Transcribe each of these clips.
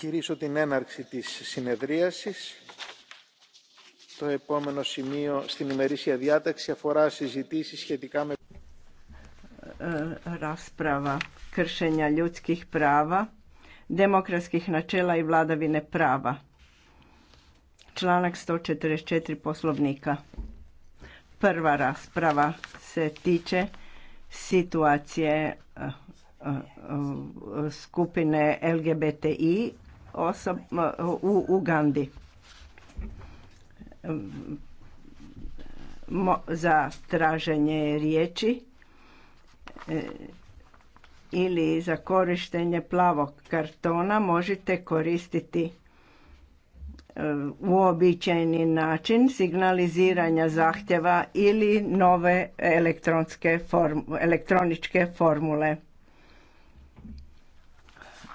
κηρύσω την έναρξη της συνεδρίασης. Το επόμενο σημείο στην ημερήσια διάταξη αφορά συζητήσει σχετικά με... Rasprava κρσένια λιούτσκιχ πράβα, demokratskih νατσέλα i βλάδαβινε πράβα. Člának 144 poslovnika. Prva rasprava se tiče situacije skupine LGBTI u Ugandi. za traženje riječi e, ili za korištenje plavog kartona možete koristiti e, uobičajeni način signaliziranja zahtjeva ili nove elektroničke formule.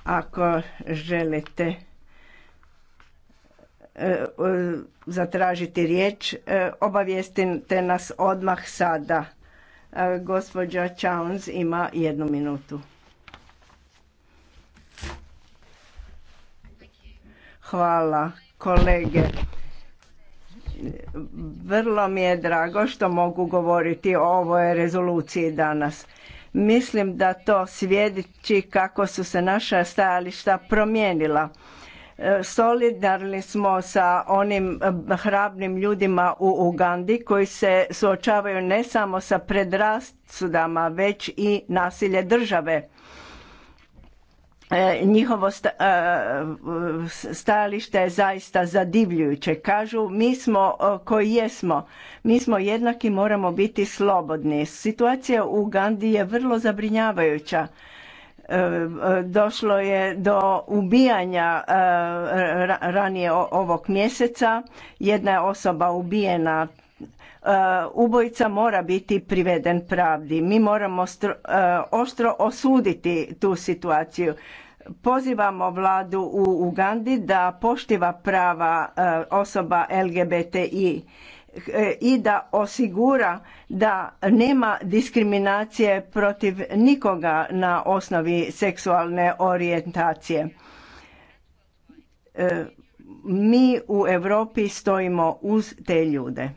Ako želite e, e, zatražiti riječ, e, obavijestite nas odmah sada. Gospođa Čauns ima jednu minutu. Hvala kolege. Vrlo mi je drago što mogu govoriti o ovoj rezoluciji danas. Mislim da to svjedoči kako su se naša stajališta promijenila. E, solidarni smo sa onim e, hrabnim ljudima u Ugandi koji se suočavaju ne samo sa predrasudama već i nasilje države E, njihovo e, stajalište je zaista zadivljujuće. Kažu mi smo koji jesmo, mi smo jednaki, moramo biti slobodni. Situacija u Gandiji je vrlo zabrinjavajuća. E, došlo je do ubijanja ranije ovog mjeseca. Jedna je osoba ubijena, ubojica mora biti priveden pravdi. Mi moramo oštro osuditi tu situaciju. Pozivamo vladu u Ugandi da poštiva prava eh, osoba LGBTI eh, i da osigura da nema diskriminacije protiv nikoga na osnovi seksualne orijentacije. Eh, mi u Europi stojimo uz te ljude.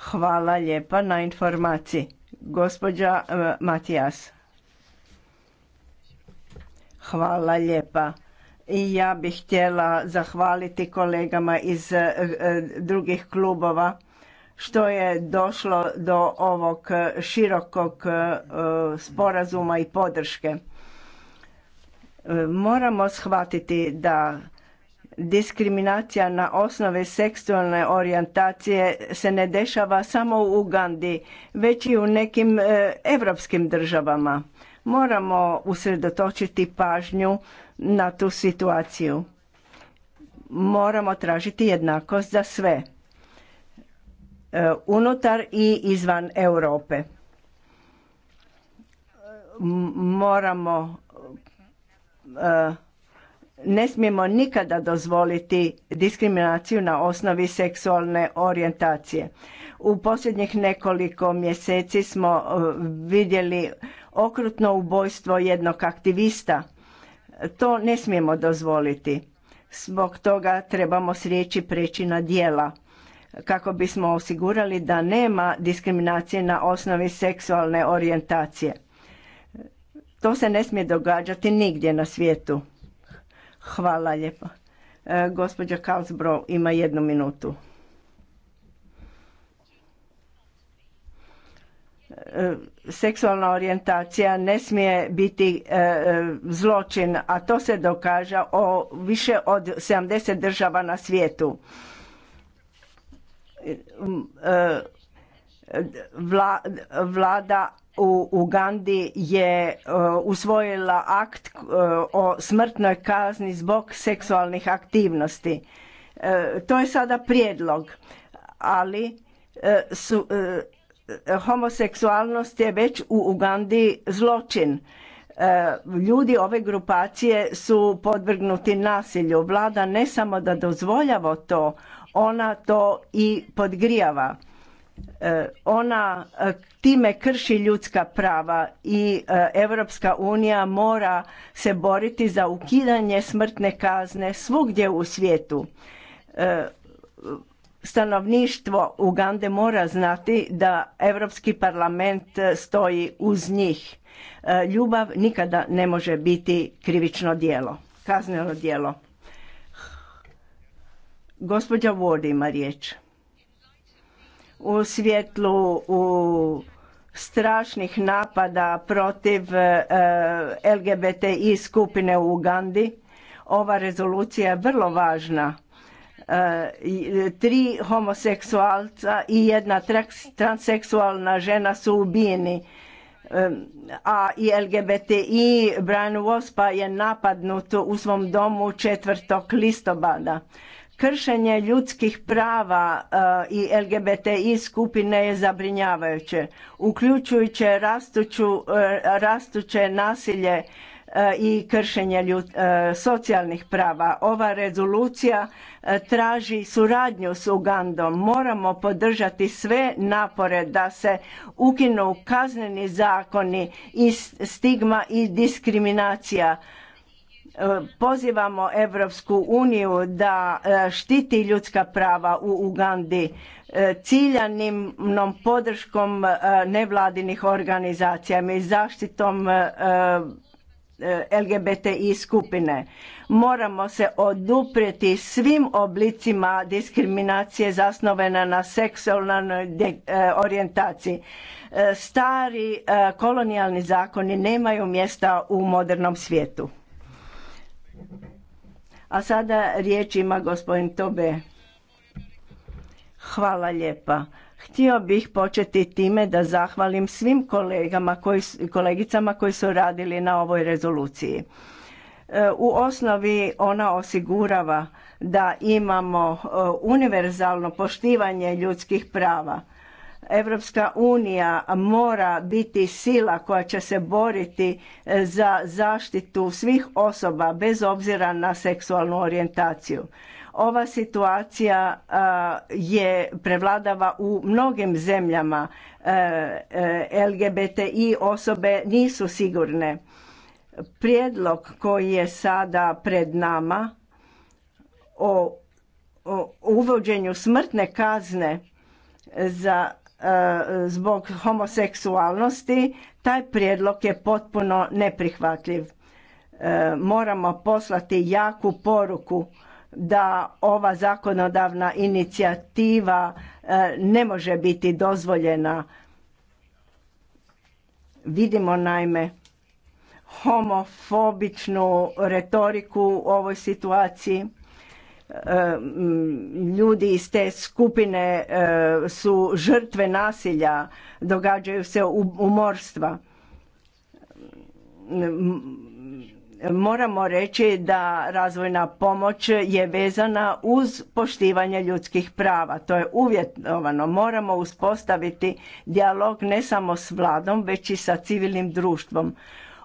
Hvala lijepa na informaciji. Gospođa e, Matijas. Hvala lijepa. I ja bih htjela zahvaliti kolegama iz e, e, drugih klubova što je došlo do ovog širokog sporazuma i podrške. Moramo shvatiti da diskriminacija na osnove seksualne orijentacije se ne dešava samo u Ugandi, već i u nekim europskim državama. Moramo usredotočiti pažnju na tu situaciju. Moramo tražiti jednakost za sve, e, unutar i izvan Europe. Moramo e, ne smijemo nikada dozvoliti diskriminaciju na osnovi seksualne orijentacije. U posljednjih nekoliko mjeseci smo e, vidjeli okrutno ubojstvo jednog aktivista. To ne smijemo dozvoliti. Zbog toga trebamo s riječi preći na dijela kako bismo osigurali da nema diskriminacije na osnovi seksualne orijentacije. To se ne smije događati nigdje na svijetu Hvala lijepo. E, gospođa Kalsbro ima jednu minutu. E, seksualna orijentacija ne smije biti e, e, zločin, a to se dokaže o više od 70 država na svijetu. vlada u Ugandi je e, usvojila akt e, o smrtnoj kazni zbog seksualnih aktivnosti. E, to je sada prijedlog, ali su, homoseksualnost je već u Ugandi zločin. Ljudi ove grupacije su podvrgnuti nasilju. Vlada ne samo da dozvoljava to, ona to i podgrijava E, ona e, time krši ljudska prava i Europska unija mora se boriti za ukidanje smrtne kazne svugdje u svijetu. E, stanovništvo Ugande mora znati da Europski parlament stoji uz njih. Ljubav nikada ne može biti krivično djelo, kazneno djelo. Gospođa Vodi ima riječ u svjetlu u strašnih napada protiv e, LGBTI skupine u Ugandi. Ova rezolucija je vrlo važna. E, tri homoseksualca i jedna transseksualna žena su ubijeni. E, a i LGBTI Brian Wospa je napadnut u svom domu 4. listopada. Kršenje ljudskih prava eh, i LGBTI skupine je zabrinjavajuće, uključujući eh, rastuće nasilje eh, i kršenje socijalnih prava. Ova rezolucija traži suradnju s Ugandom. Moramo podržati sve napore da se ukinu kazneni zakoni i stigma i diskriminacija Pozivamo Europsku uniju da e, štiti ljudska prava u Ugandi e, ciljanim podrškom e, nevladinih organizacijama i zaštitom LGBTI skupine. Moramo se oduprijeti svim oblicima diskriminacije zasnovene na seksualnoj orijentaciji. Stari kolonijalni zakoni nemaju mjesta u modernom svijetu. A sada riječ ima gospodin Tobe. Hvala lijepa. Htio bih početi time da zahvalim svim kolegama koji, kolegicama koji su radili na ovoj rezoluciji. E, u osnovi ona osigurava da imamo e, univerzalno poštivanje ljudskih prava Evropska unija mora biti sila koja će se boriti e, za zaštitu svih osoba bez obzira na seksualnu orijentaciju. Ova situacija e, je prevladava u mnogim zemljama. E, LGBTI osobe nisu sigurne. Prijedlog koji je sada pred nama o uvođenju smrtne kazne za E, zbog homoseksualnosti, taj prijedlog je potpuno neprihvatljiv. E, moramo poslati jaku poruku da ova zakonodavna inicijativa e, ne može biti dozvoljena. Vidimo naime homofobičnu retoriku u ovoj situaciji Eh, mm, ljudi iz te skupine eh, su žrtve nasilja, događaju se umorstva. Mm, mm, moramo reći da razvojna pomoć je vezana uz poštivanje ljudskih prava. To je uvjetovano. Moramo uspostaviti dijalog ne samo s vladom, već i sa civilnim društvom.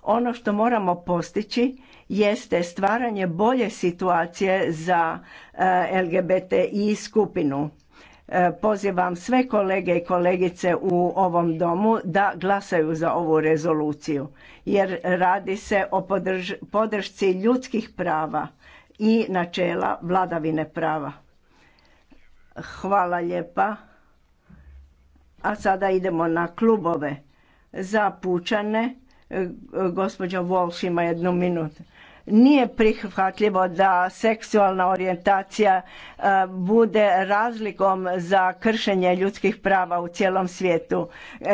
Ono što moramo postići jeste stvaranje bolje situacije za eh, LGBTI skupinu. Eh, pozivam sve kolege i kolegice u ovom domu da glasaju za ovu rezoluciju jer radi se o podršci ljudskih prava i načela vladavine prava. Hvala lijepa. A sada idemo na klubove. Za pučane, eh, gospođa Walsh ima jednu minutu. Nije prihvatljivo da seksualna orijentacija e, bude razlikom za kršenje ljudskih prava u cijelom svijetu.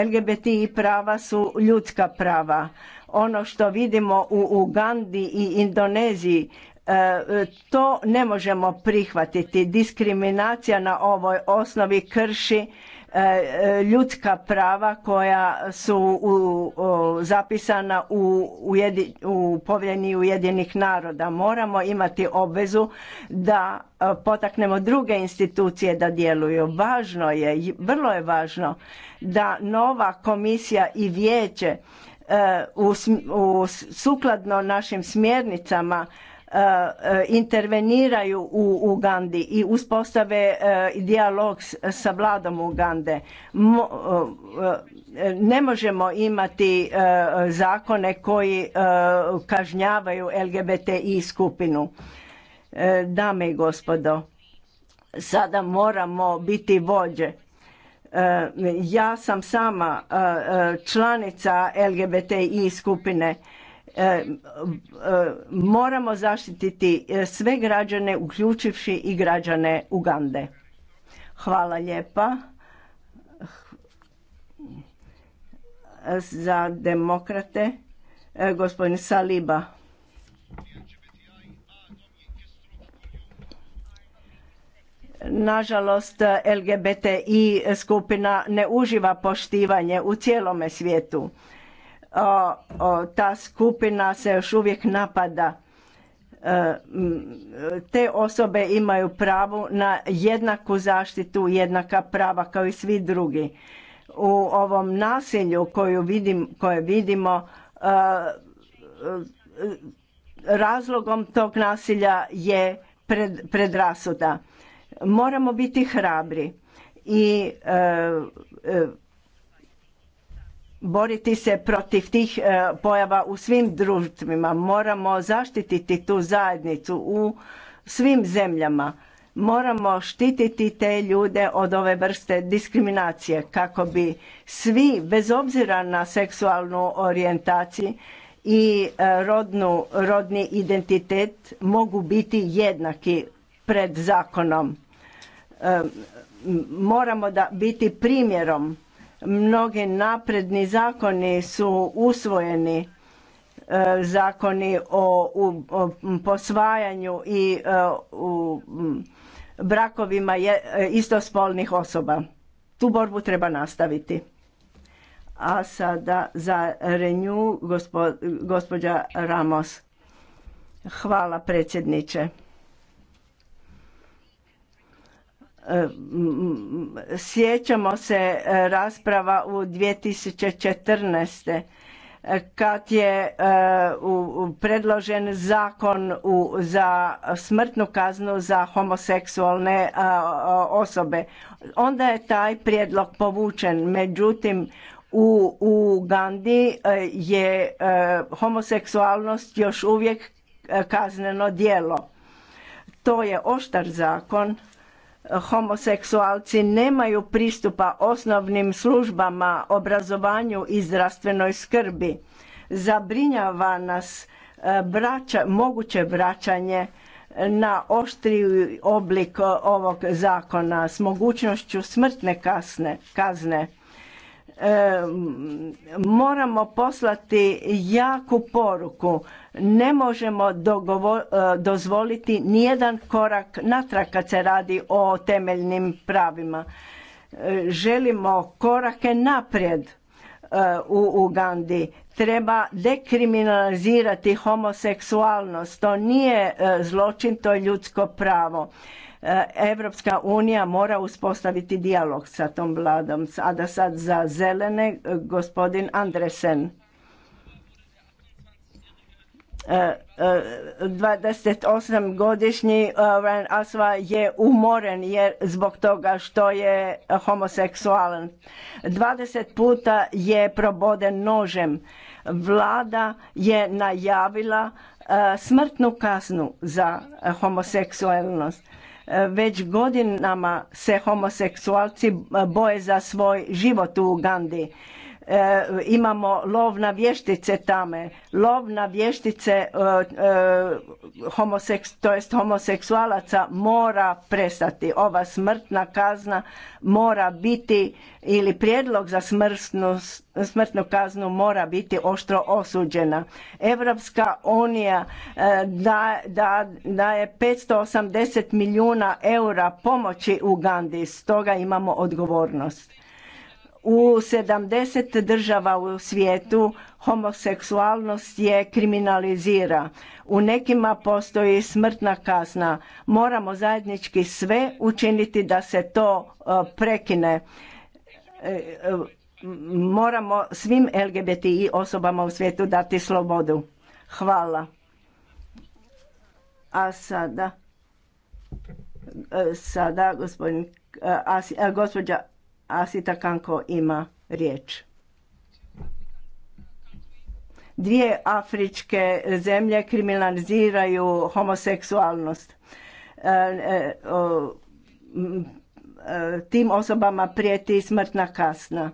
lgbt prava su ljudska prava. Ono što vidimo u Ugandi i Indoneziji e, to ne možemo prihvatiti. Diskriminacija na ovoj osnovi krši E, e, ljudska prava koja su zapisana u, povelji u naroda. Moramo imati obvezu da e, potaknemo druge institucije da djeluju. Važno je, vrlo je važno da nova komisija i vijeće u sukladno našim smjernicama E, interveniraju u Ugandi i uspostave e, dijalog sa vladom Ugande. E, ne možemo imati zakone koji kažnjavaju LGBTI skupinu. Dame i gospodo, sada moramo biti vođe. Ja sam sama članica LGBTI skupine E, e, moramo zaštititi e, sve građane, uključivši i građane Ugande. Hvala lijepa. Za demokrate, gospodin Saliba. Nažalost, LGBTI skupina ne uživa poštivanje u cijelome svijetu ta skupina se još uvijek napada. E, te osobe imaju pravo na jednaku zaštitu, jednaka prava kao i svi drugi. U ovom nasilju koju vidim, koje vidimo e, e, razlogom tog nasilja je predrasuda. Moramo biti hrabri i boriti se protiv tih e, pojava u svim društvima. Moramo zaštititi tu zajednicu u svim zemljama. Moramo štititi te ljude od ove vrste diskriminacije kako bi svi, bez obzira na seksualnu orijentaciju i e, rodnu, rodni identitet, mogu biti jednaki pred zakonom. E, moramo da biti primjerom Mnogi napredni zakoni su usvojeni e, zakoni o, posvajanju i e, u brakovima e, istospolnih osoba. Tu borbu treba nastaviti. A sada za Renju gospođa Ramos. Hvala predsjedniče. E, sjećamo se e, rasprava u 2014 e, kad je predložen zakon za smrtnu kaznu za homoseksualne osobe. Onda je taj prijedlog povučen, međutim u Gandhi je homoseksualnost još uvijek kazneno djelo. To je oštar zakon homoseksualci nemaju pristupa osnovnim službama, obrazovanju i zdravstvenoj skrbi. Zabrinjava nas e, moguće vraćanje e, na oštri oblik e, ovog zakona s mogućnošću smrtne kasne, kazne. moramo poslati jaku poruku ne možemo dogovo, e, dozvoliti nijedan korak natrag kad se radi o temeljnim pravima. E, želimo korake naprijed e, u Ugandi. Treba dekriminalizirati homoseksualnost. To nije zločin, to je ljudsko pravo. Evropska unija mora uspostaviti dijalog sa tom vladom. A da sad za zelene, gospodin Andresen. 28 e, e, godišnji e, Ryan Asva je umoren jer zbog toga što je homoseksualan. 20 puta je proboden nožem. Vlada je najavila smrtnu kaznu za homoseksualnost. Već godinama se homoseksualci boje za svoj život u Ugandi E, imamo lov na vještice tame, lov na vještice e, e, homoseks, homoseksualaca mora prestati. Ova smrtna kazna mora biti ili prijedlog za smrtnu, kaznu mora biti oštro osuđena. Europska unija da, da, daje 580 milijuna eura pomoći Ugandi, stoga imamo odgovornost u 70 država u svijetu homoseksualnost je kriminalizira. U nekima postoji smrtna kazna. Moramo zajednički sve učiniti da se to e, prekine. E, moramo svim LGBTI osobama u svijetu dati slobodu. Hvala. A sada, e, sada gospodin, gospođa Asita Kanko ima riječ. Dvije afričke zemlje kriminaliziraju homoseksualnost. E, e, e, tim osobama prijeti smrtna kasna.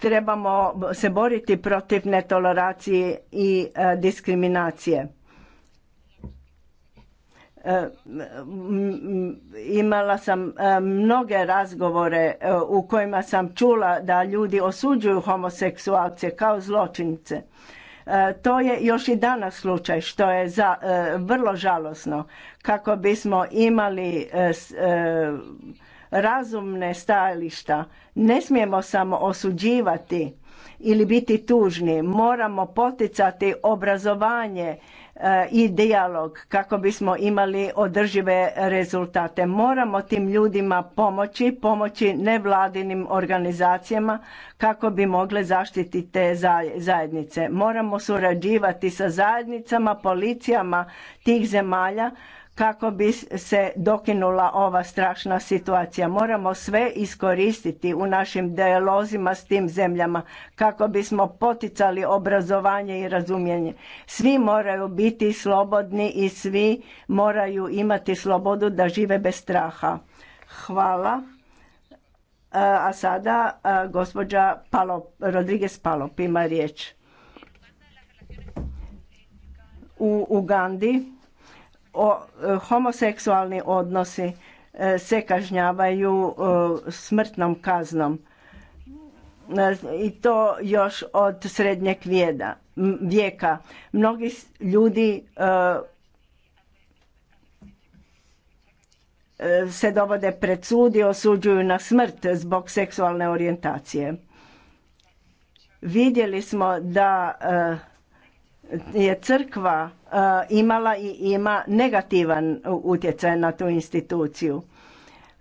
Trebamo se boriti protiv netoleracije i diskriminacije E, imala sam e, mnoge razgovore e, u kojima sam čula da ljudi osuđuju homoseksualce kao zločince. To je još i danas slučaj što je za, vrlo žalosno kako bismo imali razumne stajališta. Ne smijemo samo osuđivati ili biti tužni. Moramo poticati obrazovanje i dijalog kako bismo imali održive rezultate. Moramo tim ljudima pomoći, pomoći nevladinim organizacijama kako bi mogle zaštiti te zajednice. Moramo surađivati sa zajednicama, policijama tih zemalja kako bi se dokinula ova strašna situacija. Moramo sve iskoristiti u našim dijalozima s tim zemljama kako bismo poticali obrazovanje i razumjenje. Svi moraju biti slobodni i svi moraju imati slobodu da žive bez straha. Hvala. E, a sada e, gospođa Palop, Rodriguez Palop ima riječ. U Ugandi o, e, homoseksualni odnosi e, se kažnjavaju e, smrtnom kaznom i to još od srednjeg vijeda, vijeka. Mnogi ljudi se dovode pred sud i osuđuju na smrt zbog seksualne orijentacije. Vidjeli smo da je crkva e, imala i ima negativan utjecaj na tu instituciju.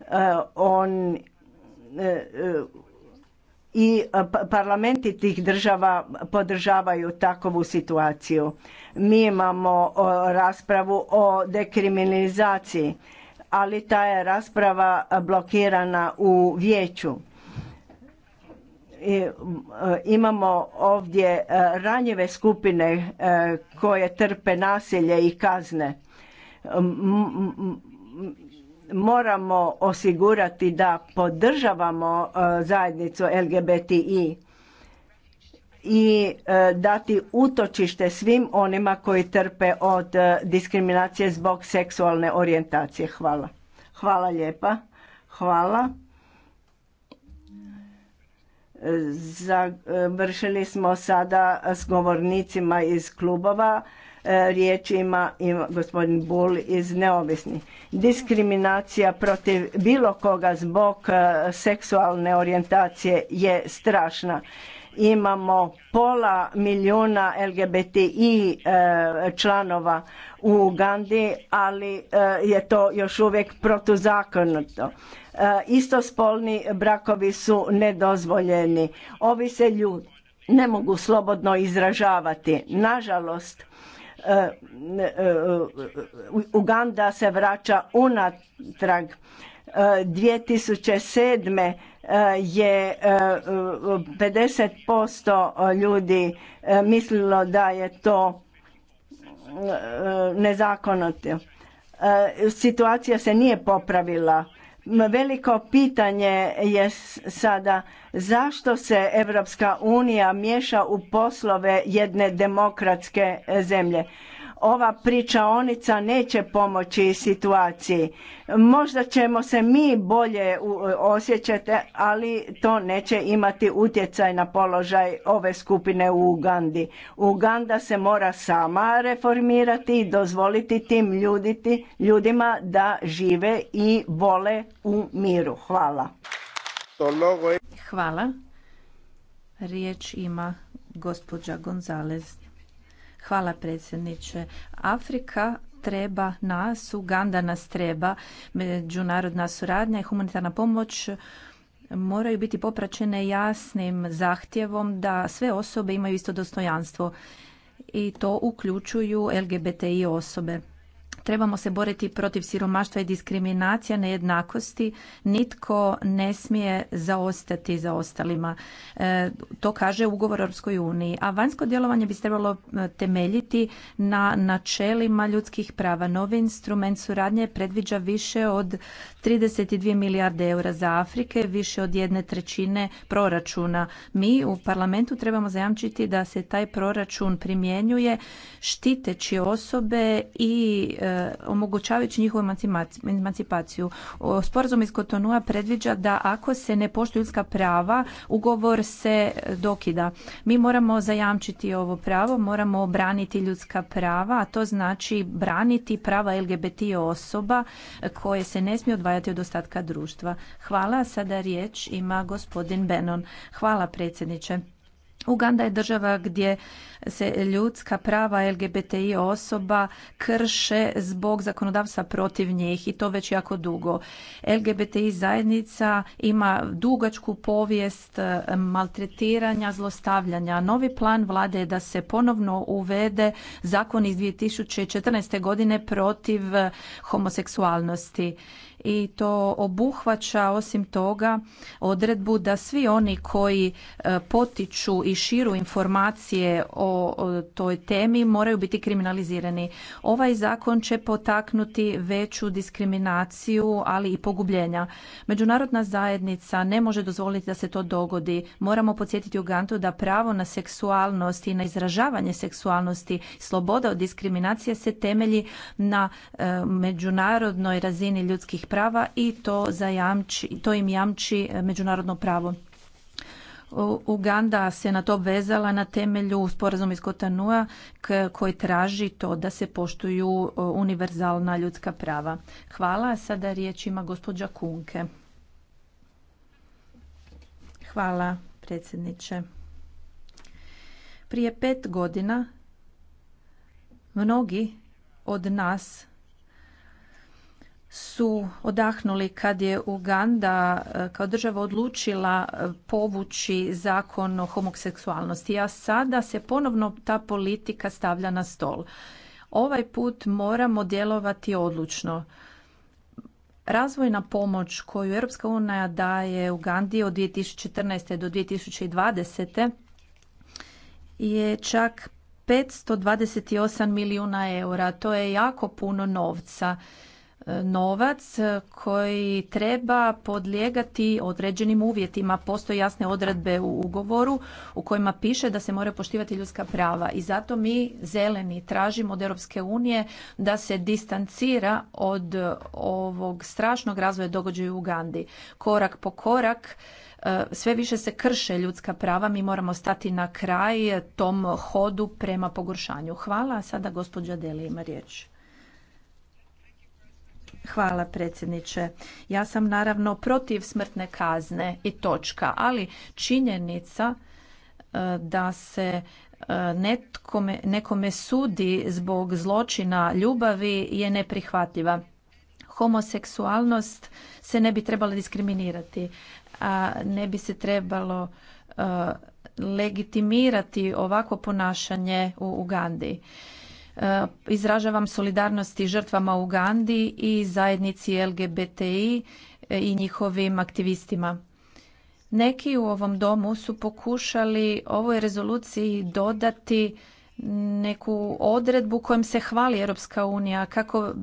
E, on e, i pa, parlamenti tih država podržavaju takovu situaciju. Mi imamo raspravu o dekriminalizaciji, ali ta je rasprava blokirana u vijeću E, imamo ovdje e, ranjive skupine e, koje trpe nasilje i kazne. Moramo osigurati da podržavamo zajednicu LGBTI i dati utočište svim onima koji trpe od diskriminacije zbog seksualne orijentacije. Hvala. Hvala lijepa. Hvala. Završili smo sada s govornicima iz klubova. E, riječ ima, gospodin bul iz Neovisnih. Diskriminacija protiv bilo koga zbog e, seksualne orijentacije je strašna. Imamo pola milijuna LGBTI e, članova u Ugandi, ali je to još uvijek protuzakonito E, istospolni brakovi su nedozvoljeni. Ovi se ljudi ne mogu slobodno izražavati. Nažalost, e, e, Uganda se vraća unatrag. 2007. je 50% ljudi mislilo da je to nezakonito. Situacija se nije popravila Veliko pitanje je sada zašto se Europska unija miješa u poslove jedne demokratske zemlje ova pričaonica neće pomoći situaciji. Možda ćemo se mi bolje osjećati, ali to neće imati utjecaj na položaj ove skupine u Ugandi. Uganda se mora sama reformirati i dozvoliti tim ljuditi, ljudima da žive i vole u miru. Hvala. Hvala. Riječ ima gospođa Gonzalez Hvala predsjedniče. Afrika treba nas, Uganda nas treba, međunarodna suradnja i humanitarna pomoć moraju biti popraćene jasnim zahtjevom da sve osobe imaju isto dostojanstvo i to uključuju LGBTI osobe. Trebamo se boriti protiv siromaštva i diskriminacija, nejednakosti. Nitko ne smije zaostati za ostalima. E, to kaže ugovor Europskoj uniji. A vanjsko djelovanje bi se trebalo e, temeljiti na načelima ljudskih prava. Novi instrument suradnje predviđa više od 32 milijarde eura za Afrike, više od jedne trećine proračuna. Mi u parlamentu trebamo zajamčiti da se taj proračun primjenjuje štiteći osobe i e, omogućavajući njihovu emancipaciju. Sporazum iz Kotonua predviđa da ako se ne poštuju ljudska prava, ugovor se dokida. Mi moramo zajamčiti ovo pravo, moramo obraniti ljudska prava, a to znači braniti prava LGBT osoba koje se ne smije odvajati od ostatka društva. Hvala, sada riječ ima gospodin Benon. Hvala predsjedniče. Uganda je država gdje se ljudska prava LGBTI osoba krše zbog zakonodavstva protiv njih i to već jako dugo. LGBTI zajednica ima dugačku povijest e, maltretiranja, zlostavljanja. Novi plan vlade je da se ponovno uvede zakon iz 2014. godine protiv e, homoseksualnosti i to obuhvaća osim toga odredbu da svi oni koji e, potiču i širu informacije o toj temi moraju biti kriminalizirani. Ovaj zakon će potaknuti veću diskriminaciju, ali i pogubljenja. Međunarodna zajednica ne može dozvoliti da se to dogodi. Moramo podsjetiti Ugandu da pravo na seksualnost i na izražavanje seksualnosti, sloboda od diskriminacije se temelji na e, međunarodnoj razini ljudskih prava i to, zajamči, to im jamči e, međunarodno pravo. Uganda se na to vezala na temelju sporazuma iz Kotanua koji traži to da se poštuju e, univerzalna ljudska prava. Hvala. Sada riječ ima gospođa Kunke. Hvala predsjedniče. Prije pet godina mnogi od nas su odahnuli kad je Uganda e, kao država odlučila e, povući zakon o homoseksualnosti, a sada se ponovno ta politika stavlja na stol. Ovaj put moramo djelovati odlučno. Razvojna pomoć koju Europska unija daje Ugandi od 2014. do 2020. je čak 528 milijuna eura. To je jako puno novca novac koji treba podlijegati određenim uvjetima. Postoje jasne odredbe u ugovoru u kojima piše da se mora poštivati ljudska prava i zato mi zeleni tražimo od Europske unije da se distancira od ovog strašnog razvoja događaja u Ugandi. Korak po korak e, sve više se krše ljudska prava, mi moramo stati na kraj tom hodu prema pogoršanju. Hvala, a sada gospođa Deli ima riječ. Hvala predsjedniče. Ja sam naravno protiv smrtne kazne i točka, ali činjenica e, da se e, nekome sudi zbog zločina ljubavi je neprihvatljiva. Homoseksualnost se ne bi trebala diskriminirati, a ne bi se trebalo e, legitimirati ovakvo ponašanje u Ugandi. Eh, izražavam solidarnosti žrtvama u Gandi i zajednici LGBTI eh, i njihovim aktivistima. Neki u ovom domu su pokušali ovoj rezoluciji dodati neku odredbu kojom se hvali Europska unija kako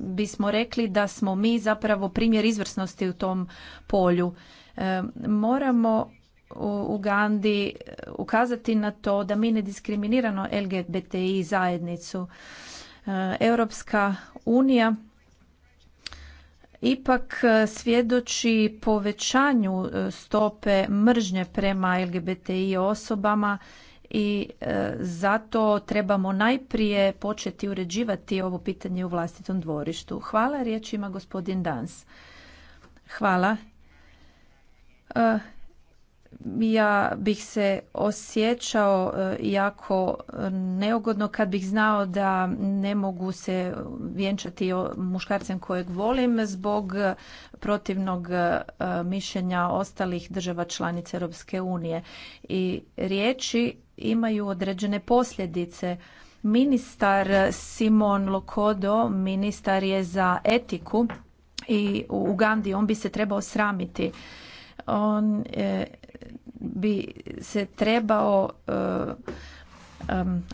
bismo rekli da smo mi zapravo primjer izvrsnosti u tom polju. Eh, moramo u Ugandi ukazati na to da mi ne diskriminirano LGBTI zajednicu. E, Europska unija ipak e, svjedoči povećanju e, stope mržnje prema LGBTI osobama i zato trebamo najprije početi uređivati ovo pitanje u vlastitom dvorištu. Hvala, riječ ima gospodin Dans. Hvala ja bih se osjećao e, jako neugodno kad bih znao da ne mogu se vjenčati muškarcem kojeg volim zbog protivnog e, mišljenja ostalih država članica Europske unije. I riječi imaju određene posljedice. Ministar Simon Lokodo, ministar je za etiku i u Ugandi on bi se trebao sramiti. On e, bi se trebao e,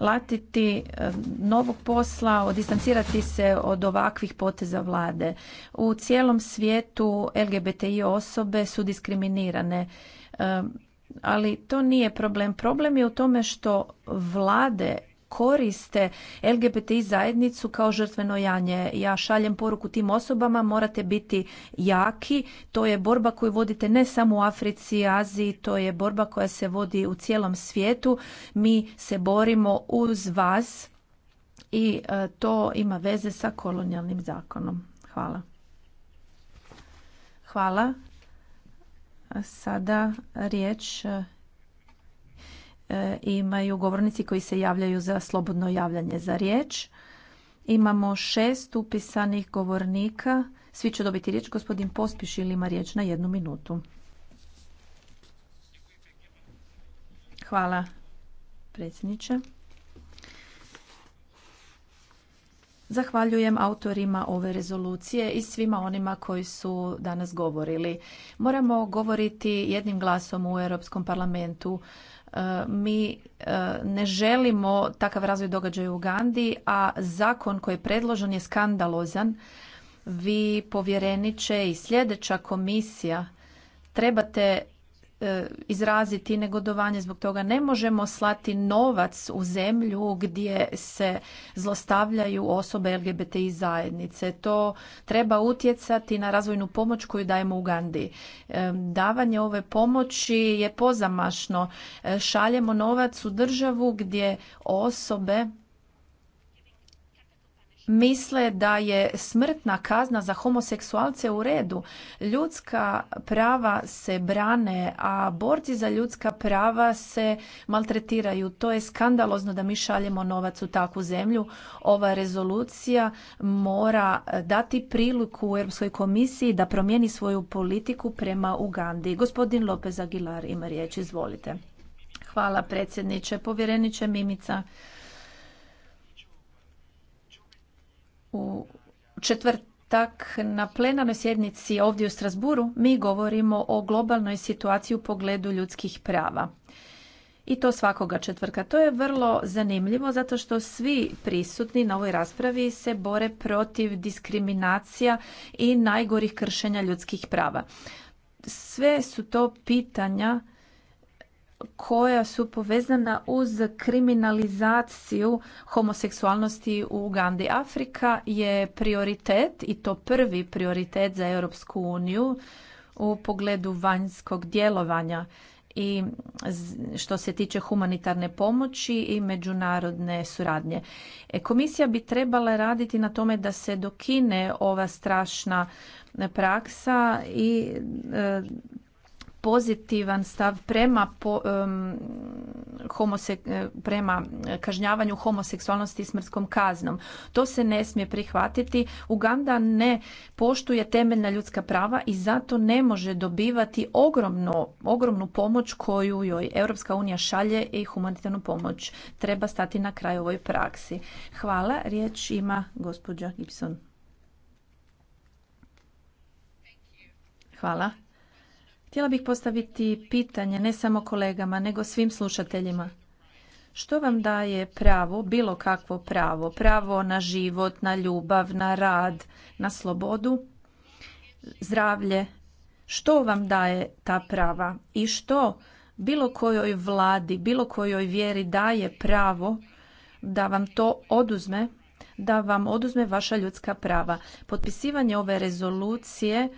latiti e, novog posla, odistancirati se od ovakvih poteza vlade. U cijelom svijetu LGBTI osobe su diskriminirane, ali to nije problem. Problem je u tome što vlade koriste LGBTI zajednicu kao žrtveno janje. Ja šaljem poruku tim osobama, morate biti jaki. To je borba koju vodite ne samo u Africi, i Aziji, to je borba koja se vodi u cijelom svijetu. Mi se borimo uz vas i e, to ima veze sa kolonijalnim zakonom. Hvala. Hvala. sada riječ e, E, imaju govornici koji se javljaju za slobodno javljanje za riječ. Imamo šest upisanih govornika. Svi će dobiti riječ. Gospodin Pospiš ili ima riječ na jednu minutu. Hvala predsjedniče. Zahvaljujem autorima ove rezolucije i svima onima koji su danas govorili. Moramo govoriti jednim glasom u Europskom parlamentu. E, mi e, ne želimo takav razvoj događaja u Ugandi, a zakon koji je predložen je skandalozan. Vi povjereniče i sljedeća komisija trebate E, izraziti negodovanje zbog toga. Ne možemo slati novac u zemlju gdje se zlostavljaju osobe LGBTI zajednice. To treba utjecati na razvojnu pomoć koju dajemo Ugandi. E, davanje ove pomoći je pozamašno. E, šaljemo novac u državu gdje osobe misle da je smrtna kazna za homoseksualce u redu. Ljudska prava se brane, a borci za ljudska prava se maltretiraju. To je skandalozno da mi šaljemo novac u takvu zemlju. Ova rezolucija mora eh, dati priliku u Europskoj komisiji da promijeni svoju politiku prema Ugandi. Gospodin Lopez Aguilar ima riječ, izvolite. Hvala predsjedniče, povjereniče Mimica. U četvrtak na plenarnoj sjednici ovdje u Strasburu mi govorimo o globalnoj situaciji u pogledu ljudskih prava. I to svakoga četvrka. To je vrlo zanimljivo zato što svi prisutni na ovoj raspravi se bore protiv diskriminacija i najgorih kršenja ljudskih prava. Sve su to pitanja koja su povezana uz kriminalizaciju homoseksualnosti u Ugandi. Afrika je prioritet i to prvi prioritet za Europsku uniju u pogledu vanjskog djelovanja i što se tiče humanitarne pomoći i međunarodne suradnje. E, komisija bi trebala raditi na tome da se dokine ova strašna praksa i e, pozitivan stav prema homose, eh, prema kažnjavanju homoseksualnosti i smrtskom kaznom. To se ne smije prihvatiti. Uganda ne poštuje temeljna ljudska prava i zato ne može dobivati ogromno, ogromnu pomoć koju joj Europska unija šalje i humanitarnu pomoć. Treba stati na kraj ovoj praksi. Hvala. Riječ ima gospođa Gibson. Hvala. Htjela bih postaviti pitanje ne samo kolegama, nego svim slušateljima. Što vam daje pravo, bilo kakvo pravo, pravo na život, na ljubav, na rad, na slobodu, zdravlje? Što vam daje ta prava i što bilo kojoj vladi, bilo kojoj vjeri daje pravo da vam to oduzme, da vam oduzme vaša ljudska prava. Potpisivanje ove rezolucije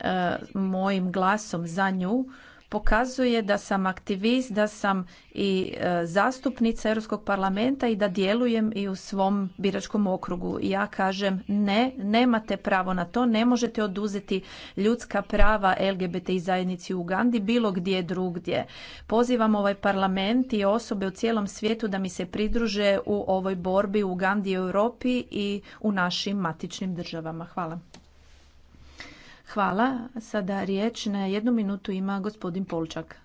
E, mojim glasom za nju pokazuje da sam aktivist, da sam i e, zastupnica Europskog parlamenta i da djelujem i u svom biračkom okrugu. ja kažem ne, nemate pravo na to, ne možete oduzeti ljudska prava LGBT zajednici u Ugandi bilo gdje drugdje. Pozivam ovaj parlament i osobe u cijelom svijetu da mi se pridruže u ovoj borbi u Ugandi i Europi i u našim matičnim državama. Hvala. Hvala. Sada riječ na jednu minutu ima gospodin Polčak.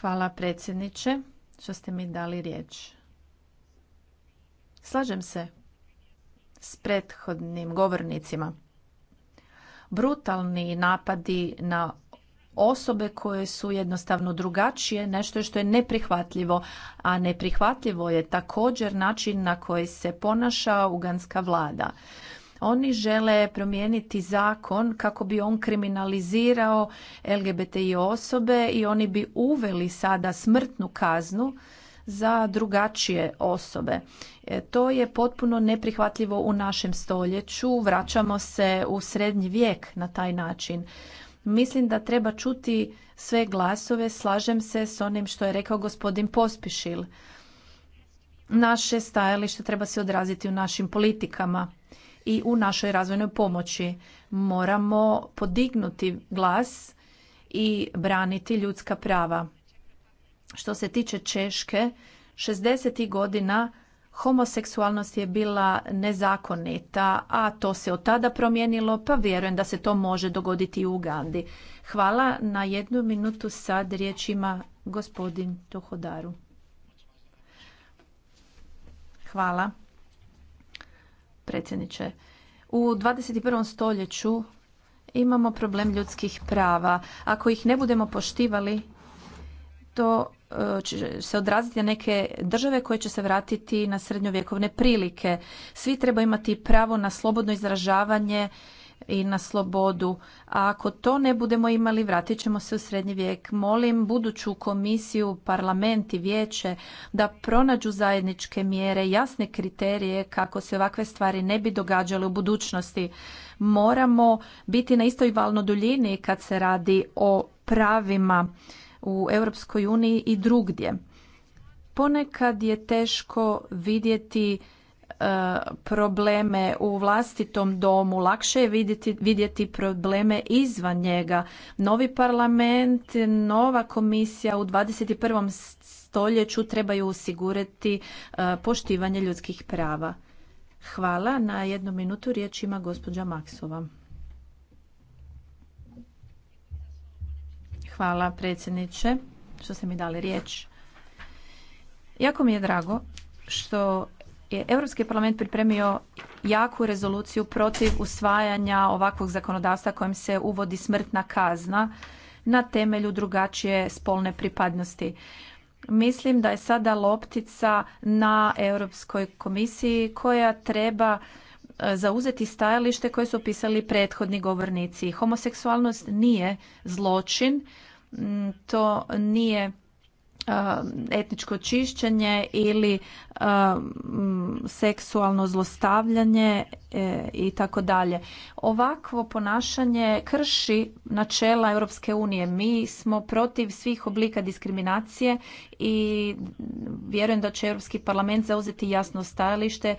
Hvala predsjedniče što ste mi dali riječ. Slažem se s prethodnim govornicima. Brutalni napadi na osobe koje su jednostavno drugačije, nešto što je neprihvatljivo. A neprihvatljivo je također način na koji se ponaša uganska vlada. Oni žele promijeniti zakon kako bi on kriminalizirao LGBTI osobe i oni bi uveli sada smrtnu kaznu za drugačije osobe. E, to je potpuno neprihvatljivo u našem stoljeću. Vraćamo se u srednji vijek na taj način. Mislim da treba čuti sve glasove, slažem se s onim što je rekao gospodin Pospišil. Naše stajalište treba se odraziti u našim politikama i u našoj razvojnoj pomoći. Moramo podignuti glas i braniti ljudska prava. Što se tiče Češke, 60. godina homoseksualnost je bila nezakonita, a to se od tada promijenilo, pa vjerujem da se to može dogoditi i u Ugandi. Hvala. Na jednu minutu sad riječ gospodin Tohodaru. Hvala, predsjedniče. U 21. stoljeću imamo problem ljudskih prava. Ako ih ne budemo poštivali, to e, će se odraziti na neke države koje će se vratiti na srednjovjekovne prilike. Svi treba imati pravo na slobodno izražavanje i na slobodu. A ako to ne budemo imali, vratit ćemo se u srednji vijek. Molim buduću komisiju, parlament i vijeće da pronađu zajedničke mjere, jasne kriterije kako se ovakve stvari ne bi događale u budućnosti. Moramo biti na istoj valno duljini kad se radi o pravima u Europskoj uniji i drugdje. Ponekad je teško vidjeti e, probleme u vlastitom domu, lakše je vidjeti, vidjeti probleme izvan njega. Novi parlament, nova komisija u 21. stoljeću trebaju osigurati e, poštivanje ljudskih prava. Hvala. Na jednu minutu riječ ima gospođa Maksova. Hvala predsjedniče što ste mi dali riječ. Jako mi je drago što je Europski parlament pripremio jaku rezoluciju protiv usvajanja ovakvog zakonodavstva kojim se uvodi smrtna kazna na temelju drugačije spolne pripadnosti. Mislim da je sada loptica na Europskoj komisiji koja treba e, zauzeti stajalište koje su opisali prethodni govornici. Homoseksualnost nije zločin, Mm, to nije etničko čišćenje ili mm, seksualno zlostavljanje e, i tako dalje. Ovakvo ponašanje krši načela Europske unije. Mi smo protiv svih oblika diskriminacije i vjerujem da će Europski parlament zauzeti jasno stajalište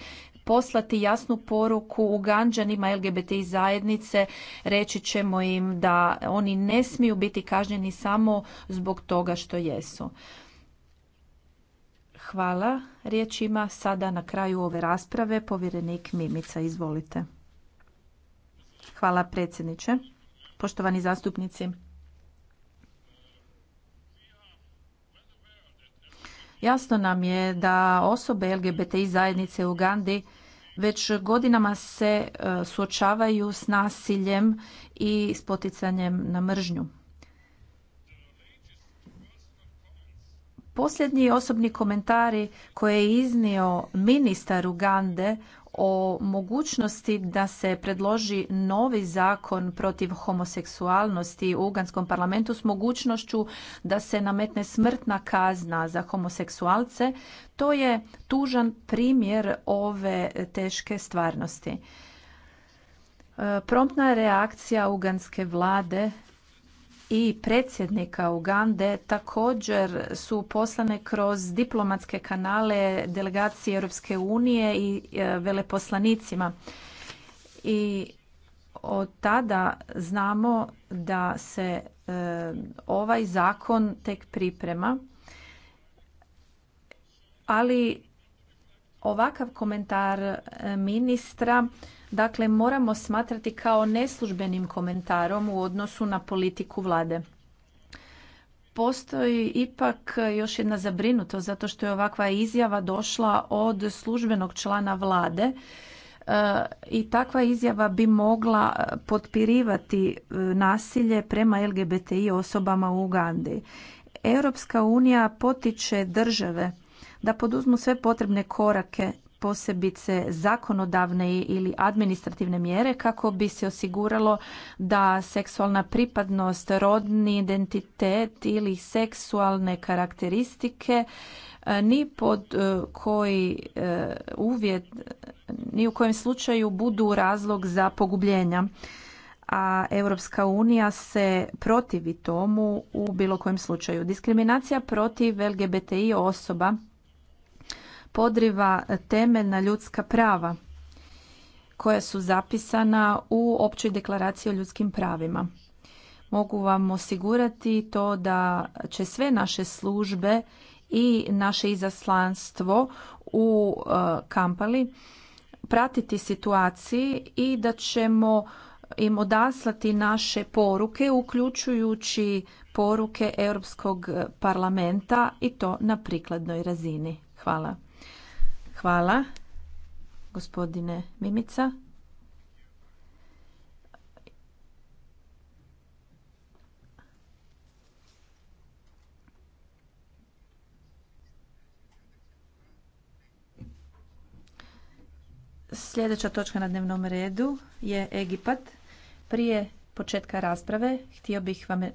poslati jasnu poruku u ganđanima LGBTI zajednice, reći ćemo im da oni ne smiju biti kažnjeni samo zbog toga što jesu. Hvala. Riječ ima sada na kraju ove rasprave povjerenik Mimica. Izvolite. Hvala predsjedniče. Poštovani zastupnici. Jasno nam je da osobe LGBTI zajednice u Ugandi već godinama se e, suočavaju s nasiljem i s poticanjem na mržnju. Posljednji osobni komentari koje je iznio ministar Ugande o mogućnosti da se predloži novi zakon protiv homoseksualnosti u Uganskom parlamentu s mogućnošću da se nametne smrtna kazna za homoseksualce to je tužan primjer ove teške stvarnosti. E, promptna reakcija uganske vlade i predsjednika Ugande također su poslane kroz diplomatske kanale delegacije Europske unije i e, veleposlanicima. I od tada znamo da se e, ovaj zakon tek priprema ali ovakav komentar e, ministra dakle moramo smatrati kao neslužbenim komentarom u odnosu na politiku vlade. Postoji ipak još jedna zabrinutost zato što je ovakva izjava došla od službenog člana vlade e, i takva izjava bi mogla potpirivati e, nasilje prema LGBTI osobama u Ugandi. Europska unija potiče države da poduzmu sve potrebne korake posebice zakonodavne ili administrativne mjere kako bi se osiguralo da seksualna pripadnost, rodni identitet ili seksualne karakteristike e, ni pod e, koji e, uvjet, ni u kojem slučaju budu razlog za pogubljenja. A Europska unija se protivi tomu u bilo kojem slučaju. Diskriminacija protiv LGBTI osoba podriva temeljna ljudska prava koja su zapisana u općoj deklaraciji o ljudskim pravima. Mogu vam osigurati to da će sve naše službe i naše izaslanstvo u e, Kampali pratiti situaciji i da ćemo im odaslati naše poruke uključujući poruke Europskog parlamenta i to na prikladnoj razini. Hvala. Hvala, gospodine Mimica. Sljedeća točka na dnevnom redu je Egipat. Prije početka rasprave htio bih vam e,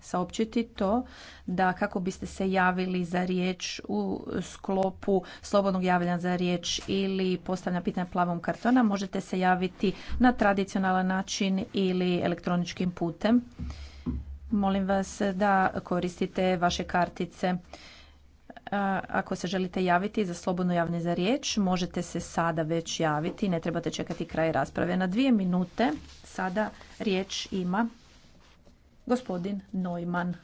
saopćiti to da kako biste se javili za riječ u sklopu slobodnog javljanja za riječ ili postavljanja pitanja plavom kartona možete se javiti na tradicionalan način ili elektroničkim putem. Molim vas da koristite vaše kartice. E, ako se želite javiti za slobodno javljanje za riječ, možete se sada već javiti, ne trebate čekati kraj rasprave. Na dvije minute Sada riječ ima gospodin Neumann.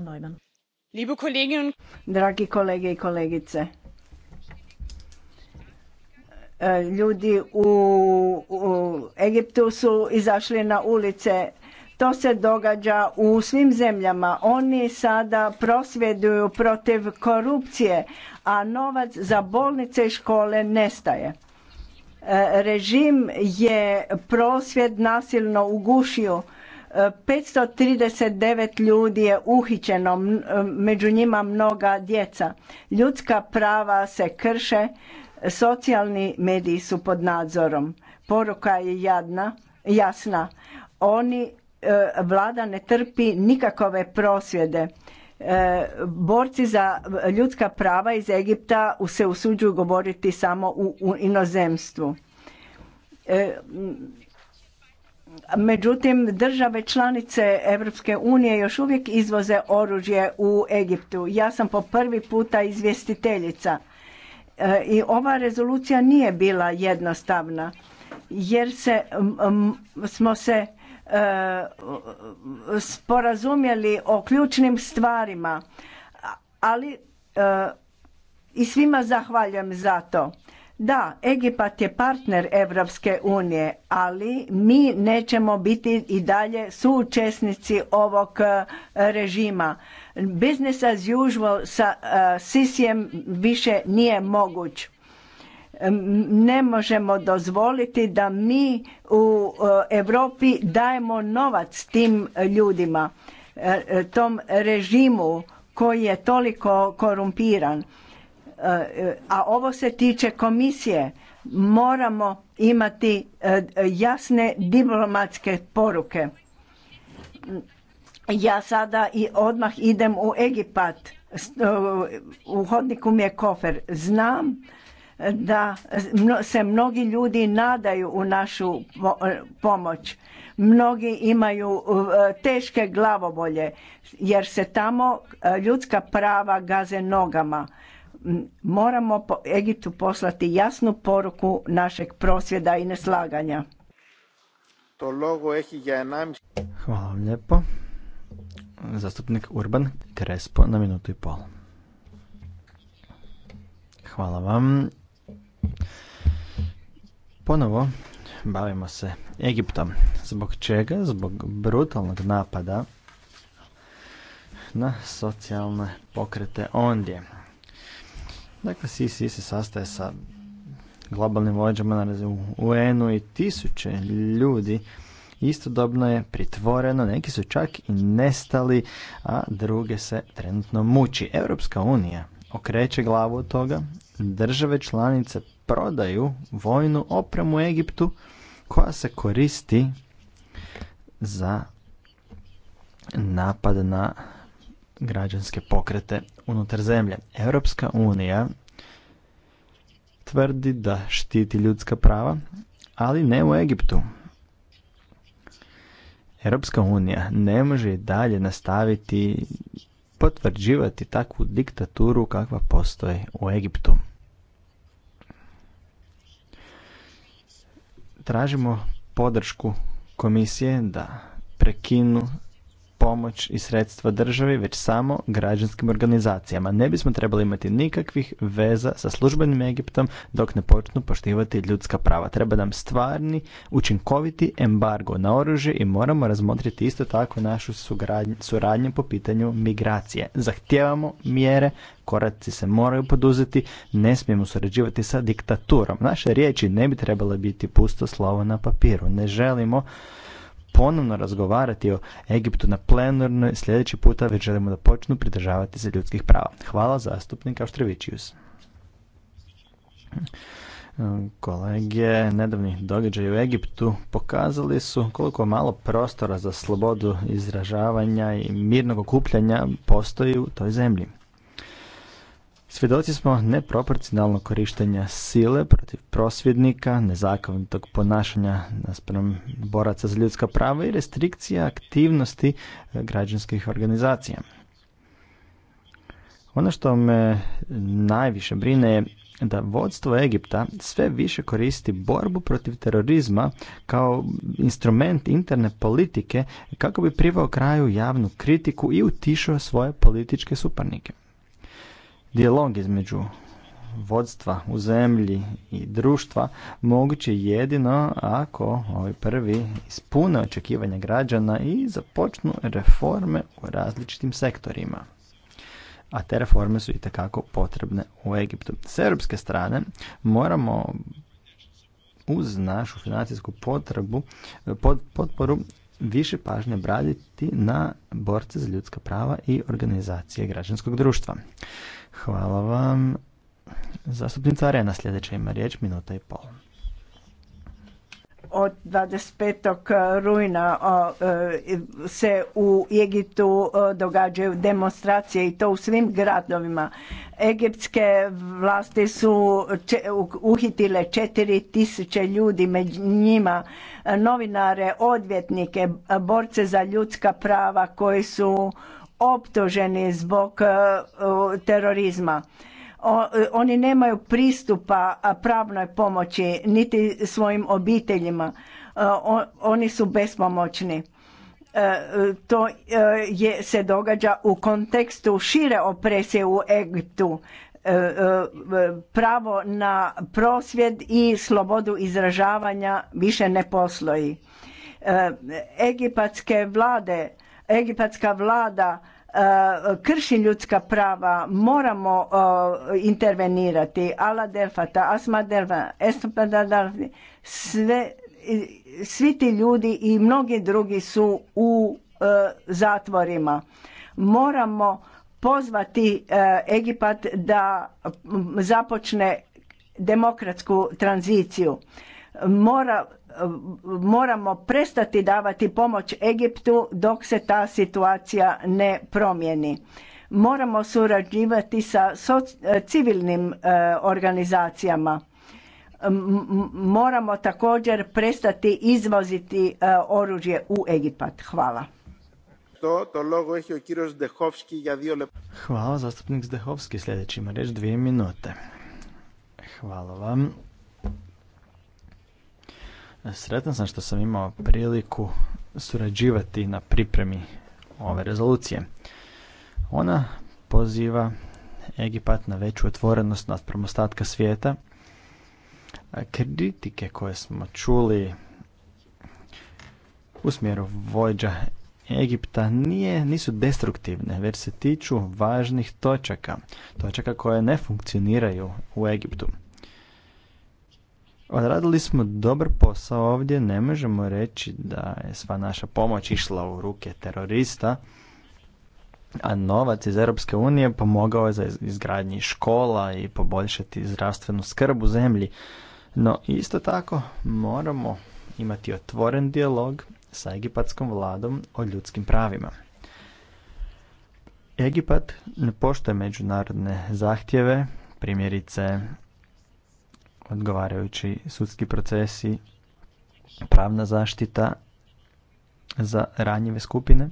Neumann. Dragi kolege i kolegice, ljudi u, u Egiptu su izašli na ulice to se događa u svim zemljama. Oni sada prosvjeduju protiv korupcije, a novac za bolnice i škole nestaje. E, režim je prosvjed nasilno ugušio. 539 e, ljudi je uhićeno, među njima mnoga djeca. Ljudska prava se krše, socijalni mediji su pod nadzorom. Poruka je jadna, jasna. Oni E, vlada ne trpi nikakove prosvjede. E, borci za ljudska prava iz Egipta se usuđuju govoriti samo u inozemstvu. E, međutim, države članice Europske unije još uvijek izvoze oružje u Egiptu. Ja sam po prvi puta izvjestiteljica i ova rezolucija nije bila jednostavna jer se, smo se E, sporazumjeli o ključnim stvarima, ali e, i svima zahvaljujem za to. Da, Egipat je partner Evropske unije, ali mi nećemo biti i dalje suučesnici ovog e, režima. Business as usual sa Sisijem više nije moguć ne možemo dozvoliti da mi u e, Europi dajemo novac tim ljudima, e, e, tom režimu koji je toliko korumpiran. A ovo se tiče komisije. Moramo imati jasne diplomatske poruke. Ja sada i odmah idem u Egipat. U hodniku mi je kofer. Znam da se mnogi ljudi nadaju u našu e, pomoć. Mnogi imaju e, teške glavobolje jer se tamo e, ljudska prava gaze nogama. Moramo po Egiptu poslati jasnu poruku našeg prosvjeda i neslaganja. Hvala vam lijepo. Zastupnik Urban Krespo na minutu i pol. Hvala vam. Ponovo bavimo se Egiptom. Zbog čega? Zbog brutalnog napada na socijalne pokrete ondje. Dakle, Sisi se sastaje sa globalnim vođama na UN-u i tisuće ljudi istodobno je pritvoreno, neki su čak i nestali, a druge se trenutno muči. Europska unija okreće glavu od toga, države članice prodaju vojnu opremu Egiptu koja se koristi za napad na građanske pokrete unutar zemlje. Europska unija tvrdi da štiti ljudska prava, ali ne u Egiptu. Europska unija ne može i dalje nastaviti potvrđivati takvu diktaturu kakva postoji u Egiptu. Tražimo podršku komisije da prekinu pomoć i sredstva državi, već samo građanskim organizacijama. Ne bismo trebali imati nikakvih veza sa službenim Egiptom dok ne počnu poštivati ljudska prava. Treba nam stvarni, učinkoviti embargo na oružje i moramo razmotriti isto tako našu suradnju po pitanju migracije. Zahtijevamo mjere, koraci se moraju poduzeti, ne smijemo surađivati sa diktaturom. Naše riječi ne bi trebale biti pusto slovo na papiru. Ne želimo ponovno razgovarati o Egiptu na plenarnoj sljedeći puta već želimo da počnu pridržavati se ljudskih prava. Hvala zastupnik Aštrevićius. Kolege, nedavni događaji u Egiptu pokazali su koliko malo prostora za slobodu izražavanja i mirnog okupljanja postoji u toj zemlji. Svjedoci smo neproporcionalnog korištenja sile protiv prosvjednika, nezakonitog ponašanja naspram boraca za ljudska prava i restrikcija aktivnosti eh, građanskih organizacija. Ono što me najviše brine je da vodstvo Egipta sve više koristi borbu protiv terorizma kao instrument interne politike kako bi privao kraju javnu kritiku i utišao svoje političke suparnike. Dijalog između vodstva u zemlji i društva moguće je jedino ako ovi ovaj prvi ispune očekivanja građana i započnu reforme u različitim sektorima. A te reforme su i potrebne u Egiptu. S europske strane moramo uz našu financijsku potrebu, pod, potporu više pažnje braditi na borce za ljudska prava i organizacije građanskog društva. Hvala vam. Zastupnica Arena sljedeća ima riječ, minuta i pol. Od 25. rujna e, se u Egiptu događaju demonstracije i to u svim gradovima. Egipske vlasti su uhitile 4000 ljudi, među njima novinare, odvjetnike, borce za ljudska prava koji su optuženi zbog e, e, terorizma. E, oni nemaju pristupa pravnoj pomoći niti svojim obiteljima. Oni su bespomoćni. To je, se događa u kontekstu šire opresije u Egiptu pravo na prosvjed i slobodu izražavanja više ne posloji. Egipatske vlade egipatska vlada e, krši ljudska prava, moramo e, intervenirati. Ala Delfata, Asma Delfata, sve, svi ti ljudi i mnogi drugi su u e, zatvorima. Moramo pozvati Egipat da započne demokratsku tranziciju. Mora moramo prestati davati pomoć Egiptu dok se ta situacija ne promijeni. Moramo surađivati sa civilnim e, organizacijama. Moramo također prestati izvoziti e, oružje u Egipat. Hvala. Hvala, zastupnik Zdehovski. Sljedeći ima reč dvije minute. Hvala vam. Sretan sam što sam imao priliku surađivati na pripremi ove rezolucije. Ona poziva Egipat na veću otvorenost naspram promostatka svijeta. Kritike koje smo čuli u smjeru vođa Egipta nije, nisu destruktivne, već se tiču važnih točaka, točaka koje ne funkcioniraju u Egiptu. Odradili smo dobar posao ovdje, ne možemo reći da je sva naša pomoć išla u ruke terorista, a novac iz Europske unije pomogao je za izgradnji škola i poboljšati zdravstvenu skrb u zemlji. No isto tako moramo imati otvoren dijalog sa egipatskom vladom o ljudskim pravima. Egipat ne poštuje međunarodne zahtjeve, primjerice odgovarajući sudski procesi, pravna zaštita za ranjive skupine.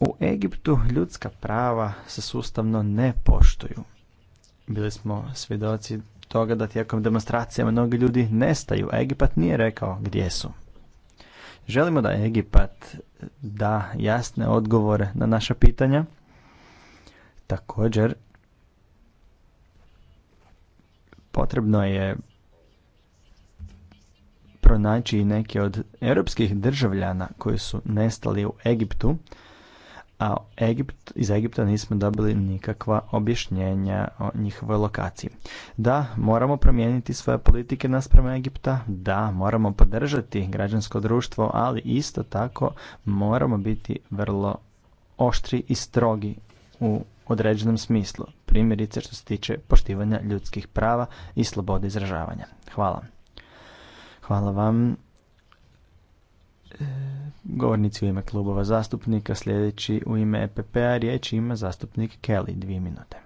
U Egiptu ljudska prava se sustavno ne poštuju. Bili smo svjedoci toga da tijekom demonstracija mnogi ljudi nestaju, Egipat nije rekao gdje su. Želimo da Egipat da jasne odgovore na naša pitanja. Također, potrebno je pronaći neke od europskih državljana koji su nestali u Egiptu, a Egipt, iz Egipta nismo dobili nikakva objašnjenja o njihovoj lokaciji. Da, moramo promijeniti svoje politike naspram Egipta, da, moramo podržati građansko društvo, ali isto tako moramo biti vrlo oštri i strogi u određenom smislu, primjerice što se tiče poštivanja ljudskih prava i slobode izražavanja. Hvala. Hvala vam. E, govornici u ime klubova zastupnika, sljedeći u ime EPP-a riječ ima zastupnik Kelly, dvije minute.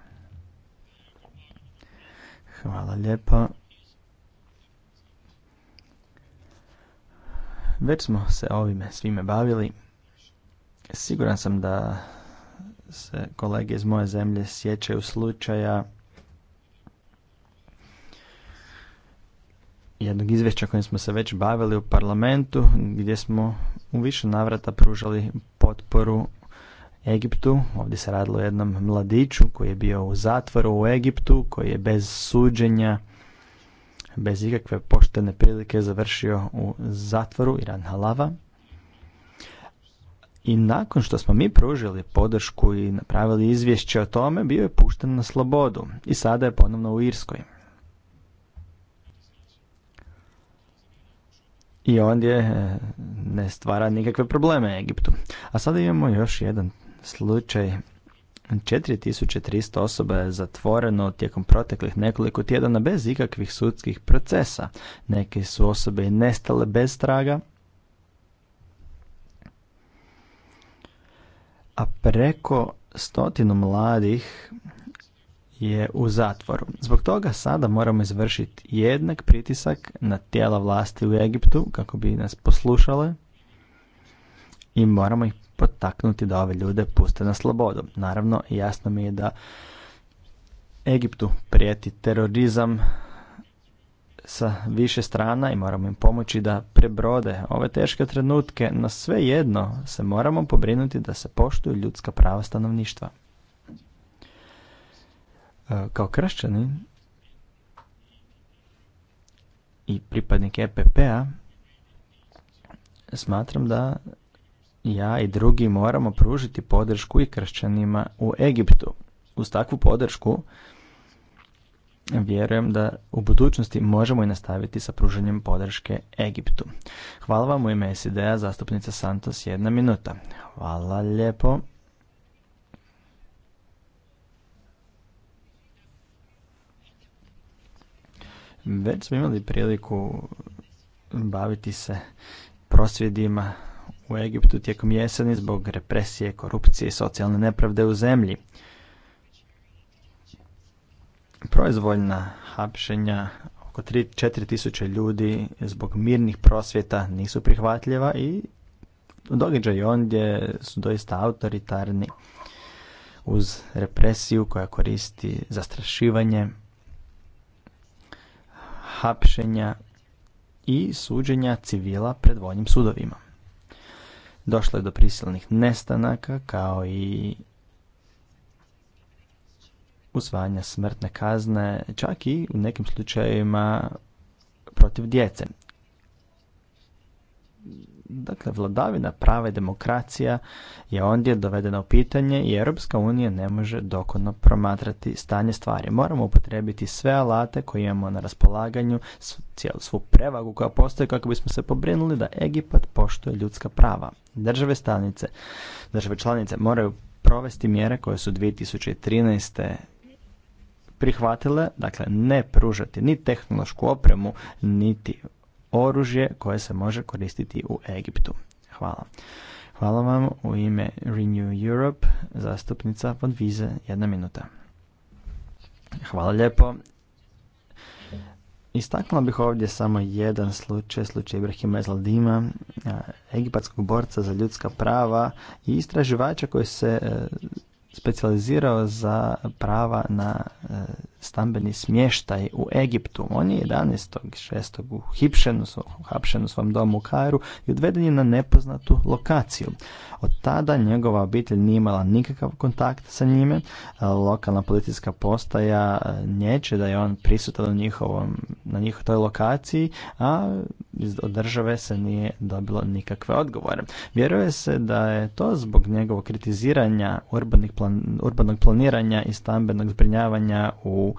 Hvala lijepo Već smo se ovime svime bavili. Siguran sam da se kolege iz moje zemlje sjećaju slučaja jednog izvješća kojim smo se već bavili u parlamentu gdje smo u više navrata pružali potporu Egiptu. Ovdje se radilo o jednom mladiću koji je bio u zatvoru u Egiptu, koji je bez suđenja, bez ikakve poštene prilike završio u zatvoru Iran Halava. I nakon što smo mi pružili podršku i napravili izvješće o tome, bio je pušten na slobodu i sada je ponovno u Irskoj. I ondje e, ne stvara nikakve probleme Egiptu. A sada imamo još jedan slučaj 4300 osoba je zatvoreno tijekom proteklih nekoliko tjedana bez ikakvih sudskih procesa. Neke su osobe nestale bez traga, a preko stotinu mladih je u zatvoru. Zbog toga sada moramo izvršiti jednak pritisak na tijela vlasti u Egiptu kako bi nas poslušale i moramo ih potaknuti da ove ljude puste na slobodu. Naravno, jasno mi je da Egiptu prijeti terorizam, sa više strana i moramo im pomoći da prebrode ove teške trenutke, no jedno se moramo pobrinuti da se poštuju ljudska prava stanovništva. E, kao kršćani i pripadnik EPP-a smatram da ja i drugi moramo pružiti podršku i kršćanima u Egiptu. Uz takvu podršku vjerujem da u budućnosti možemo i nastaviti sa pružanjem podrške Egiptu. Hvala vam u ime sid zastupnica Santos jedna minuta. Hvala lijepo. Već smo imali priliku baviti se prosvjedima u Egiptu tijekom jeseni zbog represije, korupcije i socijalne nepravde u zemlji proizvoljna hapšenja oko 4000 ljudi zbog mirnih prosvjeta nisu prihvatljiva i događaj ondje su doista autoritarni uz represiju koja koristi zastrašivanje, hapšenja i suđenja civila pred vojnim sudovima. Došlo je do prisilnih nestanaka kao i usvajanja smrtne kazne, čak i u nekim slučajevima protiv djece. Dakle, vladavina prava i demokracija je ondje dovedena u pitanje i Europska unija ne može dokono promatrati stanje stvari. Moramo upotrebiti sve alate koje imamo na raspolaganju, cijelu svu prevagu koja postoji kako bismo se pobrinuli da Egipat poštuje ljudska prava. Države stanice, države članice moraju provesti mjere koje su 2013 prihvatile, dakle ne pružati ni tehnološku opremu, niti oružje koje se može koristiti u Egiptu. Hvala. Hvala vam u ime Renew Europe, zastupnica pod vize, jedna minuta. Hvala lijepo. Istaknula bih ovdje samo jedan slučaj, slučaj Ibrahima Ezaldima, egipatskog borca za ljudska prava i istraživača koji se e, specijalizirao za prava na e, stambeni smještaj u Egiptu. On je 11.6. u Hipšenu, uhapšen u svom domu u Kairu i odveden je na nepoznatu lokaciju. Od tada njegova obitelj nije imala nikakav kontakt sa njime. Lokalna policijska postaja neće da je on prisutan na, njihovom, na njihovoj lokaciji, a od države se nije dobilo nikakve odgovore. Vjeruje se da je to zbog njegovog kritiziranja urbanog planiranja i stambenog zbrinjavanja u u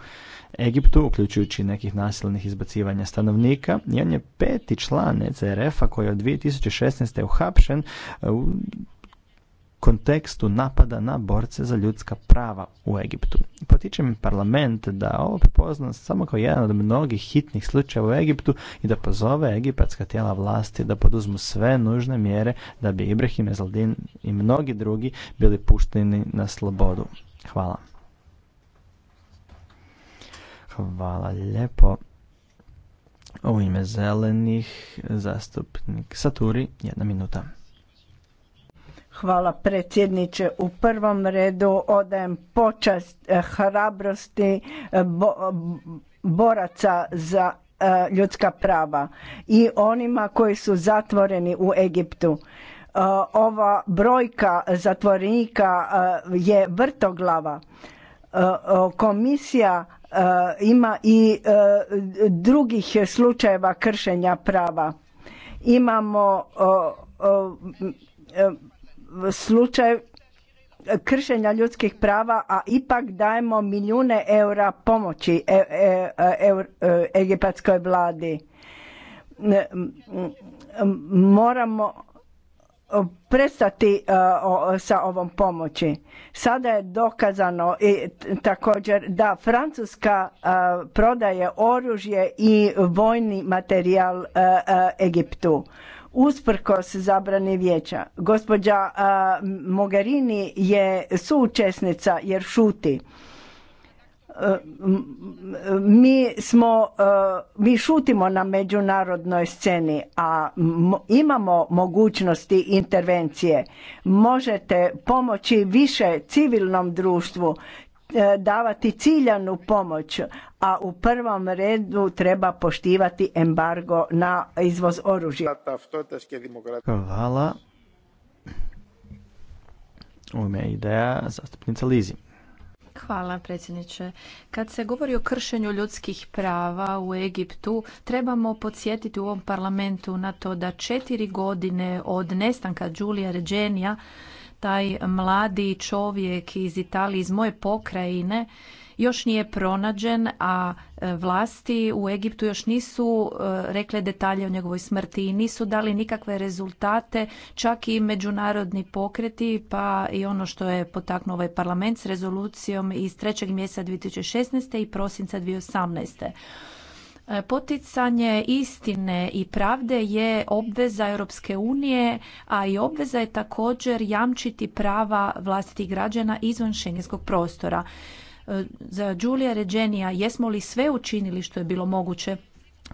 Egiptu, uključujući nekih nasilnih izbacivanja stanovnika. I on je peti član ECRF-a koji je od 2016. uhapšen e, u kontekstu napada na borce za ljudska prava u Egiptu. mi parlament da ovo prepozna samo kao jedan od mnogih hitnih slučajeva u Egiptu i da pozove egipatska tijela vlasti da poduzmu sve nužne mjere da bi Ibrahim Ezaldin i mnogi drugi bili pušteni na slobodu. Hvala. Hvala lijepo. U ime zelenih zastupnik Saturi, jedna minuta. Hvala predsjedniče. U prvom redu odajem počast eh, hrabrosti eh, boraca za eh, ljudska prava i onima koji su zatvoreni u Egiptu. Ova brojka zatvorenika je vrtoglava komisija eh, ima i eh, drugih slučajeva kršenja prava. Imamo eh, slučaj kršenja ljudskih prava, a ipak dajemo milijune eura pomoći e, e, e, egipatskoj vladi. Moramo prestati e, sa ovom pomoći. Sada je dokazano i također da Francuska e, prodaje oružje i vojni materijal e, Egiptu. Usprkos zabrani vijeća, gospođa Mogherini je suučesnica jer šuti mi smo eh, mi šutimo na međunarodnoj sceni a imamo mogućnosti intervencije možete pomoći više civilnom društvu eh, davati ciljanu pomoć a u prvom redu treba poštivati embargo na izvoz oružja hvala u ime ideja zastupnica Lizi Hvala predsjedniče. Kad se govori o kršenju ljudskih prava u Egiptu, trebamo podsjetiti u ovom parlamentu na to da četiri godine od nestanka Giulia Ređenija, taj mladi čovjek iz Italije, iz moje pokrajine, još nije pronađen, a e, vlasti u Egiptu još nisu e, rekle detalje o njegovoj smrti i nisu dali nikakve rezultate, čak i međunarodni pokreti, pa i ono što je potaknuo ovaj parlament s rezolucijom iz 3. mjeseca 2016. i prosinca 2018. E, poticanje istine i pravde je obveza Europske unije, a i obveza je također jamčiti prava vlastitih građana izvan šengenskog prostora. Za Đulija Regenija jesmo li sve učinili što je bilo moguće?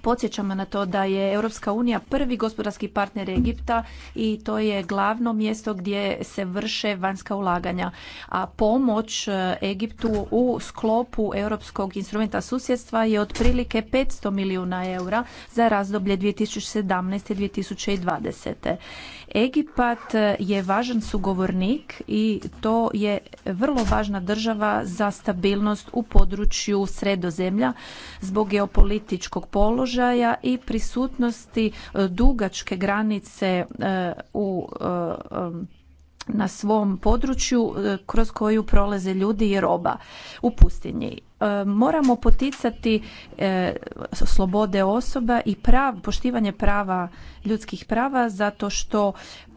Podsjećamo na to da je Europska unija prvi gospodarski partner Egipta i to je glavno mjesto gdje se vrše vanjska ulaganja. A pomoć e, Egiptu u sklopu Europskog instrumenta susjedstva je otprilike 500 milijuna eura za razdoblje 2017. i 2020. Egipat e, je važan sugovornik i to je vrlo važna država za stabilnost u području sredozemlja zbog geopolitičkog položaja i prisutnosti e, dugačke granice e, u na svom području kroz koju prolaze ljudi i roba u pustinji. E, moramo poticati e, slobode osoba i prav, poštivanje prava, ljudskih prava zato što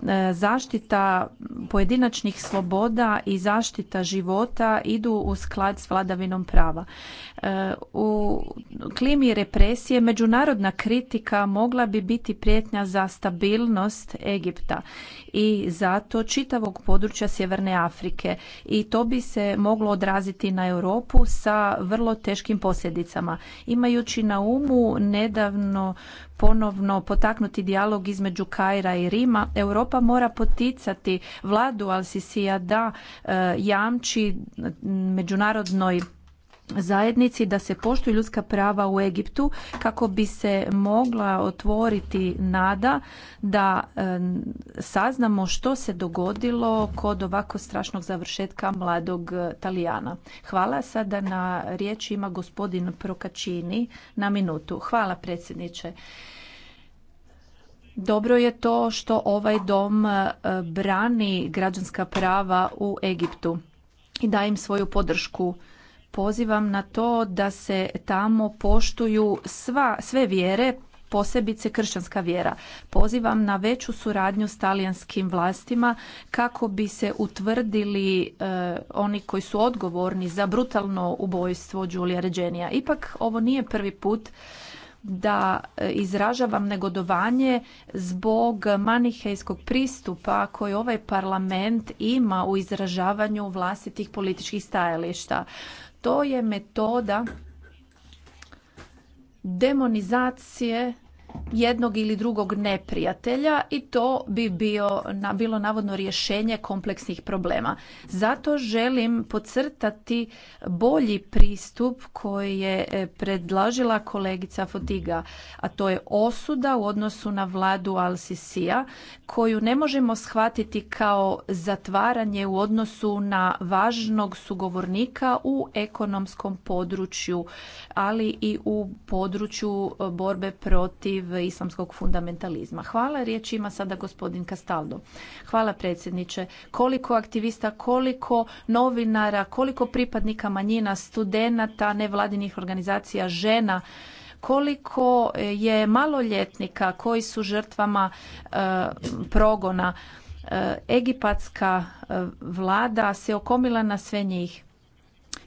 E, zaštita pojedinačnih sloboda i zaštita života idu u sklad s vladavinom prava. E, u klimi represije međunarodna kritika mogla bi biti prijetnja za stabilnost Egipta i zato čitavog područja Sjeverne Afrike i to bi se moglo odraziti na Europu sa vrlo teškim posljedicama. Imajući na umu nedavno ponovno potaknuti dijalog između Kaira i Rima. Europa mora poticati vladu Al-Sisija da e, jamči međunarodnoj zajednici da se poštuju ljudska prava u Egiptu kako bi se mogla otvoriti nada da e, saznamo što se dogodilo kod ovako strašnog završetka mladog e, Talijana. Hvala sada na riječi ima gospodin Prokačini na minutu. Hvala predsjedniče. Dobro je to što ovaj dom e, brani građanska prava u Egiptu i daje im svoju podršku. Pozivam na to da se tamo poštuju sva, sve vjere, posebice kršćanska vjera. Pozivam na veću suradnju s talijanskim vlastima kako bi se utvrdili e, oni koji su odgovorni za brutalno ubojstvo Đulija Ređenija. Ipak ovo nije prvi put da e, izražavam negodovanje zbog manihejskog pristupa koji ovaj parlament ima u izražavanju vlastitih političkih stajališta. To je metoda demonizacije jednog ili drugog neprijatelja i to bi bio, bilo navodno rješenje kompleksnih problema. Zato želim podcrtati bolji pristup koji je e, predlažila kolegica Fotiga, a to je osuda u odnosu na vladu al koju ne možemo shvatiti kao zatvaranje u odnosu na važnog sugovornika u ekonomskom području, ali i u području e, borbe protiv islamskog fundamentalizma. Hvala, riječ ima sada gospodin Kastaldo. Hvala predsjedniče. Koliko aktivista, koliko novinara, koliko pripadnika manjina, studenata, nevladinih organizacija, žena, koliko je maloljetnika koji su žrtvama eh, progona. Eh, egipatska eh, vlada se okomila na sve njih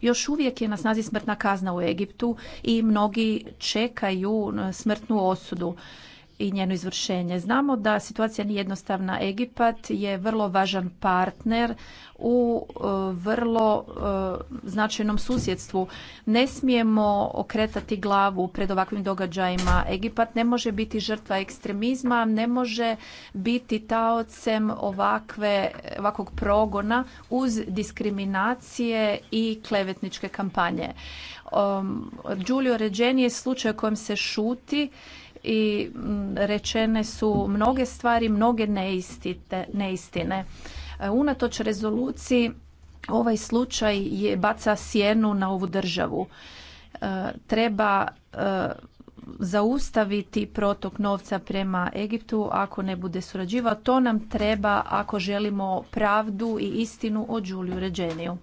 još uvijek je na snazi smrtna kazna u Egiptu i mnogi čekaju smrtnu osudu i njeno izvršenje. Znamo da situacija nije jednostavna. Egipat je vrlo važan partner u e, vrlo e, značajnom susjedstvu. Ne smijemo okretati glavu pred ovakvim događajima. Egipat ne može biti žrtva ekstremizma, ne može biti taocem ovakve, ovakvog progona uz diskriminacije i klevetničke kampanje. Um, Giulio Regeni je slučaj o kojem se šuti i rečene su mnoge stvari, mnoge neistite, neistine. E, unatoč rezoluciji ovaj slučaj je baca sjenu na ovu državu. E, treba e, zaustaviti protok novca prema Egiptu ako ne bude surađivao. To nam treba ako želimo pravdu i istinu o Đuliju Ređeniju.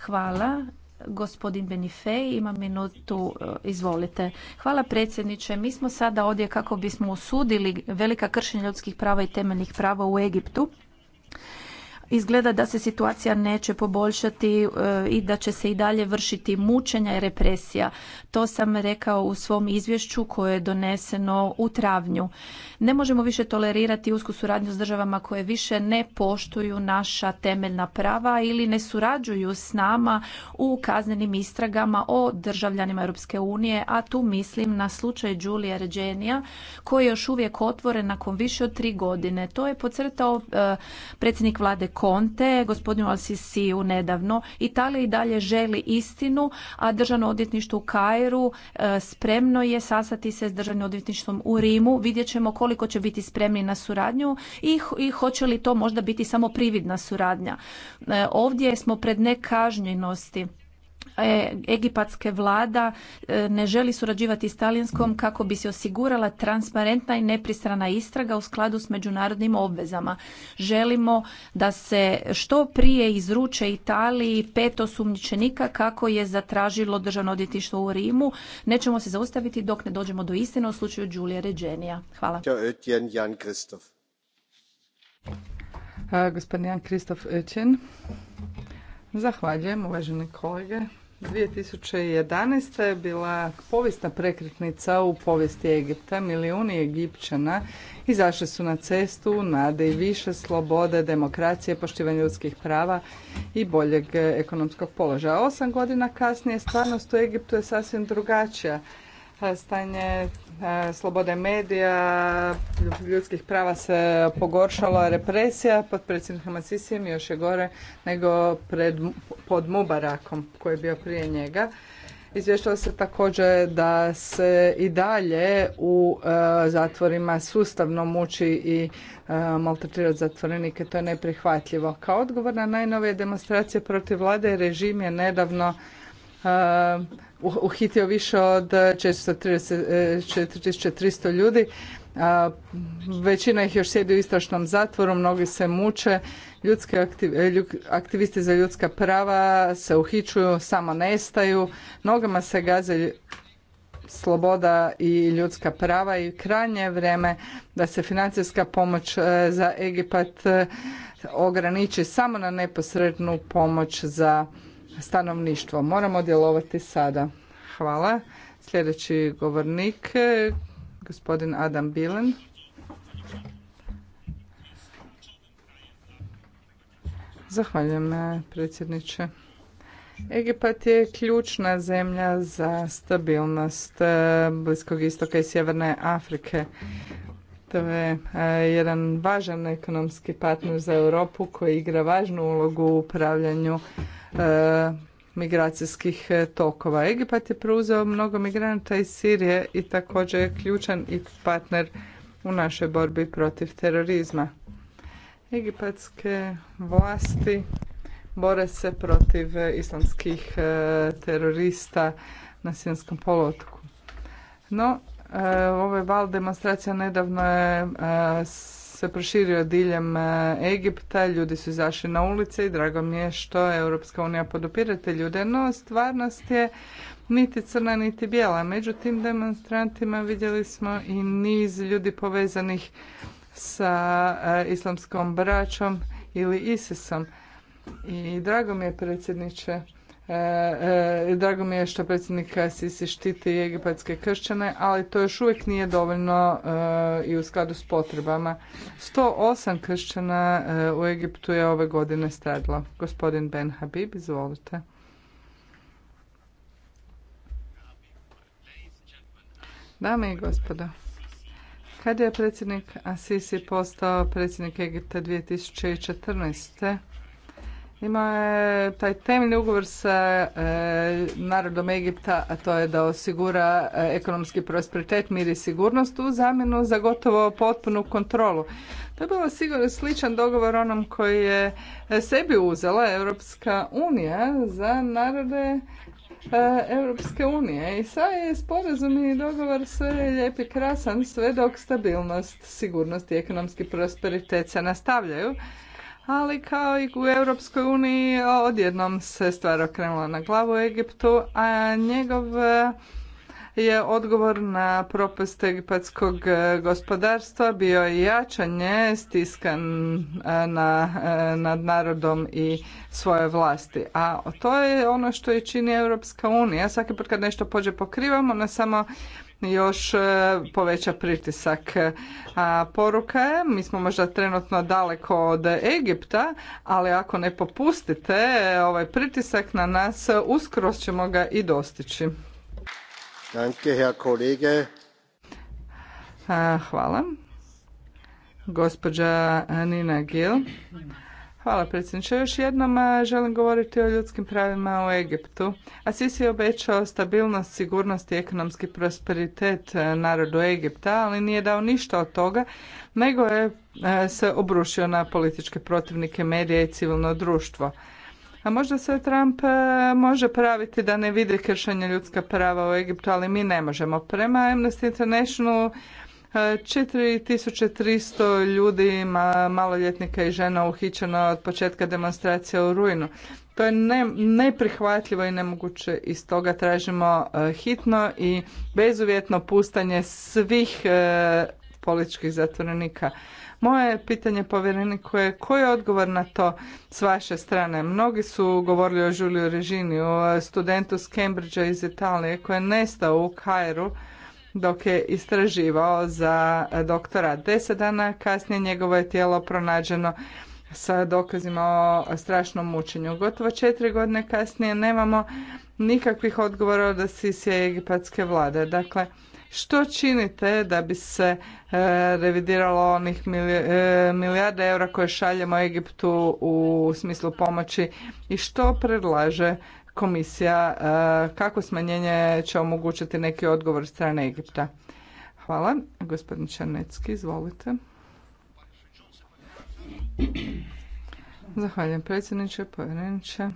Hvala. Gospodin Benifej ima minutu, e, izvolite. Hvala predsjedniče. Mi smo sada ovdje kako bismo osudili velika kršenja ljudskih prava i temeljnih prava u Egiptu. Izgleda da se situacija neće poboljšati e, i da će se i dalje vršiti mučenja i represija. To sam rekao u svom izvješću koje je doneseno u travnju. Ne možemo više tolerirati usku suradnju s državama koje više ne poštuju naša temeljna prava ili ne surađuju s nama u kaznenim istragama o državljanima Europske unije, a tu mislim na slučaj Đulija Ređenija koji je još uvijek otvoren nakon više od tri godine. To je podcrtao e, predsjednik vlade Conte, gospodinu al u nedavno. Italija i dalje želi istinu, a državno odvjetništvo u Kairu e, spremno je sasati se s državnim odvjetništvom u Rimu. Vidjet ćemo koliko će biti spremni na suradnju i hoće li to možda biti samo prividna suradnja. E, ovdje smo pred nekažnjenosti E, egipatske vlada e, ne želi surađivati s talijanskom kako bi se osigurala transparentna i nepristrana istraga u skladu s međunarodnim obvezama. Želimo da se što prije izruče Italiji pet osumnjičenika kako je zatražilo državno odvjetništvo u Rimu. Nećemo se zaustaviti dok ne dođemo do istine u slučaju Đulije Ređenija. Hvala. E, gospodin Jan Kristof Zahvaljujem uvaženi kolege. 2011. je bila povijesna prekretnica u povijesti Egipta. Milijuni Egipćana izašli su na cestu nade i više slobode, demokracije, poštivanje ljudskih prava i boljeg ekonomskog položaja. Osam godina kasnije stvarnost u Egiptu je sasvim drugačija. E, stanje e, slobode medija, ljudskih prava se pogoršalo, represija pod predsjednikom Masisijem još je gore nego pred, pod Mubarakom koji je bio prije njega. Izvještava se također da se i dalje u e, zatvorima sustavno muči i e, maltretirati zatvorenike. To je neprihvatljivo. Kao odgovor na najnovije demonstracije protiv vlade režim je nedavno Uh, uhitio više od 430, uh, 4300 uh, ljudi. Većina ih još sjedi u istrašnom zatvoru, mnogi se muče. Ljudski eh, aktivisti za ljudska prava se uhičuju, samo nestaju. Nogama se gaze sloboda i ljudska prava i krajnje vrijeme da se financijska pomoć eh, za Egipat eh, ograniči samo na neposrednu pomoć za stanovništvo. Moramo djelovati sada. Hvala. Sljedeći govornik, gospodin Adam Bilen. Zahvaljujem predsjedniče. Egipat je ključna zemlja za stabilnost eh, Bliskog istoka i Sjeverne Afrike. To je e, jedan važan ekonomski partner za Europu koji igra važnu ulogu u upravljanju e, migracijskih e, tokova. Egipat je preuzeo mnogo migranata iz Sirije i također je ključan i partner u našoj borbi protiv terorizma. Egipatske vlasti bore se protiv islamskih terorista na Sinjskom poluotoku No, E, ovaj val demonstracija nedavno je e, se proširio diljem e, Egipta, ljudi su izašli na ulice i drago mi je što Europska unija podupire te ljude, no stvarnost je niti crna niti bijela. Među tim demonstrantima vidjeli smo i niz ljudi povezanih sa islamskom braćom ili ISISom. I drago mi je predsjedniče E, e, drago mi je što predsjednik Sisi štiti egipatske kršćane, ali to još uvijek nije dovoljno e, i u skladu s potrebama. 108 kršćana u Egiptu je ove godine stradilo. Gospodin Ben Habib, izvolite. Dame i gospodo, kad je predsjednik Asisi postao predsjednik Egipta 2014 ima e, taj temeljni ugovor sa e, narodom Egipta, a to je da osigura e, ekonomski prosperitet, mir i sigurnost u zamjenu za gotovo potpunu kontrolu. To je bilo sigurno sličan dogovor onom koji je sebi uzela Europska unija za narode Europske unije. I sad je sporazum i dogovor sve lijep i krasan, sve dok stabilnost, sigurnost i ekonomski prosperitet se nastavljaju ali kao i u Europskoj uniji odjednom se stvar okrenula na glavu Egiptu, a njegov e, je odgovor na propast egipatskog e, gospodarstva bio jačanje stiskan e, na, nad narodom i svoje vlasti. A to je ono što i čini Europska unija. Svaki put kad nešto pođe pokrivamo, ona samo još e, poveća pritisak. A poruka je, mi smo možda trenutno daleko od Egipta, ali ako ne popustite e, ovaj pritisak na nas, e, uskoro ćemo ga i dostići. Danke, Herr Hvala. Gospođa Nina Gil. Hvala predsjedniče. Još jednom e, želim govoriti o ljudskim pravima u Egiptu. A Sisi je obećao stabilnost, sigurnost i ekonomski prosperitet e, narodu Egipta, ali nije dao ništa od toga, nego je e, se obrušio na političke protivnike, medije i civilno društvo. A možda se Trump može praviti da ne vidi kršenje ljudska prava u Egiptu, ali mi ne možemo. Prema Amnesty International 4300 ljudi, maloljetnika i žena uhićeno od početka demonstracija u rujnu. To je ne, neprihvatljivo i nemoguće i stoga tražimo e, hitno i bezuvjetno pustanje svih e, političkih zatvorenika. Moje pitanje povjereniku je koji je odgovor na to s vaše strane? Mnogi su govorili o Žuliju Režini, studentu s Cambridgea iz Italije koji je nestao u Kairu dok je istraživao za doktora. Deset dana kasnije njegovo je tijelo pronađeno sa dokazima o strašnom mučenju. Gotovo četiri godine kasnije nemamo nikakvih odgovora od Asisije egipatske vlade. Dakle, što činite da bi se e, revidiralo onih e, milijarda eura koje šaljemo Egiptu u smislu pomoći i što predlaže komisija e, kako smanjenje će omogućiti neki odgovor strane Egipta? Hvala. Gospodin Černecki, izvolite. Zahvaljujem predsjedniče, povjereniče.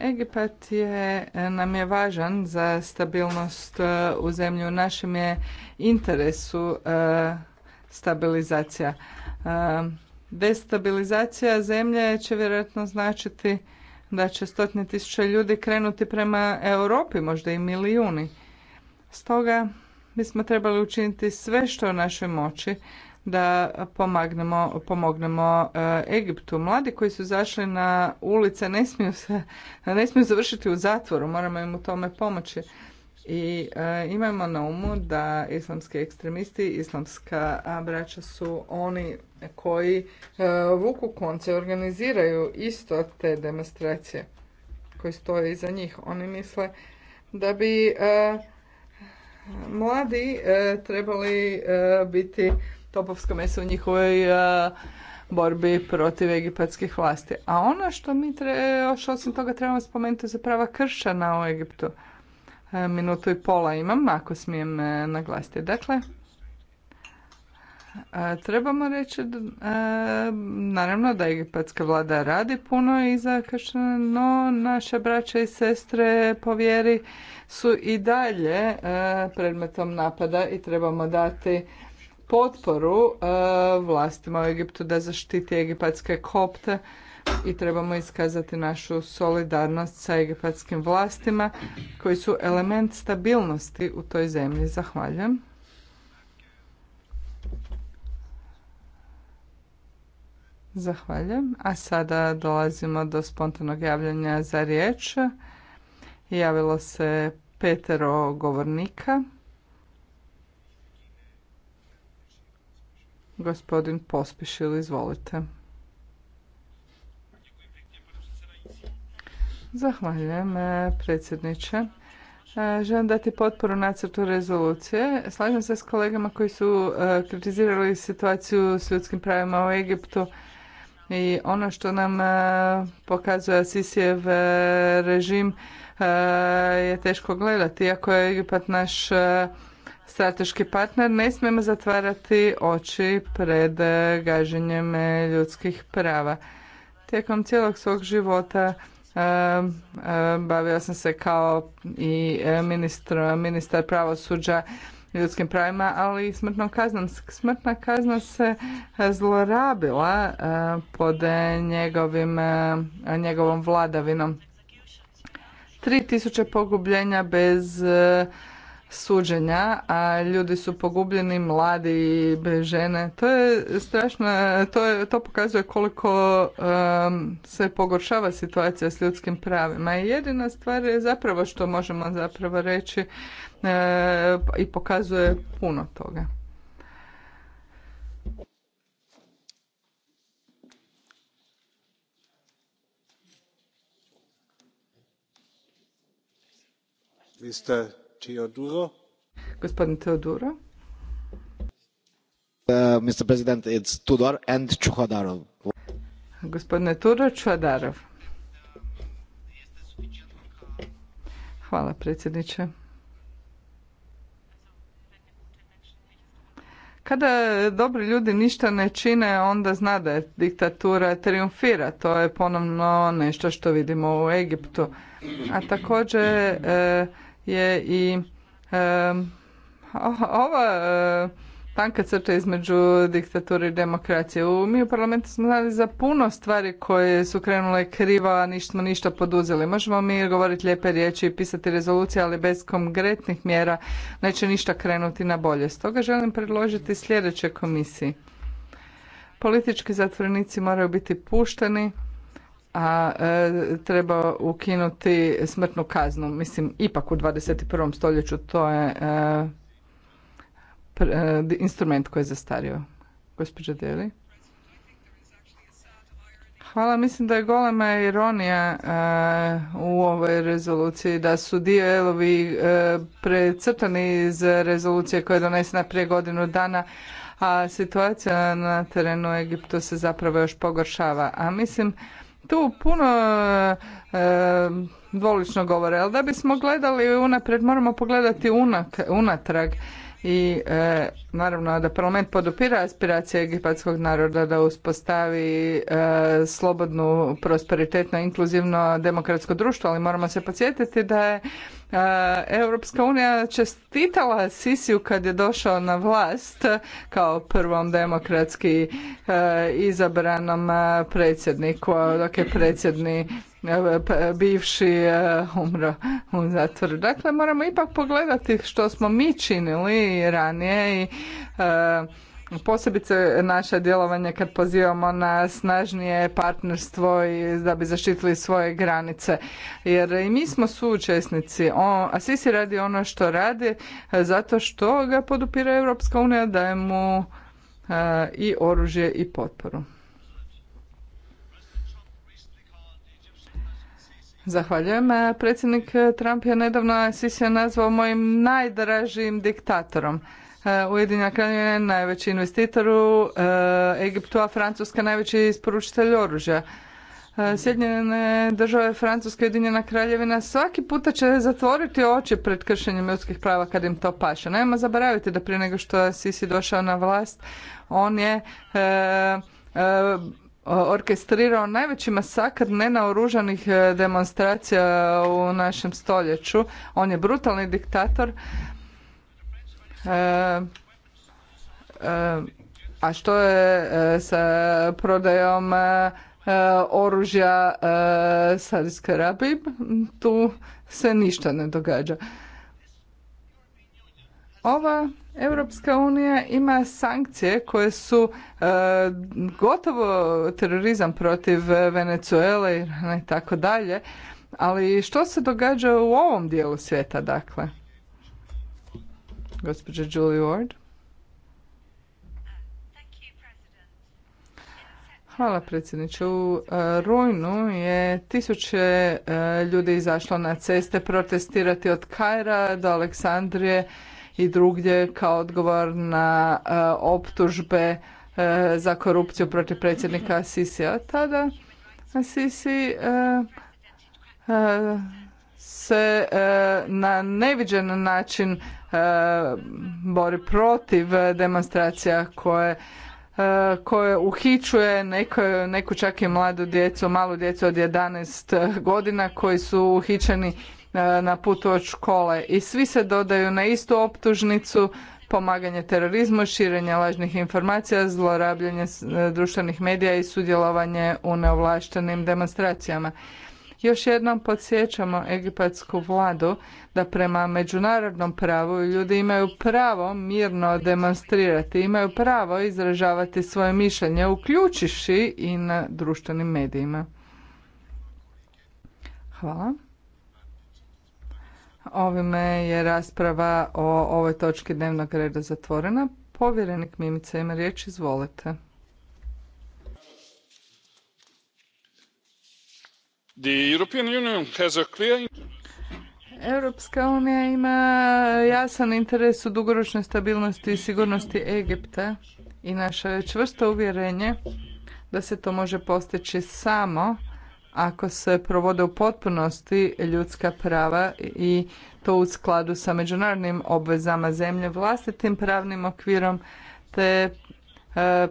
Egipat je, e, nam je važan za stabilnost e, u zemlji. U našem je interesu stabilizacija. Destabilizacija zemlje će vjerojatno značiti da će stotine tisuća ljudi krenuti prema Europi, možda i milijuni. Stoga bismo trebali učiniti sve što je u našoj moći da pomognemo pomognemo Egiptu. Mladi koji su zašli na ulice ne smiju, se, ne smiju završiti u zatvoru, moramo im u tome pomoći. I e, imajmo na umu da islamski ekstremisti, islamska braća su oni koji e, vuku konce organiziraju isto te demonstracije koji stoje iza njih. Oni misle da bi e, mladi e, trebali biti topovsko meso u njihovoj borbi protiv egipatskih vlasti. A ono što mi još osim toga trebamo spomenuti za prava kršana u Egiptu. Minutu i pola imam, ako smijem naglasiti. Dakle, Trebamo reći, naravno da egipatska vlada radi puno i za no naše braće i sestre po vjeri su i dalje predmetom napada i trebamo dati potporu vlastima u Egiptu da zaštiti egipatske kopte i trebamo iskazati našu solidarnost sa egipatskim vlastima koji su element stabilnosti u toj zemlji. Zahvaljujem. Zahvaljujem. A sada dolazimo do spontanog javljanja za riječ. Javilo se petero govornika. Gospodin Pospišil, izvolite. Zahvaljujem e, predsjedniče. E, želim dati potporu nacrtu rezolucije. Slažem se s kolegama koji su e, kritizirali situaciju s ljudskim pravima u Egiptu i ono što nam e, pokazuje Sisijev e, režim e, je teško gledati. Iako je Egipat naš strateški partner, ne smijemo zatvarati oči pred gaženjem ljudskih prava. Tijekom cijelog svog života bavio sam se kao i ministar pravosuđa ljudskim pravima, ali i smrtnom kaznom. Smrtna kazna se e, zlorabila e, pod njegovim, e, njegovom vladavinom. 3000 pogubljenja bez suđenja, a ljudi su pogubljeni, mladi, žene. To je strašno, to, je, to pokazuje koliko se pogoršava situacija s ljudskim pravima. I jedina stvar je zapravo što možemo zapravo reći e, i pokazuje puno toga. ste... Teodoro. Gospodin Teodoro. Uh, Mr. President, it's Tudor and Čuhodarov. Gospodine Tudor, Čuhodarov. Hvala predsjedniče. Kada dobri ljudi ništa ne čine, onda zna da je diktatura triumfira. To je ponovno nešto što vidimo u Egiptu. A također e, je i ova tanka crta između diktature i demokracije. U, mi u parlamentu smo znali za puno stvari koje su krenule krivo, a nismo ništa poduzeli. Možemo mi govoriti lijepe riječi i pisati rezolucije, ali bez konkretnih mjera neće ništa krenuti na bolje. Stoga želim predložiti sljedeće komisiji. Politički zatvorenici moraju biti pušteni, a e, treba ukinuti smrtnu kaznu. Mislim, ipak u 21. stoljeću to je e, e, instrument koji je zastario. Gospođa Deli. Hvala, mislim da je golema ironija u ovoj rezoluciji, da su dijelovi precrtani iz rezolucije koja je donesena prije godinu dana, a situacija na terenu Egiptu se zapravo još pogoršava. A mislim tu puno e, dvolično govore, ali da bismo gledali unaprijed moramo pogledati unatrag i e, naravno da parlament podupira aspiracije egipatskog naroda da uspostavi e, slobodnu, prosperitetno, inkluzivno demokratsko društvo, ali moramo se podsjetiti da je E, Europska unija čestitala Sisiju kad je došao na vlast kao prvom demokratski e, izabranom e, predsjedniku, dok je predsjedni bivši umro u zatvoru. Dakle, moramo ipak pogledati što smo mi činili ranije i Posebice naše djelovanje kad pozivamo na snažnije partnerstvo i da bi zaštitili svoje granice. Jer i mi smo suučesnici. A Sisi radi ono što radi e, zato što ga podupira Europska unija, daje mu e, i oružje i potporu. Zahvaljujem. E, predsjednik Trump je nedavno Sisi nazvao mojim najdražijim diktatorom. Uh, Ujedinja Kraljevina je najveći investitor u uh, Egiptu, a Francuska najveći isporučitelj oružja. Uh, Sjedinjene države, Francuska i Ujedinjena kraljevina svaki puta će zatvoriti oči pred kršenjem ljudskih prava kad im to paše. Nema zaboraviti da prije nego što je Sisi došao na vlast, on je orkestrirao najveći masakr nenaoružanih demonstracija u našem stoljeću. On je brutalni diktator, E, e, a što je e, sa prodajom oružja Sadijske Arabiji? Tu se ništa ne događa. Ova Europska unija ima sankcije koje su gotovo terorizam protiv Venezuele i tako dalje, ali što se događa u ovom dijelu svijeta dakle? Gospođa Julie Ward. Hvala predsjedniče. U e, rujnu je tisuće e, ljudi izašlo na ceste protestirati od Kajra do Aleksandrije i drugdje kao odgovor na e, optužbe za korupciju protiv predsjednika Sisija. Tada Sisi se e, na neviđen način e, bori protiv demonstracija koje e, koje uhićuje neko, neku čak i mladu djecu, malu djecu od 11 godina koji su uhičeni na putu od škole i svi se dodaju na istu optužnicu pomaganje terorizmu, širenje lažnih informacija, zlorabljenje društvenih medija i sudjelovanje u neovlaštenim demonstracijama. Još jednom podsjećamo egipatsku vladu da prema međunarodnom pravu ljudi imaju pravo mirno demonstrirati, imaju pravo izražavati svoje mišljenje, uključivši i na društvenim medijima. Hvala. Ovime je rasprava o ovoj točki dnevnog reda zatvorena. Povjerenik Mimica ima riječ, izvolite. Europska unija ima jasan interes u dugoročnoj stabilnosti i sigurnosti Egipta i naše je čvrsto uvjerenje da se to može postići samo ako se provode u potpunosti ljudska prava i to u skladu sa međunarodnim obvezama zemlje, vlastitim pravnim okvirom te e,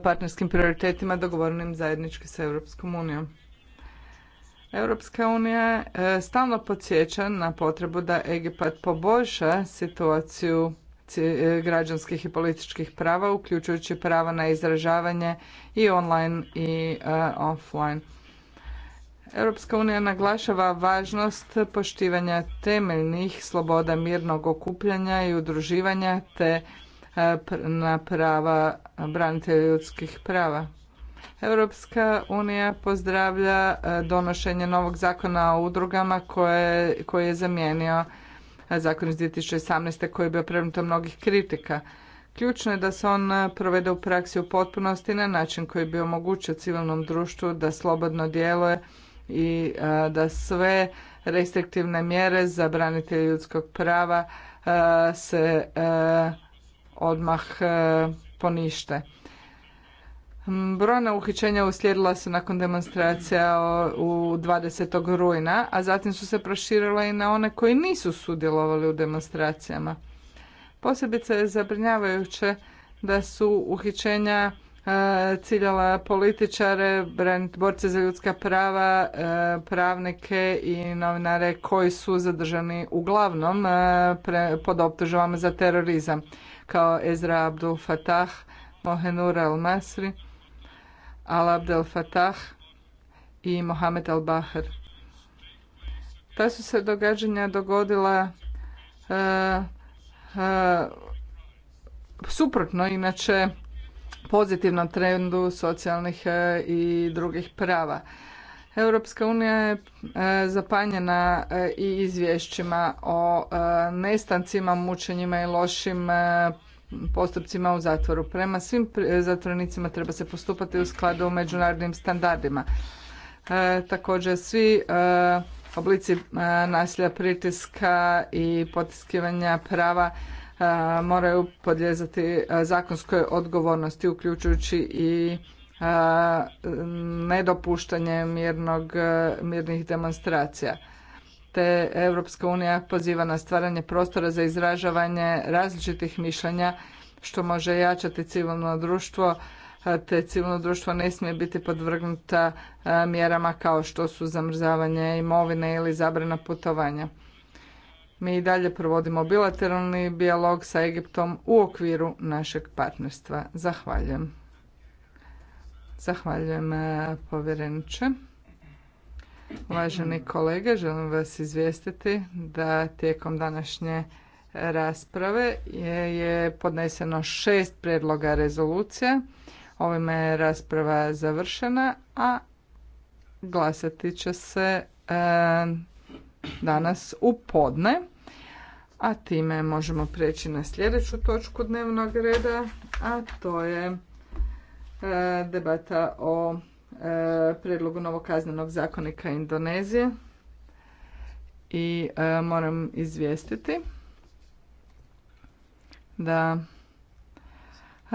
partnerskim prioritetima dogovorenim zajednički sa Europskom unijom. Europska unija e, stalno podsjeća na potrebu da Egipat poboljša situaciju e, građanskih i političkih prava, uključujući prava na izražavanje i online i e, offline. Europska unija naglašava važnost poštivanja temeljnih sloboda mirnog okupljanja i udruživanja te na prava branitelja ljudskih prava. Europska unija pozdravlja e, donošenje novog zakona o udrugama koje, koji je zamijenio e, zakon iz 2018. koji je bio predmetom mnogih kritika. Ključno je da se on e, provede u praksi u potpunosti na način koji bi omogućio civilnom društvu da slobodno djeluje i da sve restriktivne mjere za branitelje ljudskog prava se odmah ponište. Brojna uhićenja uslijedila su nakon demonstracija u 20. rujna, a zatim su se proširila i na one koji nisu sudjelovali u demonstracijama. Posebice je zabrinjavajuće da su uhićenja e, ciljala političare, borce za ljudska prava, e, pravnike i novinare koji su zadržani uglavnom e, pod optužbama za terorizam, kao Ezra Abdul Fatah, Mohenur al-Masri, Al Abdel Fatah i Mohamed Al Bahar. Ta su se događanja dogodila uh, uh, suprotno inače pozitivnom trendu socijalnih eh, i drugih prava. Europska unija je zapanjena i izvješćima o nestancima, mučenjima i lošim postupcima u zatvoru. Prema svim zatvornicima treba se postupati u skladu u međunarodnim standardima. E, također svi e, oblici e, nasilja, pritiska i potiskivanja prava moraju podljezati zakonskoj odgovornosti uključujući i nedopuštanje mirnih demonstracija te Europska unija poziva na stvaranje prostora za izražavanje različitih mišljenja što može jačati civilno društvo te civilno društvo ne smije biti podvrgnuta mjerama kao što su zamrzavanje imovine ili zabrana putovanja. Mi i dalje provodimo bilateralni dijalog sa Egiptom u okviru našeg partnerstva. Zahvaljujem. Zahvaljujem povjereniče. Uvaženi kolege, želim vas izvijestiti da tijekom današnje rasprave je podneseno šest predloga rezolucija. Ovime je rasprava završena, a glasati će se e, danas u podne. A time možemo preći na sljedeću točku dnevnog reda, a to je e, debata o E, predlogu novog kaznenog zakonika Indonezije i e, moram izvijestiti da e,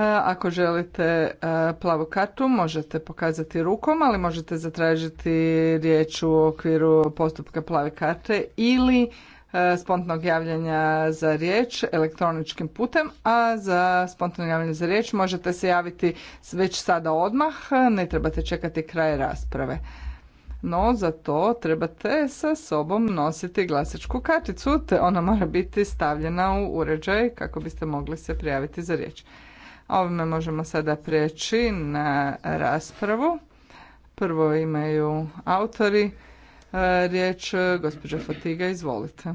ako želite plavu kartu možete pokazati rukom, ali možete zatražiti riječ u okviru postupka plave karte ili E, spontanog javljanja za riječ elektroničkim putem, a za spontano javljanje za riječ možete se javiti već sada odmah, ne trebate čekati kraj rasprave. No, za to trebate sa sobom nositi glasačku karticu, te ona mora biti stavljena u uređaj kako biste mogli se prijaviti za riječ. ovime možemo sada prijeći na raspravu. Prvo imaju autori. E, riječ. E, gospođa Fatiga, izvolite.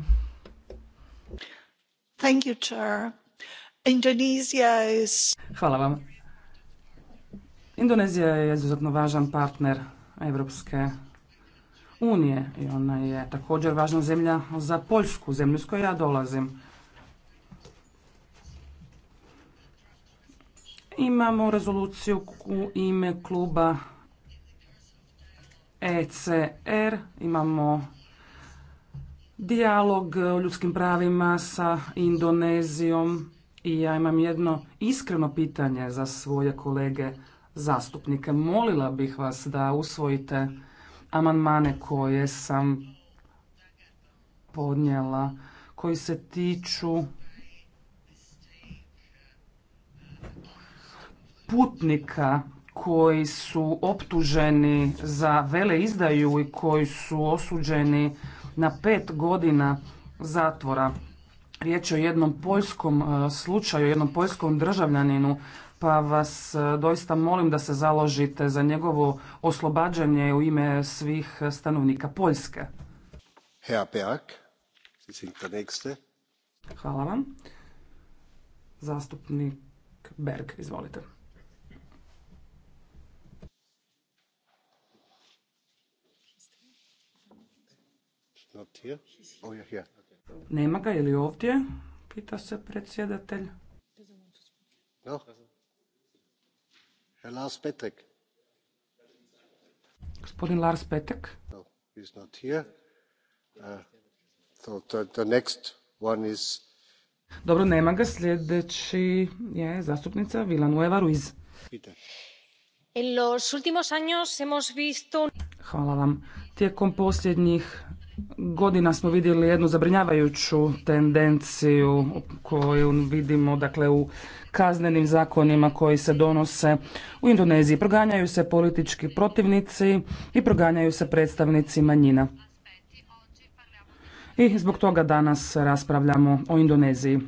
Thank Hvala vam. Indonezija je izuzetno važan partner europske unije i ona je također važna zemlja za Poljsku, zemlju s koje ja dolazim. Imamo rezoluciju u ime kluba ECR, imamo dijalog o ljudskim pravima sa Indonezijom i ja imam jedno iskreno pitanje za svoje kolege zastupnike. Molila bih vas da usvojite amandmane koje sam podnijela, koji se tiču putnika koji su optuženi za veleizdaju i koji su osuđeni na pet godina zatvora. Riječ je o jednom poljskom e, slučaju, jednom poljskom državljaninu, pa vas e, doista molim da se založite za njegovo oslobađanje u ime svih stanovnika Poljske. Hvala vam. Zastupnik Berg, izvolite. Oh, nema ga je li ovdje? Pita se predsjedatelj. No. Lars Petek. Gospodin Lars Petek. No, he's not here. Uh, so the, next one is... Dobro, nema ga. Sljedeći je zastupnica Villanueva Ruiz. Peter. En los últimos años hemos visto... Hvala vam. Tijekom posljednjih godina smo vidjeli jednu zabrinjavajuću tendenciju koju vidimo dakle u kaznenim zakonima koji se donose u Indoneziji. Proganjaju se politički protivnici i proganjaju se predstavnici manjina. I zbog toga danas raspravljamo o Indoneziji.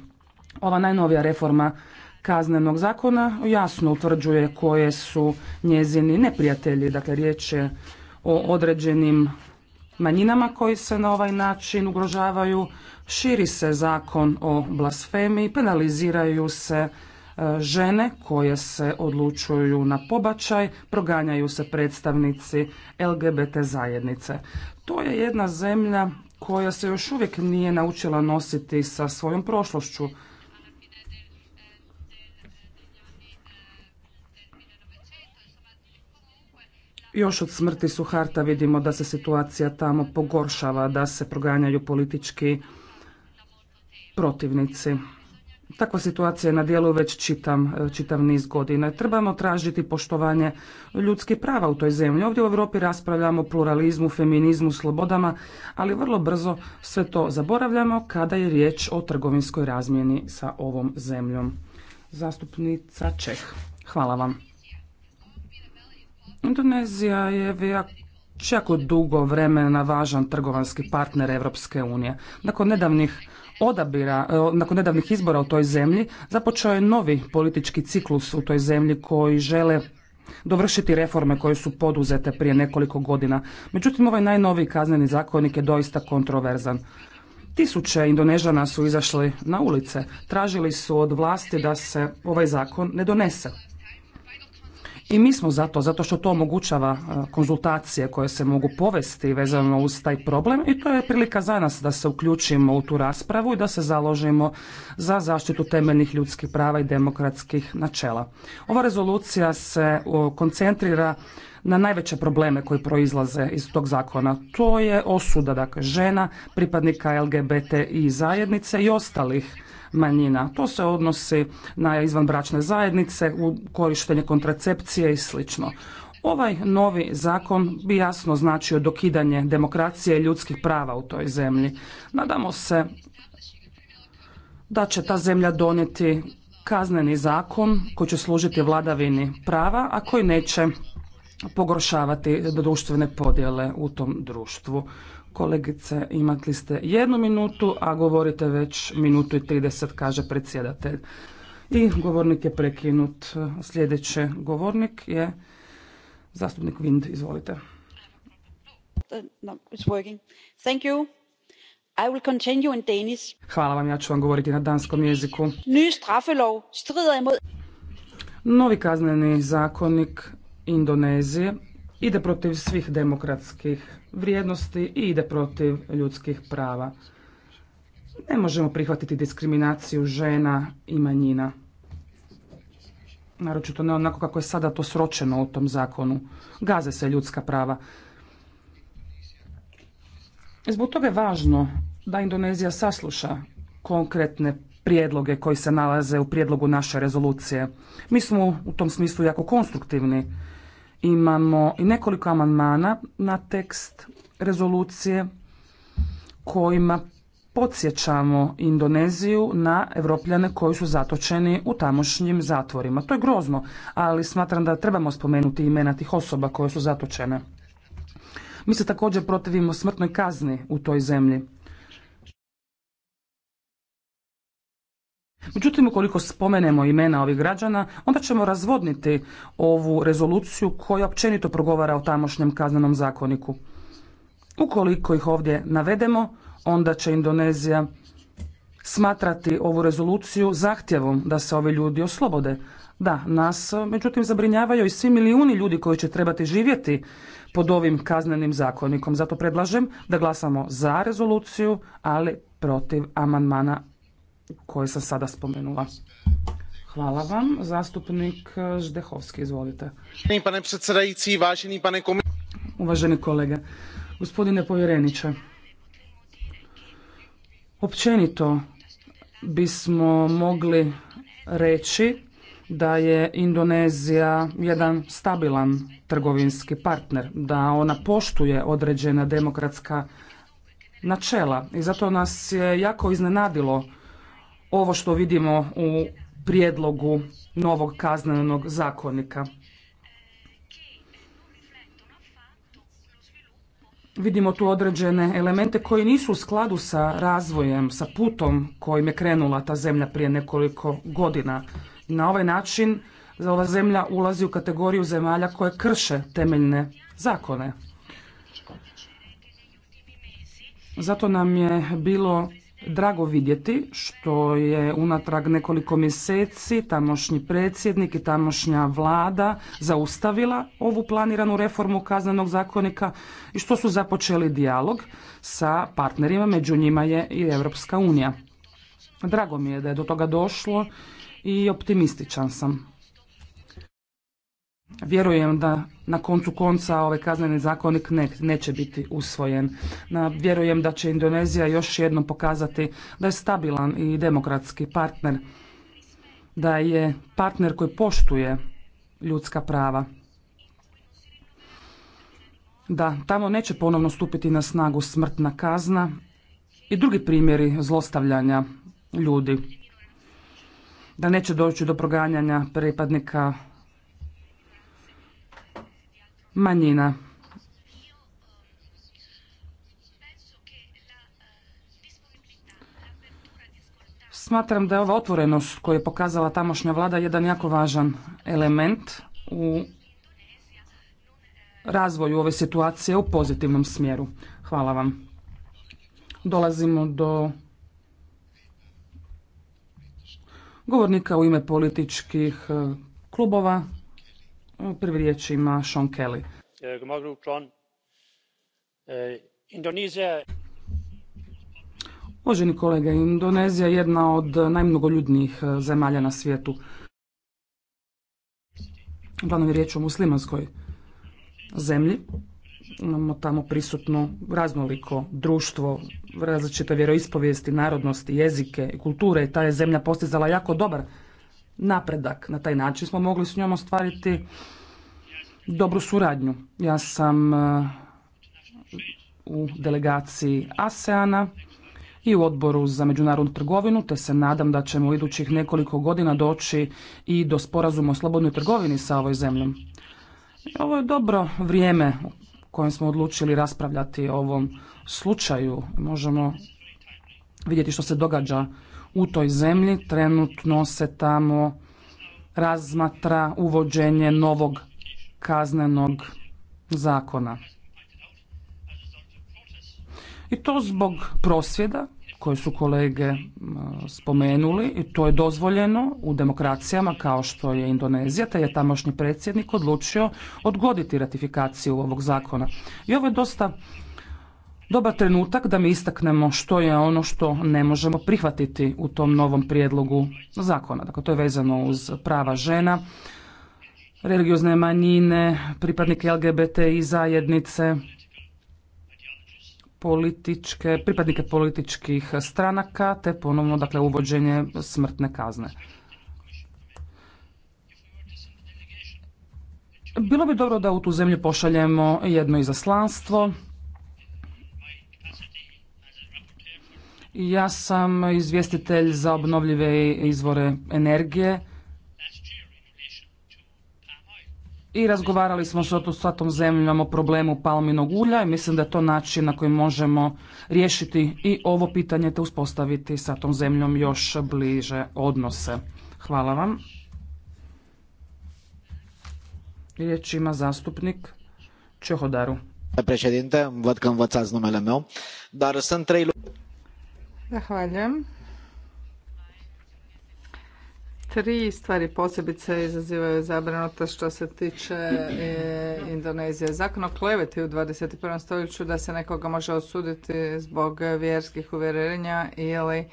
Ova najnovija reforma kaznenog zakona jasno utvrđuje koje su njezini neprijatelji, dakle riječ je o određenim manjinama koji se na ovaj način ugrožavaju, širi se zakon o blasfemiji, penaliziraju se e, žene koje se odlučuju na pobačaj, proganjaju se predstavnici LGBT zajednice. To je jedna zemlja koja se još uvijek nije naučila nositi sa svojom prošlošću. Još od smrti Suharta vidimo da se situacija tamo pogoršava, da se proganjaju politički protivnici. Takva situacija je na dijelu već čitam, e, čitav niz godina. Trebamo tražiti poštovanje ljudskih prava u toj zemlji. Ovdje u Europi raspravljamo o pluralizmu, feminizmu, slobodama, ali vrlo brzo sve to zaboravljamo kada je riječ o trgovinskoj razmjeni sa ovom zemljom. Zastupnica Čeh, hvala vam. Indonezija je jako dugo vremena važan trgovanski partner Europske unije. Nakon nedavnih odabira, e, nakon nedavnih izbora u toj zemlji, započeo je novi politički ciklus u toj zemlji koji žele dovršiti reforme koje su poduzete prije nekoliko godina. Međutim, ovaj najnoviji kazneni zakonik je doista kontroverzan. Tisuće Indonežana su izašli na ulice, tražili su od vlasti da se ovaj zakon ne donese. I mi smo zato, zato što to omogućava e, konzultacije koje se mogu povesti vezano uz taj problem i to je prilika za nas da se uključimo u tu raspravu i da se založimo za zaštitu temeljnih ljudskih prava i demokratskih načela. Ova rezolucija se koncentrira na najveće probleme koji proizlaze iz tog zakona. To je osuda dakle, žena, pripadnika LGBT i zajednice i ostalih manjina. To se odnosi na izvanbračne zajednice, u korištenje kontracepcije i sl. Ovaj novi zakon bi jasno značio dokidanje demokracije i ljudskih prava u toj zemlji. Nadamo se da će ta zemlja donijeti kazneni zakon koji će služiti vladavini prava, a koji neće pogoršavati društvene podjele u tom društvu. Kolegice, imali ste jednu minutu, a govorite već minutu i 30, kaže predsjedatelj. I govornik je prekinut. Sljedeći govornik je zastupnik Vind. Izvolite. Hvala vam, ja ću vam govoriti na danskom jeziku. Novi kazneni zakonik Indonezije ide protiv svih demokratskih vrijednosti i ide protiv ljudskih prava. Ne možemo prihvatiti diskriminaciju žena i manjina. Naročito ne onako kako je sada to sročeno u tom zakonu. Gaze se ljudska prava. Zbog toga je važno da Indonezija sasluša konkretne prijedloge koji se nalaze u prijedlogu naše rezolucije. Mi smo u tom smislu jako konstruktivni imamo i nekoliko amandmana na tekst rezolucije kojima podsjećamo Indoneziju na evropljane koji su zatočeni u tamošnjim zatvorima. To je grozno, ali smatram da trebamo spomenuti imena tih osoba koje su zatočene. Mi se također protivimo smrtnoj kazni u toj zemlji. Međutim, ukoliko spomenemo imena ovih građana, onda ćemo razvodniti ovu rezoluciju koja općenito progovara o tamošnjem kaznenom zakoniku. Ukoliko ih ovdje navedemo, onda će Indonezija smatrati ovu rezoluciju zahtjevom da se ovi ljudi oslobode. Da, nas međutim zabrinjavaju i svi milijuni ljudi koji će trebati živjeti pod ovim kaznenim zakonikom. Zato predlažem da glasamo za rezoluciju, ali protiv amandmana koje sam sada spomenula. Hvala vam. Zastupnik Ždehovski, izvolite. pane Uvaženi kolege, gospodine povjereniče, općenito bismo mogli reći da je Indonezija jedan stabilan trgovinski partner, da ona poštuje određena demokratska načela i zato nas je jako iznenadilo ovo što vidimo u prijedlogu novog kaznenog zakonika. Vidimo tu određene elemente koji nisu u skladu sa razvojem, sa putom kojim je krenula ta zemlja prije nekoliko godina. Na ovaj način ova zemlja ulazi u kategoriju zemalja koje krše temeljne zakone. Zato nam je bilo drago vidjeti što je unatrag nekoliko mjeseci tamošnji predsjednik i tamošnja vlada zaustavila ovu planiranu reformu kaznenog zakonika i što su započeli dijalog sa partnerima, među njima je i Europska unija. Drago mi je da je do toga došlo i optimističan sam. Vjerujem da na koncu konca ovaj kazneni zakonik ne, neće biti usvojen. Na, vjerujem da će Indonezija još jednom pokazati da je stabilan i demokratski partner, da je partner koji poštuje ljudska prava. Da, tamo neće ponovno stupiti na snagu smrtna kazna i drugi primjeri zlostavljanja ljudi. Da neće doći do proganjanja pripadnika manjina. Smatram da je ova otvorenost koju je pokazala tamošnja vlada jedan jako važan element u razvoju ove situacije u pozitivnom smjeru. Hvala vam. Dolazimo do govornika u ime političkih e, klubova. Prvi riječ ima Sean Kelly. Eh, eh, Uvaženi kolega, Indonezija je jedna od najmnogoljudnijih eh, zemalja na svijetu. Uglavnom je riječ o muslimanskoj zemlji. Imamo tamo prisutno raznoliko društvo, različite vjeroispovijesti, narodnosti, jezike i kulture i ta je zemlja postizala jako dobar napredak. Na taj način smo mogli s njom ostvariti dobru suradnju. Ja sam e, u delegaciji ASEANA i u odboru za međunarodnu trgovinu, te se nadam da ćemo u idućih nekoliko godina doći i do sporazuma o slobodnoj trgovini sa ovoj zemljom. Ovo je dobro vrijeme u kojem smo odlučili raspravljati o ovom slučaju. Možemo vidjeti što se događa u toj zemlji. Trenutno se tamo razmatra uvođenje novog kaznenog zakona. I to zbog prosvjeda koje su kolege spomenuli i to je dozvoljeno u demokracijama kao što je Indonezija, te je tamošnji predsjednik odlučio odgoditi ratifikaciju ovog zakona. I ovo je dosta dobar trenutak da mi istaknemo što je ono što ne možemo prihvatiti u tom novom prijedlogu zakona. Dakle, to je vezano uz prava žena, religiozne manjine, pripadnike i zajednice, političke, pripadnike političkih stranaka, te ponovno dakle uvođenje smrtne kazne. Bilo bi dobro da u tu zemlju pošaljemo jedno izaslanstvo, Ja sam izvjestitelj za obnovljive izvore energije i razgovarali smo sa tom zemljom o problemu palminog ulja i mislim da je to način na koji možemo riješiti i ovo pitanje te uspostaviti sa tom zemljom još bliže odnose. Hvala vam. Riječ ima zastupnik Čehodaru. Președinte, văd că dar Zahvaljujem. Tri stvari posebice izazivaju zabrinutost što se tiče e, Indonezije. Zakon o kleveti u 21. stoljeću da se nekoga može osuditi zbog vjerskih uvjerenja ili e,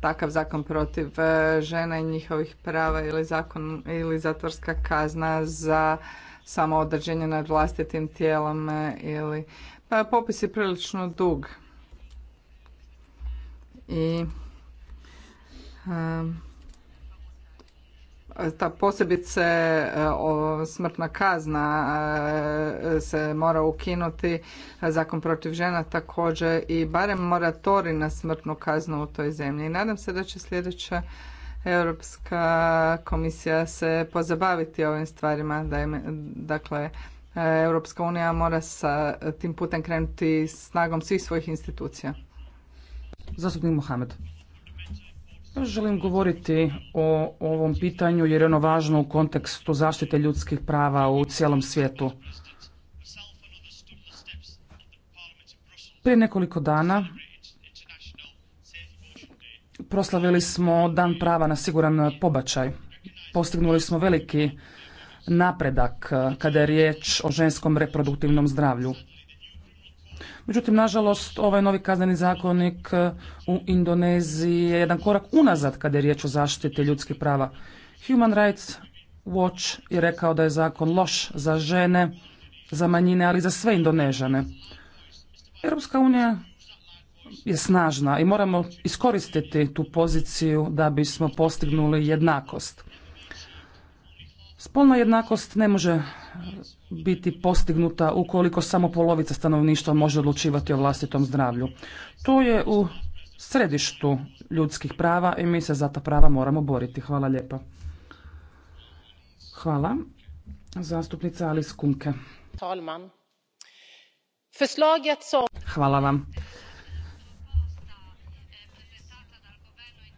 takav zakon protiv e, žena i njihovih prava ili zakon ili zatvorska kazna za samo određenje nad vlastitim tijelom e, ili pa popis je prilično dug i ta posebice e, smrtna kazna e, se mora ukinuti, e, zakon protiv žena također i barem moratori na smrtnu kaznu u toj zemlji. I nadam se da će sljedeća Europska komisija se pozabaviti ovim stvarima. dakle, Europska unija mora sa tim putem krenuti snagom svih svojih institucija. Zastupnik Mohamed. Želim govoriti o ovom pitanju jer je ono važno u kontekstu zaštite ljudskih prava u cijelom svijetu. Prije nekoliko dana proslavili smo Dan prava na siguran pobačaj. Postignuli smo veliki napredak eh, kada je riječ o ženskom reproduktivnom zdravlju. Međutim, nažalost, ovaj novi kazneni zakonik e, u Indoneziji je jedan korak unazad kada je riječ o zaštiti ljudskih prava. Human Rights Watch je rekao da je zakon loš za žene, za manjine, ali i za sve Indonežane. Europska unija je snažna i moramo iskoristiti tu poziciju da bismo postignuli jednakost. Spolna jednakost ne može biti postignuta ukoliko samo polovica stanovništva može odlučivati o vlastitom zdravlju. To je u središtu ljudskih prava i mi se za ta prava moramo boriti. Hvala lijepa. Hvala. Zastupnica Alice Kunke. Hvala vam.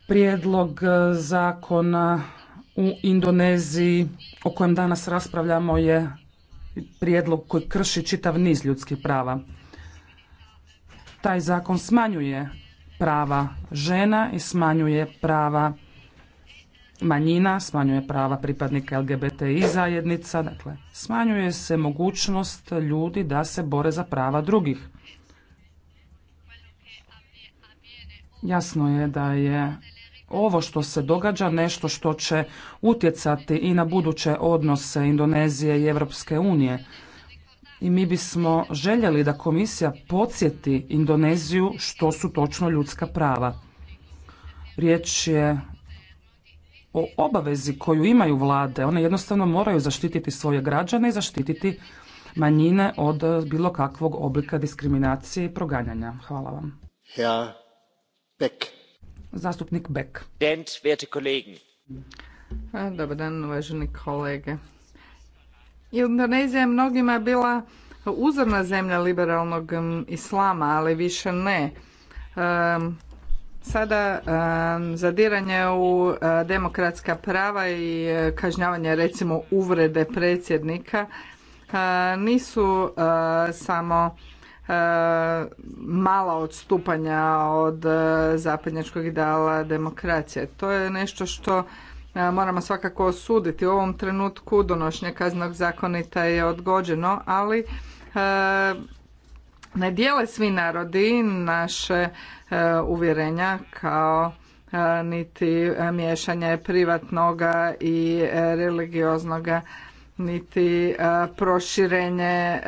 Prijedlog e, zakona u Indoneziji o kojem danas raspravljamo je prijedlog koji krši čitav niz ljudskih prava. Taj zakon smanjuje prava žena i smanjuje prava manjina, smanjuje prava pripadnika LGBTI zajednica, dakle smanjuje se mogućnost ljudi da se bore za prava drugih. Jasno je da je ovo što se događa nešto što će utjecati i na buduće odnose Indonezije i Europske unije. I mi bismo željeli da komisija podsjeti Indoneziju što su točno ljudska prava. Riječ je o obavezi koju imaju vlade. One jednostavno moraju zaštititi svoje građane i zaštititi manjine od bilo kakvog oblika diskriminacije i proganjanja. Hvala vam. Beck. Zastupnik Beck. Dobar dan, uvaženi kolege. Indonezija je mnogima bila uzorna zemlja liberalnog islama, ali više ne. Sada zadiranje u e, demokratska prava i e, kažnjavanje recimo uvrede predsjednika e, nisu samo mala odstupanja od e, zapadnjačkog ideala demokracije. To je nešto što e, moramo svakako osuditi. U ovom trenutku donošnje kaznog zakonita je odgođeno, ali e, ne dijele svi narodi naše uvjerenja kao niti miješanje privatnoga i religioznoga, niti proširenje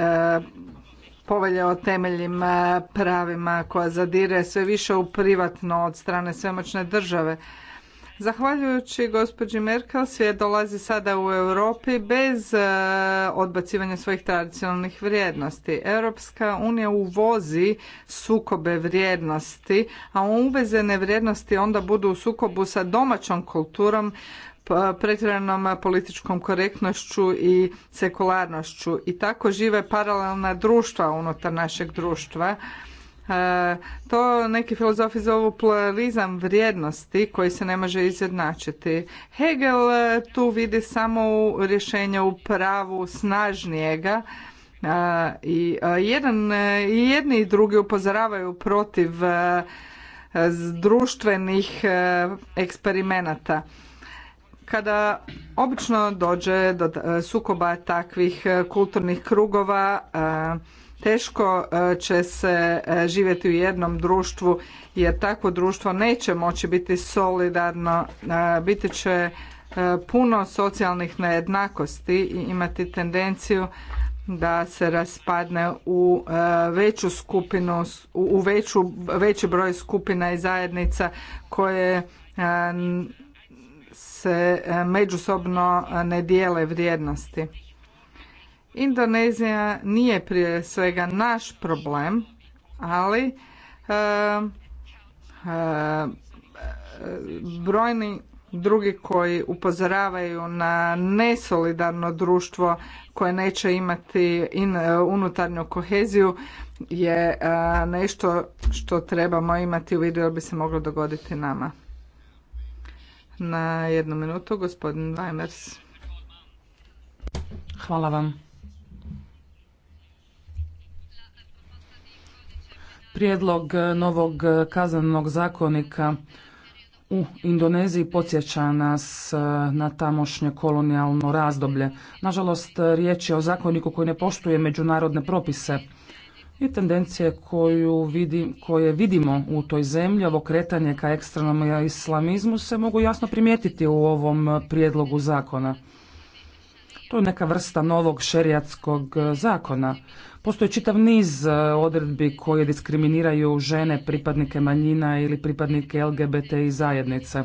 povelja o temeljim e, pravima koja zadire sve više u privatno od strane svemoćne države. Zahvaljujući gospođi Merkel svijet dolazi sada u Europi bez e, odbacivanja svojih tradicionalnih vrijednosti. Europska unija uvozi sukobe vrijednosti, a uvezene vrijednosti onda budu u sukobu sa domaćom kulturom pretjeranom političkom korektnošću i sekularnošću i tako žive paralelna društva unutar našeg društva. E, to neki filozofi zovu pluralizam vrijednosti koji se ne može izjednačiti. Hegel e, tu vidi samo u rješenje u pravu snažnijega e, i jedan i jedni i drugi upozoravaju protiv društvenih eksperimenata. Kada obično dođe do sukoba takvih e, kulturnih krugova, e, teško e, će se živjeti u jednom društvu jer takvo društvo neće moći biti solidarno, biti će puno socijalnih nejednakosti i imati tendenciju da se raspadne u veću skupinu, u veći broj skupina i zajednica koje se e, međusobno e, ne dijele vrijednosti. Indonezija nije prije svega naš problem, ali e, brojni drugi koji upozoravaju na nesolidarno društvo koje neće imati in, unutarnju koheziju je nešto što trebamo imati u vidu jer bi se moglo dogoditi nama na jednu minutu, gospodin Weimers. Hvala vam. Prijedlog novog kaznenog zakonika u Indoneziji podsjeća nas e, na tamošnje kolonijalno razdoblje. Nažalost, riječ je o zakoniku koji ne poštuje međunarodne propise i tendencije koju koje vidimo u toj zemlji, ovo kretanje ka ekstremnom islamizmu se mogu jasno primijetiti u ovom prijedlogu zakona. To je neka vrsta novog šerijatskog zakona. Postoji čitav niz e, odredbi koje diskriminiraju žene, pripadnike manjina ili pripadnike LGBT i zajednice.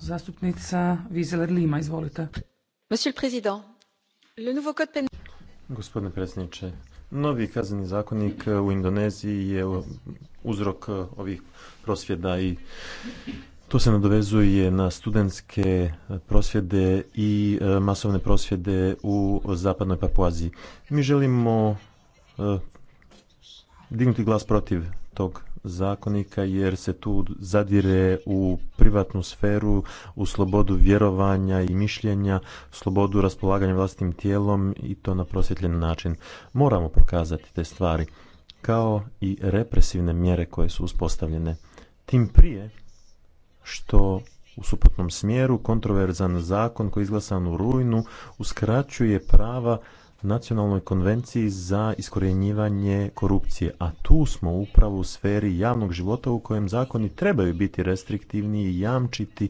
Zastupnica Lima, izvolite. Gospodine predsjedniče, novi kazneni zakonik eh, u Indoneziji je eh, uzrok eh, ovih prosvjeda i to se nadovezuje na studentske prosvjede i masovne prosvjede u zapadnoj Papuaziji. Mi želimo dignuti glas protiv tog zakonika jer se tu zadire u privatnu sferu, u slobodu vjerovanja i mišljenja, slobodu raspolaganja vlastnim tijelom i to na prosvjetljen način. Moramo pokazati te stvari kao i represivne mjere koje su uspostavljene. Tim prije što u suprotnom smjeru kontroverzan zakon koji je izglasan u rujnu uskraćuje prava nacionalnoj konvenciji za iskorjenjivanje korupcije, a tu smo upravo u sferi javnog života u kojem zakoni trebaju biti restriktivni i jamčiti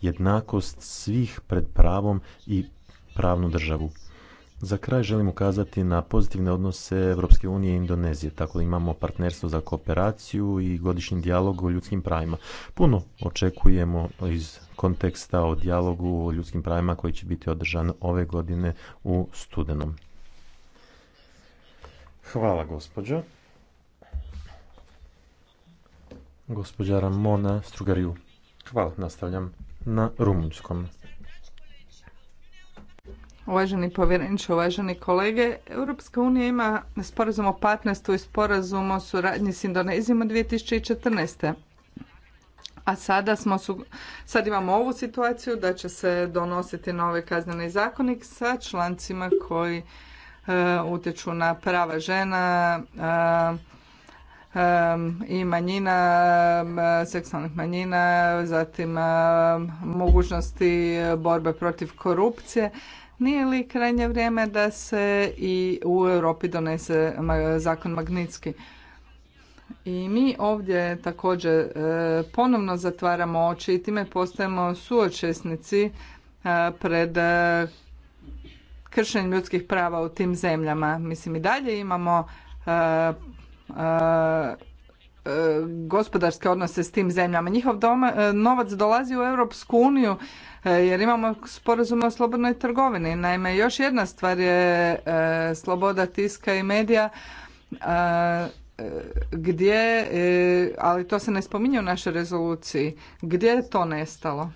jednakost svih pred pravom i pravnu državu. Za kraj želim ukazati na pozitivne odnose Europske unije i Indonezije, tako da imamo partnerstvo za kooperaciju i godišnji dijalog o ljudskim pravima. Puno očekujemo iz konteksta o dijalogu o ljudskim pravima koji će biti održan ove godine u studenom. Hvala, gospođo. Gospođa Ramona Strugariju. Hvala, nastavljam na rumunjskom. Uvaženi povjereniče, uvaženi kolege, Europska unija ima sporazum o partnerstvu i sporazum o suradnji s Indonezijom 2014. A sada smo su, sad imamo ovu situaciju da će se donositi novi kazneni zakonik sa člancima koji Eh, utječu na prava žena eh, i manjina, seksualnih manjina, zatim mogućnosti borbe protiv korupcije. Nije li krajnje vrijeme da se i u Europi donese zakon Magnitski? I mi ovdje također eh, ponovno zatvaramo oči i time postajemo suočesnici pred kršenje ljudskih prava u tim zemljama. Mislim i dalje imamo uh, uh, gospodarske odnose s tim zemljama. Njihov novac dolazi u Europsku uniju jer imamo sporazume o slobodnoj trgovini. Naime, još jedna stvar je sloboda tiska i medija gdje, ali to se ne spominje u našoj rezoluciji, gdje je to nestalo?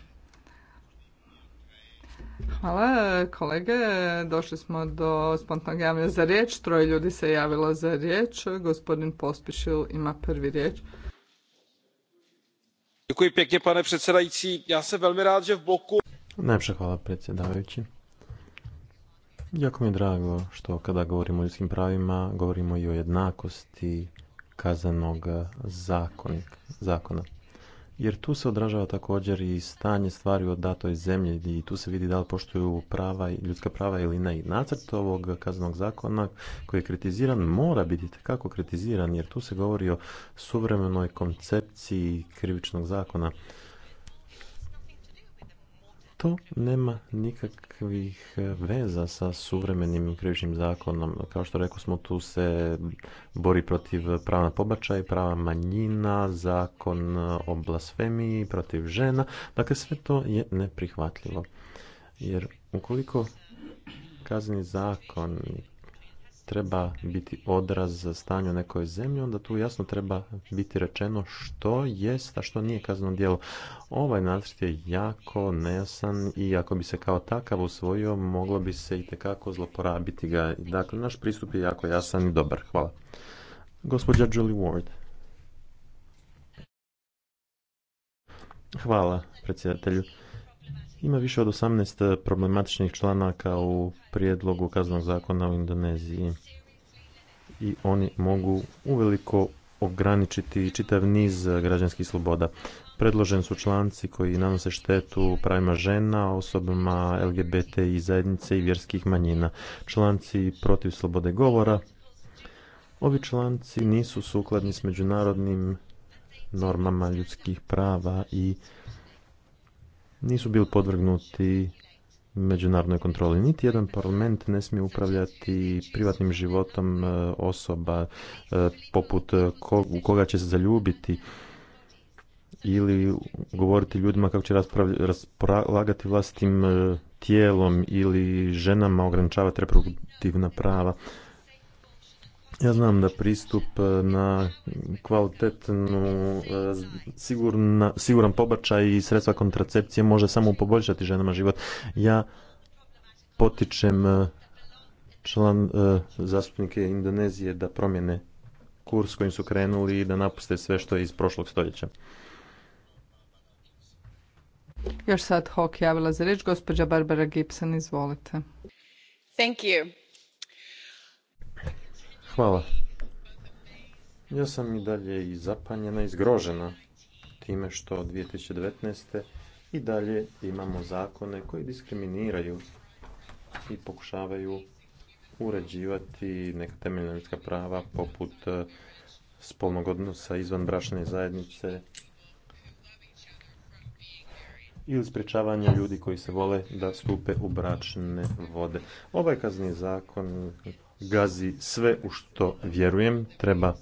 Hvala kolege. Došli smo do spontanog javljanja za riječ. Troje ljudi se javilo za riječ. Gospodin Pospišil ima prvi riječ. Děkuji pěkně, pane předsedající. Já jsem velmi rád, že v bloku... hvala predsjedavajući. Jako mi je drago što kada govorimo o ljudskim pravima, govorimo i o jednakosti kazanog zakona jer tu se odražava također i stanje stvari od datoj zemlji i tu se vidi da li poštuju prava, ljudska prava ili ne. Nacrt ovog kaznog zakona koji je kritiziran mora biti kako kritiziran jer tu se govori o suvremenoj koncepciji krivičnog zakona to nema nikakvih veza sa suvremenim krivičnim zakonom. Kao što rekao smo, tu se bori protiv prava na pobačaj, prava manjina, zakon o blasfemiji, protiv žena. Dakle, sve to je neprihvatljivo. Jer ukoliko kazni zakon treba biti odraz stanja u nekoj zemlji, onda tu jasno treba biti rečeno što jest, a što nije kazneno djelo. Ovaj nacrt je jako nejasan i ako bi se kao takav usvojio, moglo bi se i tekako zloporabiti ga. Dakle, naš pristup je jako jasan i dobar. Hvala. Gospođa Julie Ward. Hvala predsjedatelju. Ima više od 18 e, problematičnih članaka u prijedlogu kaznog zakona u Indoneziji i oni mogu uveliko ograničiti čitav niz e, građanskih sloboda. Predložen su članci koji nanose štetu pravima žena, osobama LGBT i zajednice i vjerskih manjina. Članci protiv slobode govora. Ovi članci nisu sukladni s međunarodnim normama ljudskih prava i nisu bili podvrgnuti međunarodnoj kontroli. Niti jedan parlament ne smije upravljati privatnim životom e, osoba e, poput u koga će se zaljubiti ili govoriti ljudima kako će raspolagati vlastitim e, tijelom ili ženama ograničavati reproduktivna prava. Ja znam da pristup e, na kvalitetnu, e, sigurna, siguran pobačaj i sredstva kontracepcije može samo poboljšati ženama život. Ja potičem e, član zastupnike Indonezije da promjene kurs kojim su krenuli i da napuste sve što je iz prošlog stoljeća. Još sad Hok javila za riječ. Gospođa Barbara Gibson, izvolite. Thank you. Hvala. Ja sam i dalje i zapanjena i zgrožena time što 2019. i dalje imamo zakone koji diskriminiraju i pokušavaju uređivati neka temeljna ljudska prava poput e, spolnog odnosa izvan bračne zajednice ili sprječavanja ljudi koji se vole da stupe u bračne vode. Ovaj kazni zakon gazi sve u što vjerujem, treba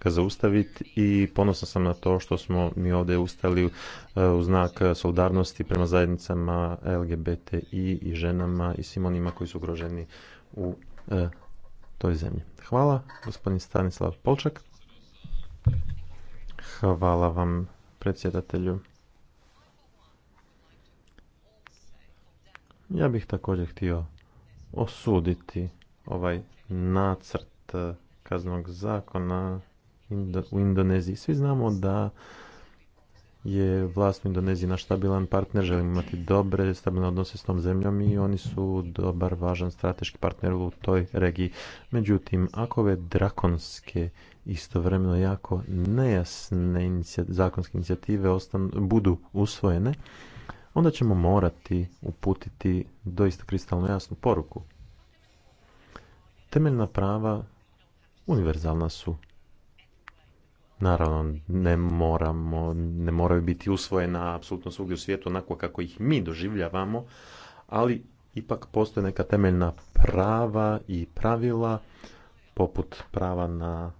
ga zaustaviti i ponosan sam na to što smo mi ovdje ustali e, u znak solidarnosti prema zajednicama LGBTI i ženama i svim onima koji su ugroženi u e, toj zemlji. Hvala, gospodin Stanislav Polčak. Hvala vam, predsjedatelju. Ja bih također htio osuditi ovaj nacrt eh, kaznog zakona u Indoneziji. Svi znamo da je vlast u Indoneziji naš stabilan partner, želimo imati dobre, stabilne odnose s tom zemljom i oni su dobar, važan strateški partner u toj regiji. Međutim, ako ove drakonske istovremeno jako nejasne zakonske inicijative budu usvojene, onda ćemo morati uputiti doista kristalno jasnu poruku. Temeljna prava univerzalna su. Naravno, ne, moramo, ne moraju biti usvojena apsolutno svugdje u svijetu onako kako ih mi doživljavamo, ali ipak postoje neka temeljna prava i pravila, poput prava na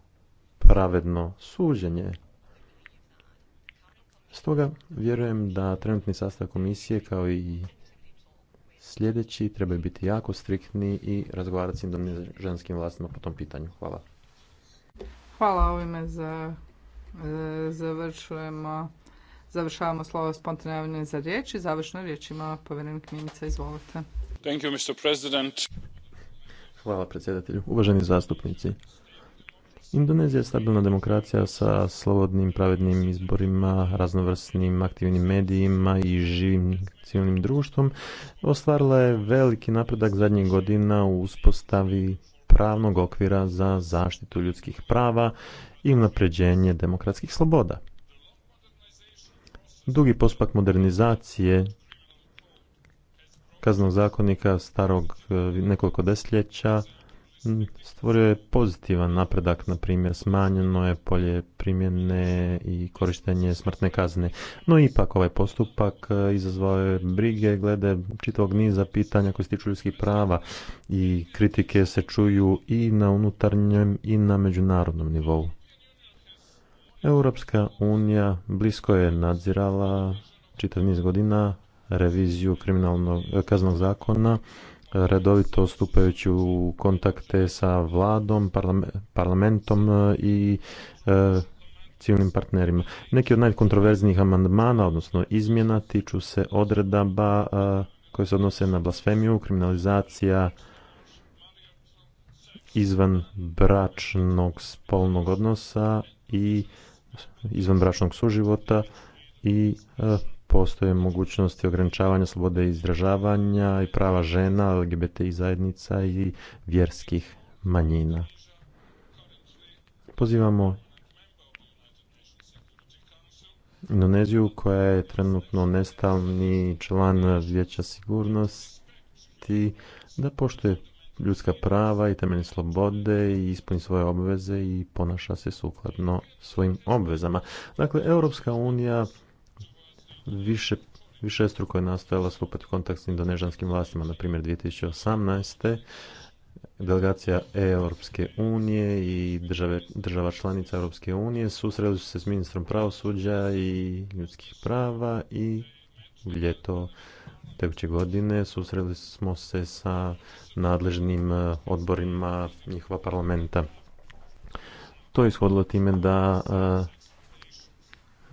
pravedno suđenje. Stoga vjerujem da trenutni sastav komisije kao i sljedeći, trebaju biti jako striktni i razgovarati s ženskim vlastima po tom pitanju. Hvala. Hvala ovime za e, završujemo završavamo slovo spontane javljanje za riječ i završno riječ ima povjerenik Mimica, izvolite. Thank you, Hvala predsjedatelju. Uvaženi zastupnici, Indonezija je stabilna demokracija sa slobodnim, pravednim izborima, raznovrsnim aktivnim medijima i živim civilnim društvom. Ostvarila je veliki napredak zadnjih godina u uspostavi pravnog okvira za zaštitu ljudskih prava i unapređenje demokratskih sloboda. Dugi pospak modernizacije kaznog zakonika starog eh, nekoliko desetljeća stvorio je pozitivan napredak, na primjer smanjeno je polje primjene i korištenje smrtne kazne. No ipak ovaj postupak e, izazvao je brige glede čitavog niza pitanja koji se tiču ljudskih prava i kritike se čuju i na unutarnjem i na međunarodnom nivou. Europska unija blisko je nadzirala čitav niz godina reviziju kriminalnog e, kaznog zakona redovito stupajući u kontakte sa vladom, parlamentom e, i e, civilnim partnerima. Neki od najkontroverznijih amandmana, odnosno izmjena, tiču se odredaba e, koje se odnose na blasfemiju, kriminalizacija izvan bračnog spolnog odnosa i izvan bračnog suživota i postoje mogućnosti ograničavanja slobode izražavanja i prava žena, LGBTI zajednica i vjerskih manjina. Pozivamo Indoneziju koja je trenutno nestalni član Vijeća sigurnosti da poštuje ljudska prava i temeljne slobode i ispuni svoje obveze i ponaša se sukladno svojim obvezama. Dakle, Europska unija više struko je nastojala stupati u kontakt s indonežanskim vlastima, na primjer 2018. Delegacija Europske unije i država članica Europske unije susreli su se s ministrom pravosuđa i ljudskih prava i ljeto tekuće godine susreli smo se sa nadležnim eh, odborima njihova parlamenta. To je ishodilo time da eh,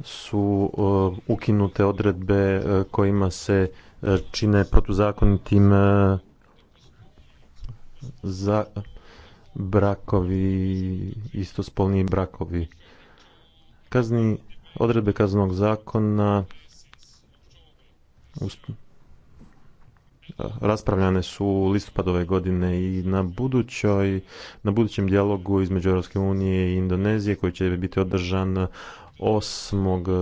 su e, ukinute odredbe e, kojima se e, čine protuzakonitim za brakovi, istospolni brakovi. Kazni, odredbe kaznog zakona raspravljane su ove godine i na budućoj, na budućem dijalogu između Europske unije i Indonezije koji će biti održan 8.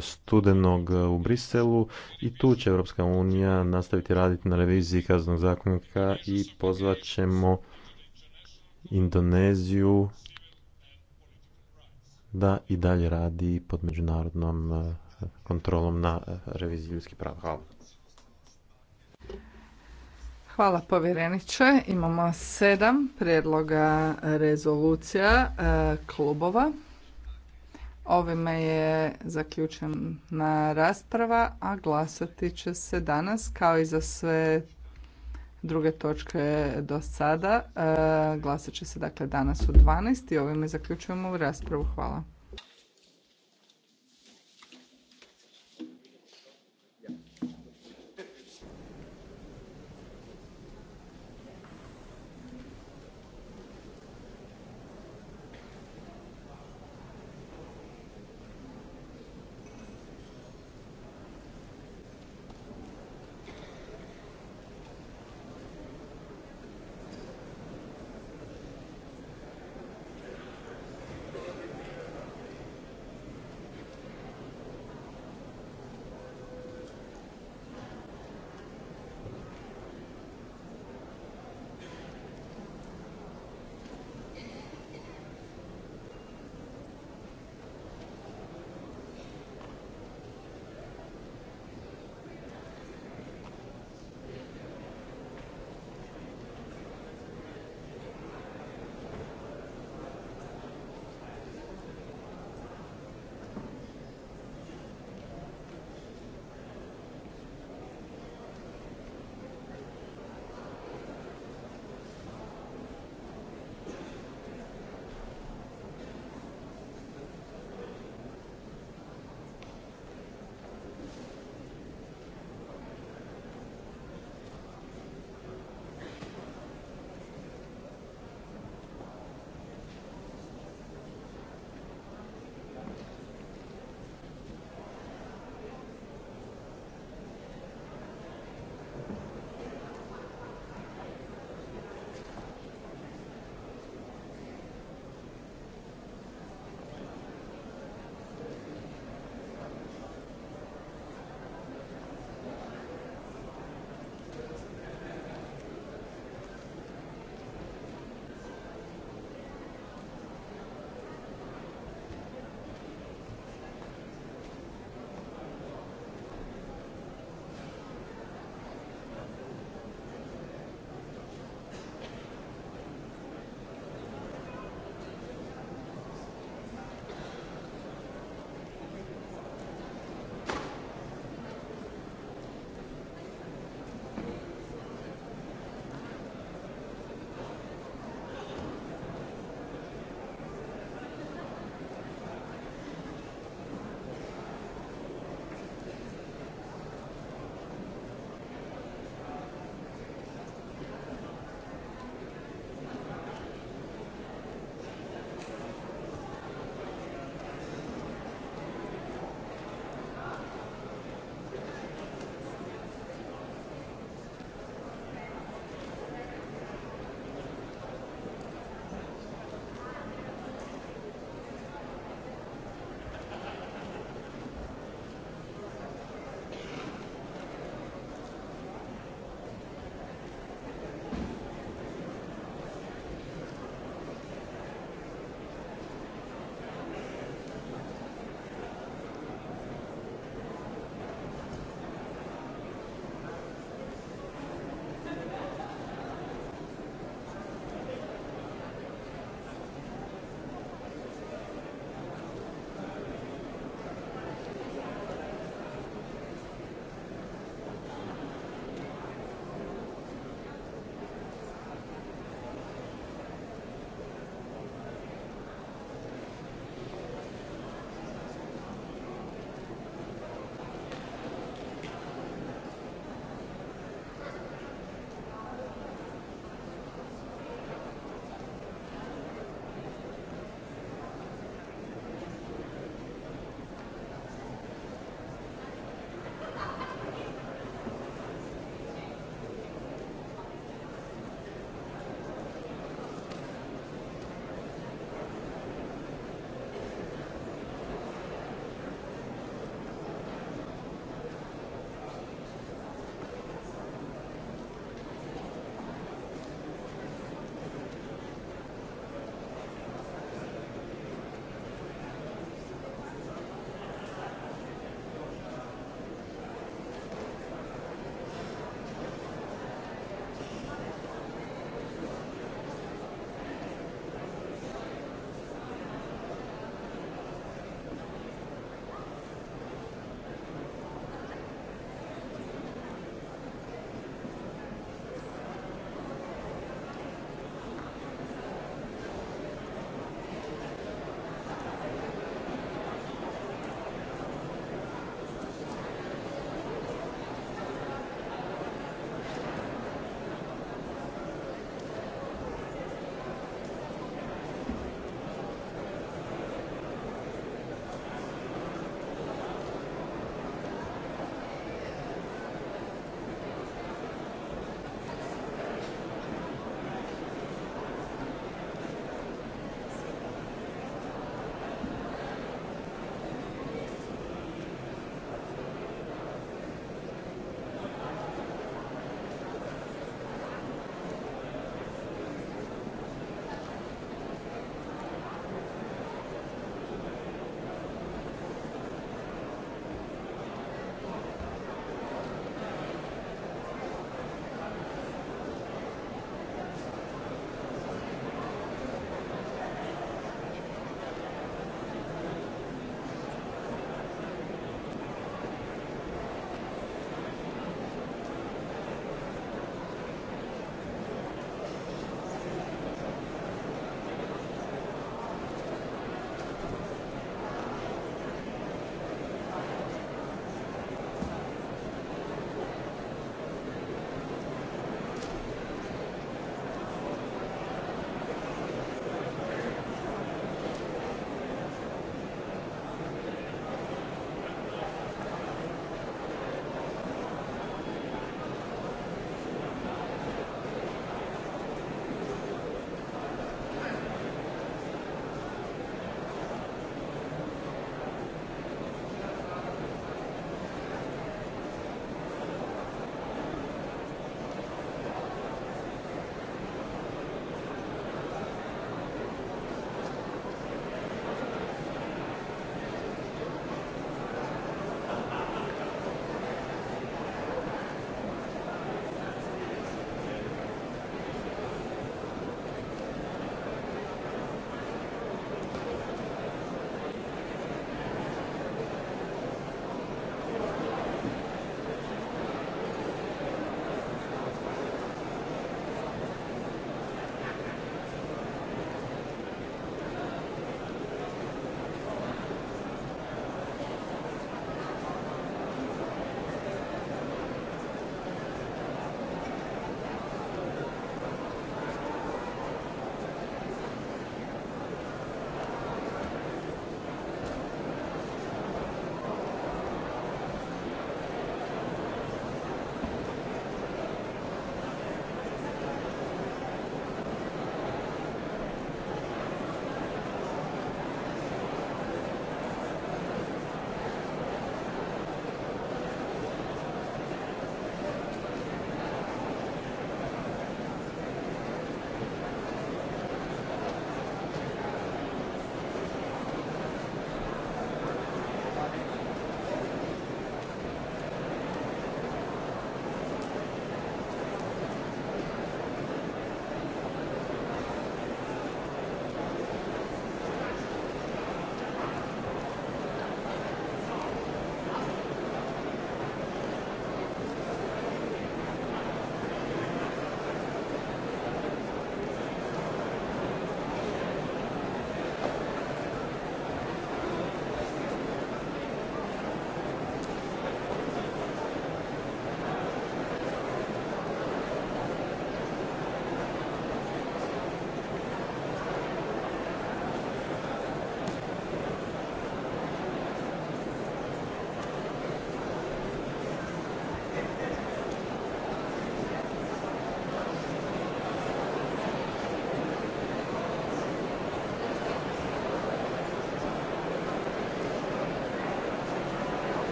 studenog u Briselu i tu će Europska unija nastaviti raditi na reviziji kaznog zakonika i pozvat ćemo Indoneziju da i dalje radi pod međunarodnom eh, kontrolom na eh, reviziji ljudskih prava. Hvala. Hvala povjereniče. Imamo sedam prijedloga eh, rezolucija klubova. Ovime je zaključena rasprava, a glasati će se danas kao i za sve druge točke do sada. E, glasat će se dakle danas u 12 i ovime zaključujemo raspravu. Hvala.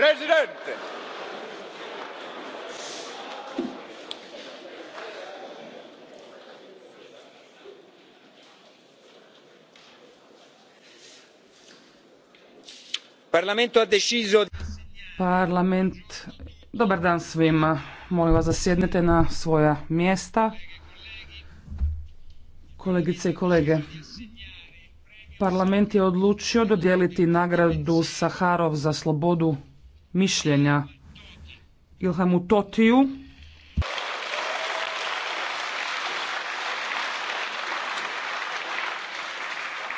Presidente! Parlament ha deciso... Parlament... Dobar dan svima. Molim vas da sjednete na svoja mjesta. Kolegice i kolege, Parlament je odlučio dodijeliti nagradu Saharov za slobodu mišljenja Ilhamu Totiju.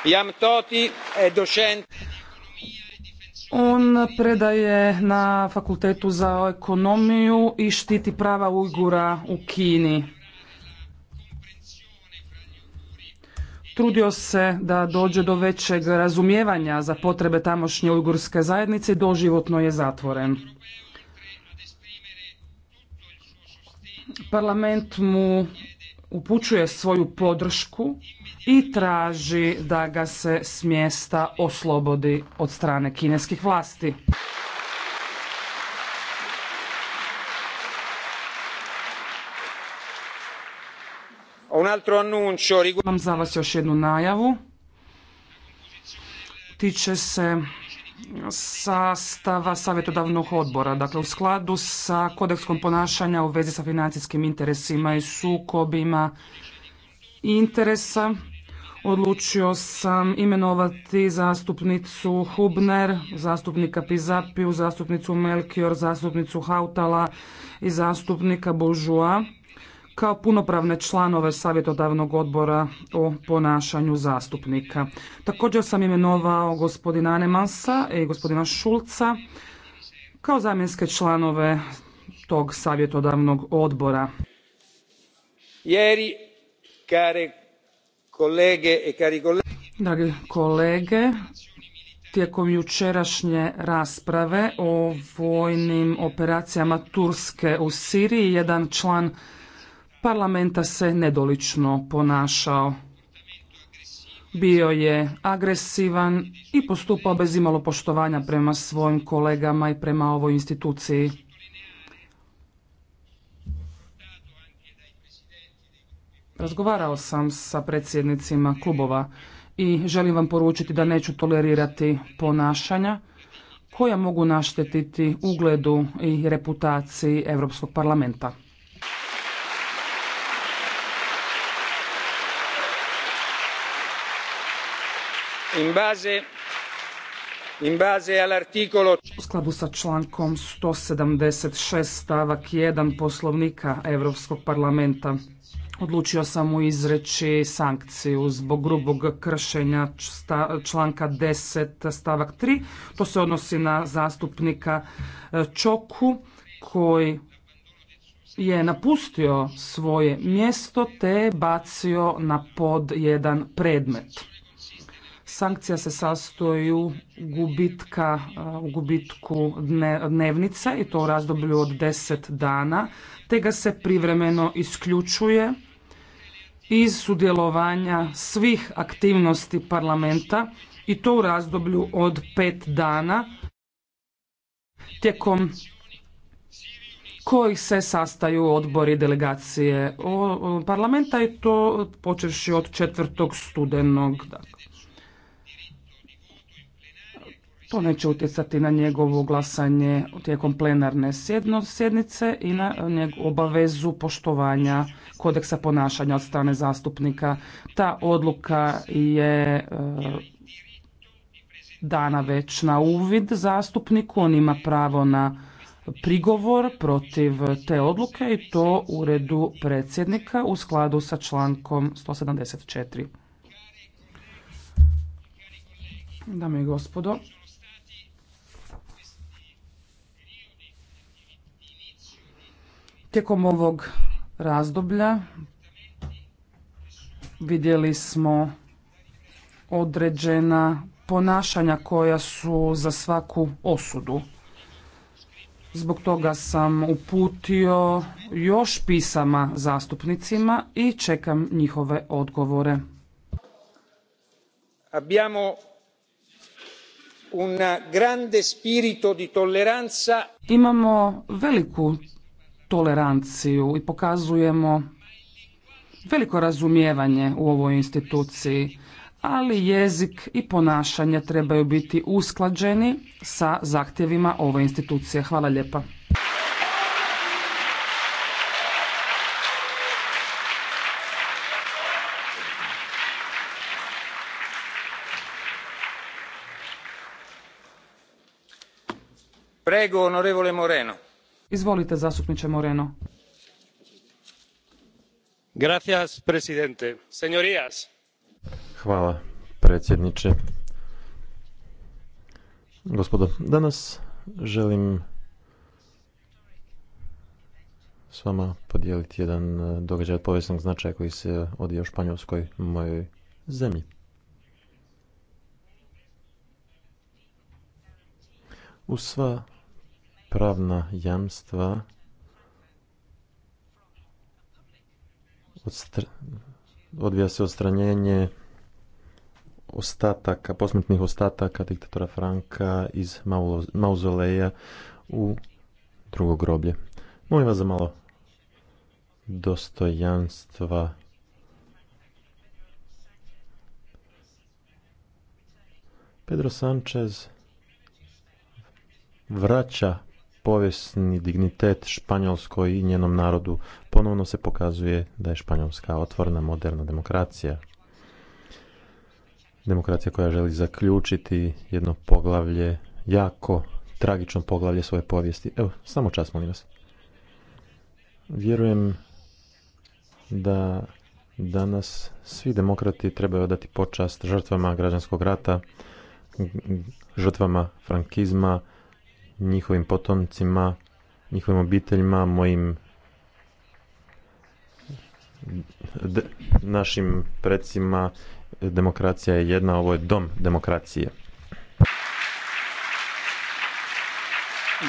Jam Toti on predaje na fakultetu za ekonomiju i štiti prava Ujgura u Kini. trudio se da dođe do većeg razumijevanja za potrebe tamošnje ujgurske zajednice i doživotno je zatvoren. Parlament mu upućuje svoju podršku i traži da ga se smjesta oslobodi od strane kineskih vlasti. Imam za vas još jednu najavu. Tiče se sastava savjetodavnog odbora. Dakle, u skladu sa kodekskom ponašanja u vezi sa financijskim interesima i sukobima interesa, odlučio sam imenovati zastupnicu Hubner, zastupnika Pizapiju, zastupnicu Melkior, zastupnicu Hautala i zastupnika Bourgeois kao punopravne članove savjetodavnog odbora o ponašanju zastupnika. Također sam imenovao gospodina Anemansa i gospodina Šulca kao zamjenske članove tog savjetodavnog odbora. Jeri, kolege e cari Dragi kolege, tijekom jučerašnje rasprave o vojnim operacijama Turske u Siriji, jedan član parlamenta se nedolično ponašao. Bio je agresivan i postupao bez imalo poštovanja prema svojim kolegama i prema ovoj instituciji. Razgovarao sam sa predsjednicima klubova i želim vam poručiti da neću tolerirati ponašanja koja mogu naštetiti ugledu i reputaciji Europskog parlamenta. U skladu sa člankom 176 stavak 1 poslovnika Europskog parlamenta odlučio sam mu izreći sankciju zbog grubog kršenja članka 10 stavak 3. To se odnosi na zastupnika e, Čoku koji je napustio svoje mjesto te bacio na pod jedan predmet. Sankcija se sastoji u gubitka, u gubitku dnevnica i to u razdoblju od 10 dana, te ga se privremeno isključuje iz sudjelovanja svih aktivnosti parlamenta i to u razdoblju od 5 dana tijekom kojih se sastaju odbori delegacije parlamenta i to počevši od 4. studenog. Dakle. To neće utjecati na njegovo glasanje tijekom plenarne sjednice i na njegovu obavezu poštovanja kodeksa ponašanja od strane zastupnika. Ta odluka je e, dana već na uvid zastupniku, on ima pravo na prigovor protiv te odluke i to u redu predsjednika u skladu sa člankom 174. Dame i gospodo, Tijekom ovog razdoblja vidjeli smo određena ponašanja koja su za svaku osudu. Zbog toga sam uputio još pisama zastupnicima i čekam njihove odgovore. Abbiamo un grande spirito di tolleranza. Imamo veliku toleranciju i pokazujemo veliko razumijevanje u ovoj instituciji, ali jezik i ponašanje trebaju biti usklađeni sa zahtjevima ove institucije. Hvala lijepa. Prego, onorevole Moreno. Izvolite, zastupniče Moreno. Gracias, presidente. Señorías. Hvala, predsjedniče. Gospodo, danas želim s vama podijeliti jedan e, događaj od povijesnog značaja koji se odio u Španjolskoj, mojoj zemlji. U sva pravna jamstva odvija se odstranjenje ostataka, posmrtnih ostataka diktatora Franka iz mauzoleja u drugo groblje. Molim vas za malo dostojanstva. Pedro Sanchez vraća povijesni dignitet Španjolskoj i njenom narodu. Ponovno se pokazuje da je Španjolska otvorena moderna demokracija. Demokracija koja želi zaključiti jedno poglavlje, jako tragično poglavlje svoje povijesti. Evo, samo čas, molim vas. Vjerujem da danas svi demokrati trebaju odati počast žrtvama građanskog rata, žrtvama frankizma, njihovim potomcima, njihovim obiteljima, mojim našim predsima. Demokracija je jedna, ovo je dom demokracije.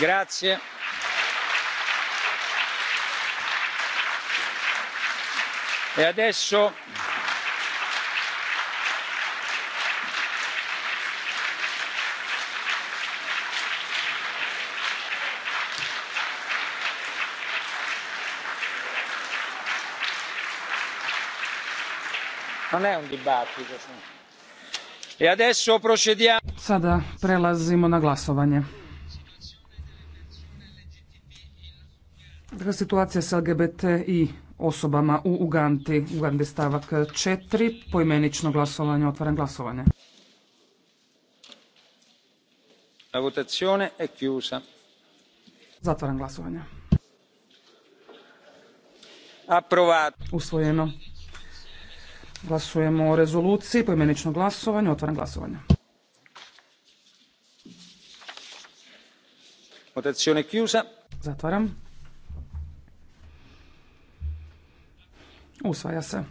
Grazie. E adesso E Sada prelazimo na glasovanje. Dakle, situacija s LGBT i osobama u Uganti. Ugandi stavak 4. Poimenično glasovanje. Otvaram glasovanje. La votazione Zatvaram glasovanje. Approvato. Usvojeno. Glasujemo o rezoluciji, poimenično glasovanje, otvaram glasovanje. Votazione chiusa. Zatvaram. Usvaja se.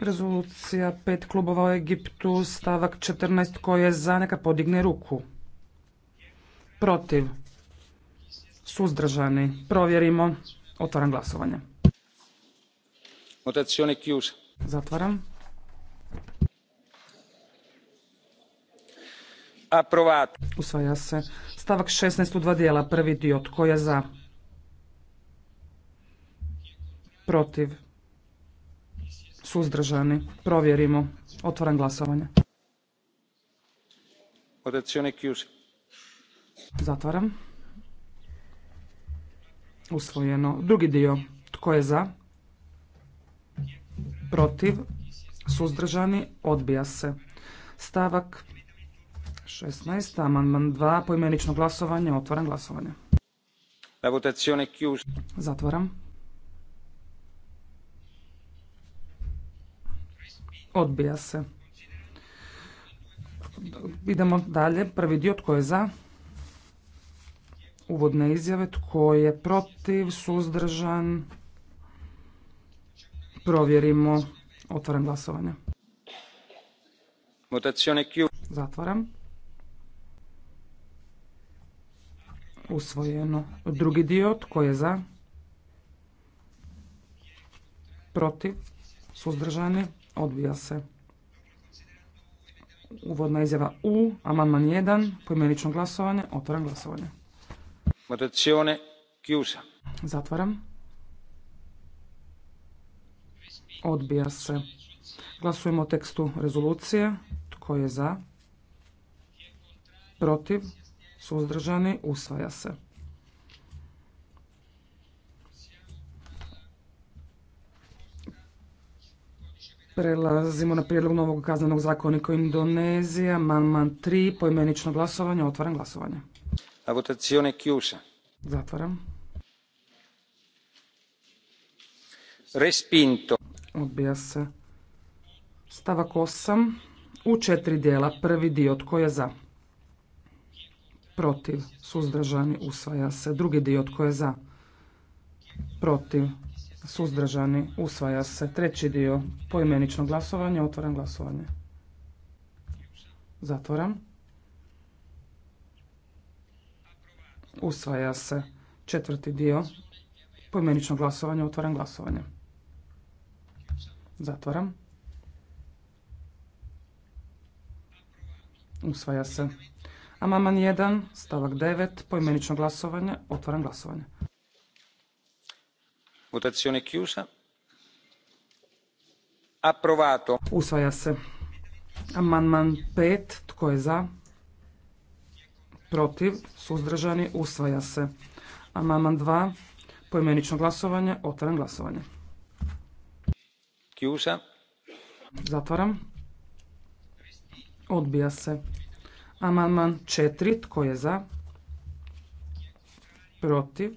Rezolucija pet klubova u Egiptu, stavak 14, koji je za neka podigne ruku. Protiv. Suzdržani. Provjerimo. Otvaram glasovanje. Votazione chiusa. Zatvaram. Approvato. Usvaja se. Stavak 16 u dva dijela. Prvi dio. Tko je za? Protiv. Suzdržani. Provjerimo. Otvaram glasovanje. Votazione chiusa. Zatvaram. Usvojeno. Drugi dio. Tko je za? Protiv? Suzdržani? Odbija se. Stavak 16. Amandman 2. pojmenično glasovanje. Otvaram glasovanje. La Zatvaram. Odbija se. Idemo dalje. Prvi dio tko je za? Uvodne izjave. Tko je protiv? Suzdržan? Provjerimo. Otvaram glasovanje. Zatvaram. Usvojeno. Drugi dio. Tko je za? Protiv? Suzdržani? Odbija se. Uvodna izjava U, amandman 1, Pojmenično glasovanje, Otvaram glasovanje. Votazione chiusa. Zatvaram. Odbija se. Glasujemo o tekstu rezolucije. Tko je za? Protiv? Suzdržani? Usvaja se. Prelazimo na prijedlog novog kaznenog zakonika Indonezija, man man 3, poimenično glasovanje, otvaram glasovanje. A votazione è chiusa. Zatvaram. Respinto. Odbija se. Stavak osam. U četiri dijela. Prvi dio tko je za? Protiv. Suzdržani. Usvaja se. Drugi dio tko je za? Protiv. Suzdržani. Usvaja se. Treći dio. Poimenično glasovanje. Otvaram glasovanje. Zatvoram. Usvaja se četvrti dio. Pojmenično glasovanje. Otvaram glasovanje. Zatvaram. Usvaja se. Amaman 1, stavak 9, poimenično glasovanje. Otvaram glasovanje. Votazione chiusa. Approvato. Usvaja se. Amandman 5, tko je za? protiv, suzdržani, usvaja se. Amandman 2, poimenično glasovanje, otvaram glasovanje. Kjuša. Zatvaram. Odbija se. Amandman 4, tko je za? Protiv,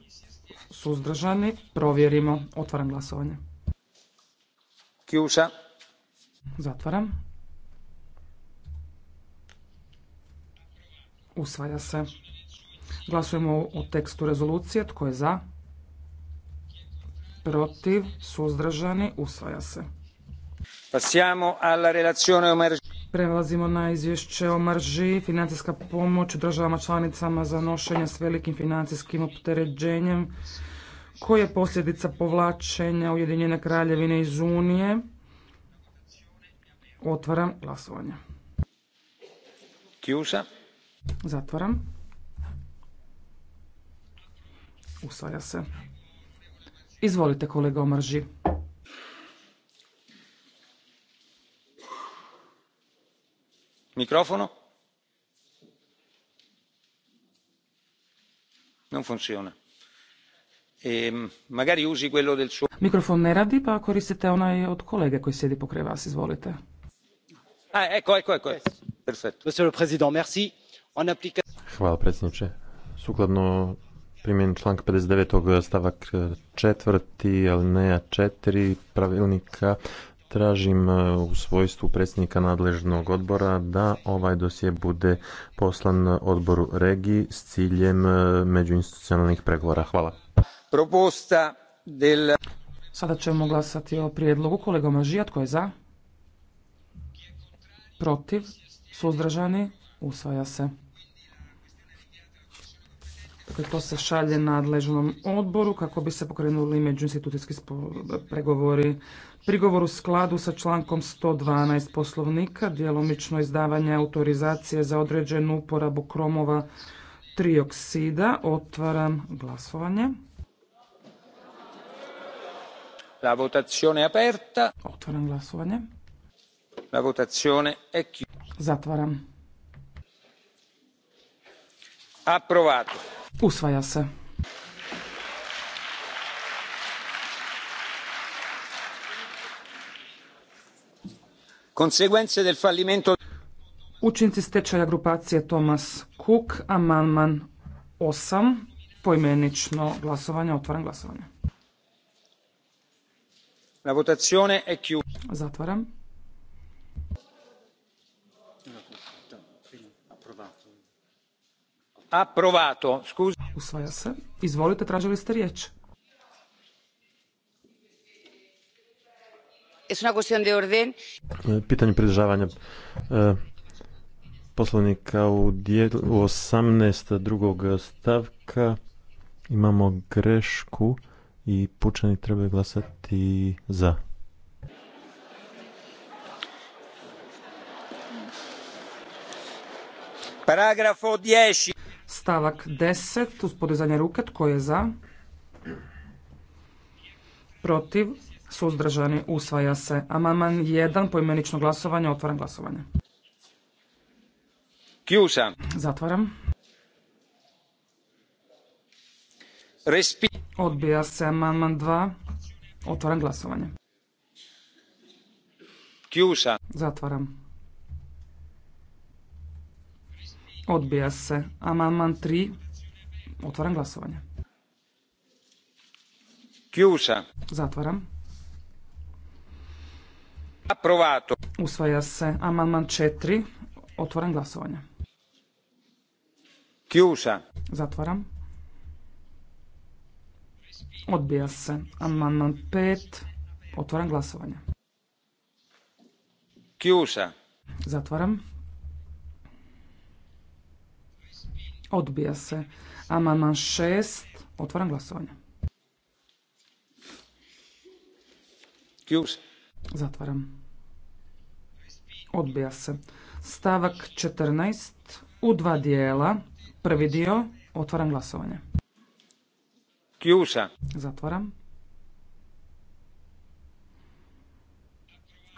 suzdržani, provjerimo, otvaram glasovanje. Kjuša. Zatvaram. Usvaja se. Glasujemo o tekstu rezolucije. Tko je za? Protiv? Suzdržani? Usvaja se. alla relazione Prelazimo na izvješće o marži, financijska pomoć državama članicama za nošenje s velikim financijskim opterećenjem koje je posljedica povlačenja Ujedinjene kraljevine iz Unije. Otvaram glasovanje. Chiusa. Zatvaram. Usvaja se. Izvolite kolega Omrži. Mikrofono. Non funziona. E, magari usi quello del suo... Mikrofon ne radi, pa koristite onaj od kolege koji sjedi pokraj vas. Izvolite. Ah, ecco, ecco, ecco. Yes. Perfetto. Monsieur le Président, merci Hvala predsjedniče. Sukladno primjeni članka 59. stavak 4. alineja 4 pravilnika tražim e, u svojstvu predsjednika nadležnog odbora da ovaj dosje bude poslan odboru regiji s ciljem e, međuinstitucionalnih pregovora. Hvala. Proposta del... Sada ćemo glasati o prijedlogu kolega Mažija. Tko je za? Protiv? Suzdržani? Usvaja se. Dakle, to se šalje nadležnom odboru kako bi se pokrenuli međuinstitucijski pregovori. Prigovor u skladu sa člankom 112 poslovnika, djelomično izdavanje autorizacije za određenu uporabu kromova trioksida. Otvaram glasovanje. La votazione aperta. Otvaram glasovanje. La votazione è Zatvaram. Approvato. Usvaja se. Conseguenze del fallimento Učinci stečaja grupacije Thomas Cook, amandman 8, poimenično glasovanje, otvaram glasovanje. La votazione è chiusa. Zatvaram. Approvato. Scusa. Usvaja se. Izvolite, tražili ste riječ. Es una cuestión de orden. E, pitanje pridržavanja e, poslovnika u 18. drugog stavka imamo grešku i pučani treba glasati za. Paragrafo 10. Stavak 10 uz podizanje ruke. Tko je za? Protiv? Suzdržani? Usvaja se. Amandman 1. Poimenično glasovanje. Otvaram glasovanje. Kjusa. Zatvaram. Respi... Odbija se amandman 2. Otvaram glasovanje. Kjusa. Zatvaram. Odbija se. Amandman 3. Otvaram glasovanje. Kjuša. Zatvaram. Aprovato. Usvaja se. Amandman 4. Otvaram glasovanje. Kjuša. Zatvaram. Odbija se. Amandman 5. Otvaram glasovanje. Kjuša. Zatvaram. Odbija se. Amandman šest. Otvaram glasovanje. Zatvaram. Odbija se. Stavak 14. U dva dijela. Prvi dio. Otvaram glasovanje. Zatvaram.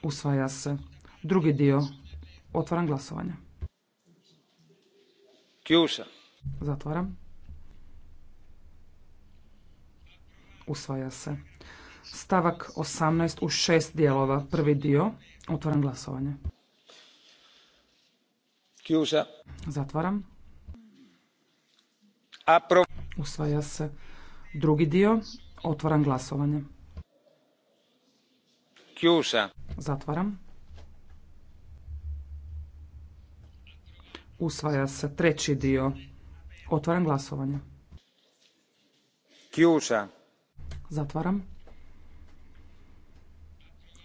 Usvaja se. Drugi dio. Otvaram glasovanje. Kjuša. Zatvaram. Usvaja se. Stavak 18 u šest dijelova. Prvi dio. Otvaram glasovanje. Zatvaram. Usvaja se. Drugi dio. Otvaram glasovanje. Zatvaram. Usvaja se treći dio. Otvaram glasovanje. Kjuša. Zatvaram.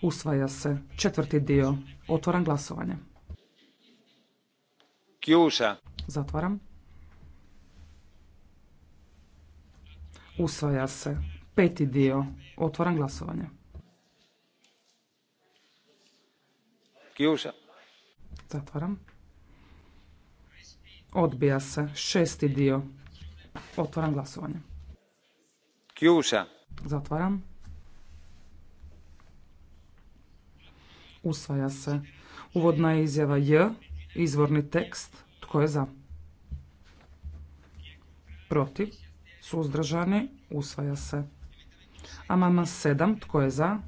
Usvaja se. Četvrti dio. Otvaram glasovanje. Kjuša. Zatvaram. Usvaja se. Peti dio. Otvaram glasovanje. Kjuša. Zatvaram. Odbija se. Šesti dio. Otvaram glasovanje. Kjuša. Zatvaram. Usvaja se. Uvodna je izjava J. Izvorni tekst. Tko je za? Protiv. Suzdržani. Usvaja se. Amandman 7. Tko je za?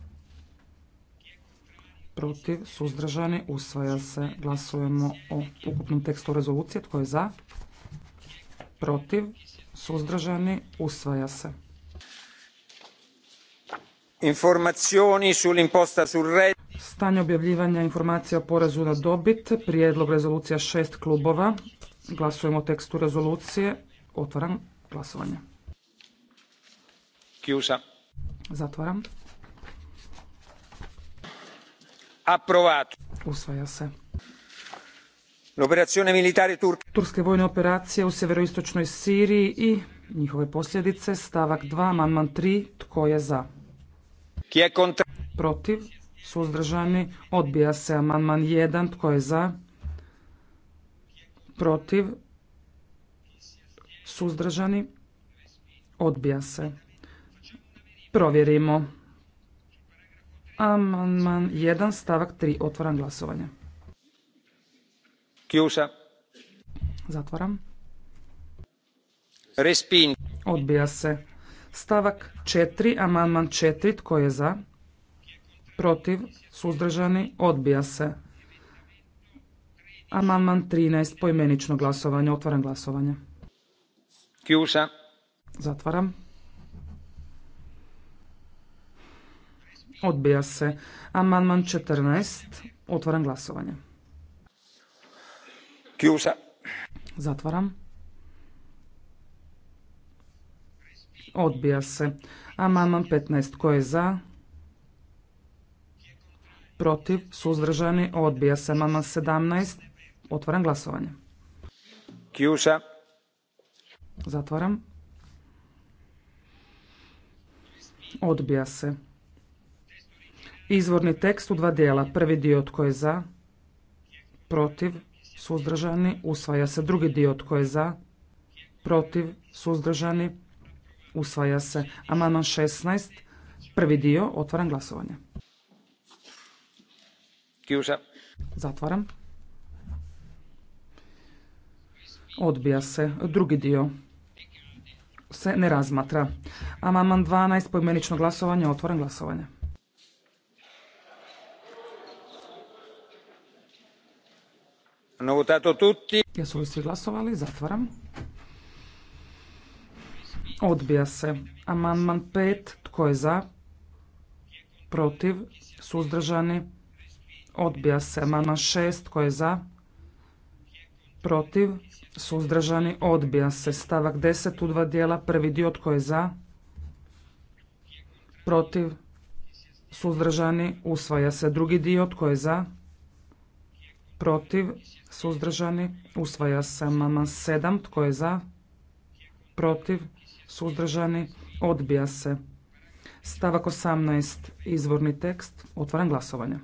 protiv, suzdržani, usvaja se. Glasujemo o ukupnom tekstu rezolucije. Tko je za? Protiv, suzdržani, usvaja se. sull'imposta sul Stanje objavljivanja informacija o porezu na dobit, prijedlog rezolucija šest klubova. Glasujemo o tekstu rezolucije. Otvaram glasovanje. Zatvaram. Usvaja se. L'operazione militare turca. Turske vojne operacije u sjeveroistočnoj Siriji i njihove posljedice, stavak 2, amandman 3, tko je za? Protiv, suzdržani, odbija se amandman 1, tko je za? Protiv, suzdržani, odbija se. Provjerimo. Amandman 1, stavak 3. Otvaram glasovanje. Kjuša. Zatvaram. Respin. Odbija se. Stavak četiri amandman četiri. Tko je za? Protiv? Suzdržani? Odbija se. Amandman trinaest Poimenično glasovanje. Otvaram glasovanje. Kjuša. Zatvaram. Odbija se. Amandman 14. Otvaram glasovanje. Kjusa. Zatvaram. Odbija se. Amandman 15. Ko je za? Protiv. Suzdržani. Odbija se. Amandman 17. Otvaram glasovanje. Kjusa. Zatvaram. Odbija se. Izvorni tekst u dva dijela. Prvi dio tko je za, protiv, suzdržani, usvaja se. Drugi dio tko je za, protiv, suzdržani, usvaja se. Amandman 16, prvi dio, otvaram glasovanje. Zatvaram. Odbija se. Drugi dio se ne razmatra. Amandman 12, poimenično glasovanje, otvaram glasovanje. Hanno tutti. Jesu li svi glasovali? Zatvaram. Odbija se. Amandman 5. Tko je za? Protiv? Suzdržani? Odbija se. Amandman 6. Tko je za? Protiv? Suzdržani? Odbija se. Stavak 10 u dva dijela. Prvi dio tko je za? Protiv? Suzdržani? Usvaja se. Drugi dio tko je za? Protiv? suzdržani, usvaja se amandman sedam, tko je za, protiv, suzdržani, odbija se. Stavak osamnaest, izvorni tekst, otvaram glasovanje.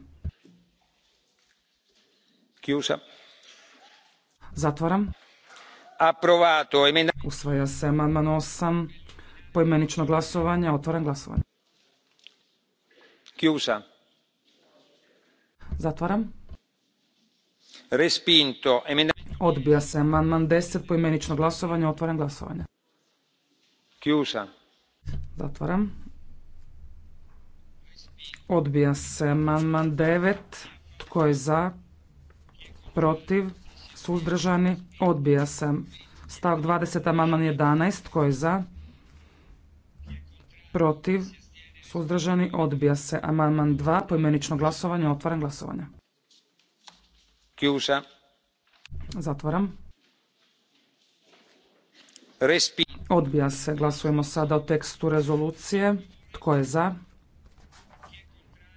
Chiusa. Zatvaram. Usvaja se amandman osam poimenično glasovanje, otvaram glasovanje. Zatvaram. Respinto. Odbija se amandman 10 poimenično glasovanje. Otvaram glasovanje. Chiusa. Zatvaram. Odbija se amandman 9. Tko je za? Protiv? Suzdržani? Odbija se. Stav 20. amandman 11. Tko je za? Protiv? Suzdržani? Odbija se. Amandman 2. Poimenično glasovanje. Otvaram glasovanje. Chiusa. Zatvaram. Respi. Odbija se. Glasujemo sada o tekstu rezolucije. Tko je za?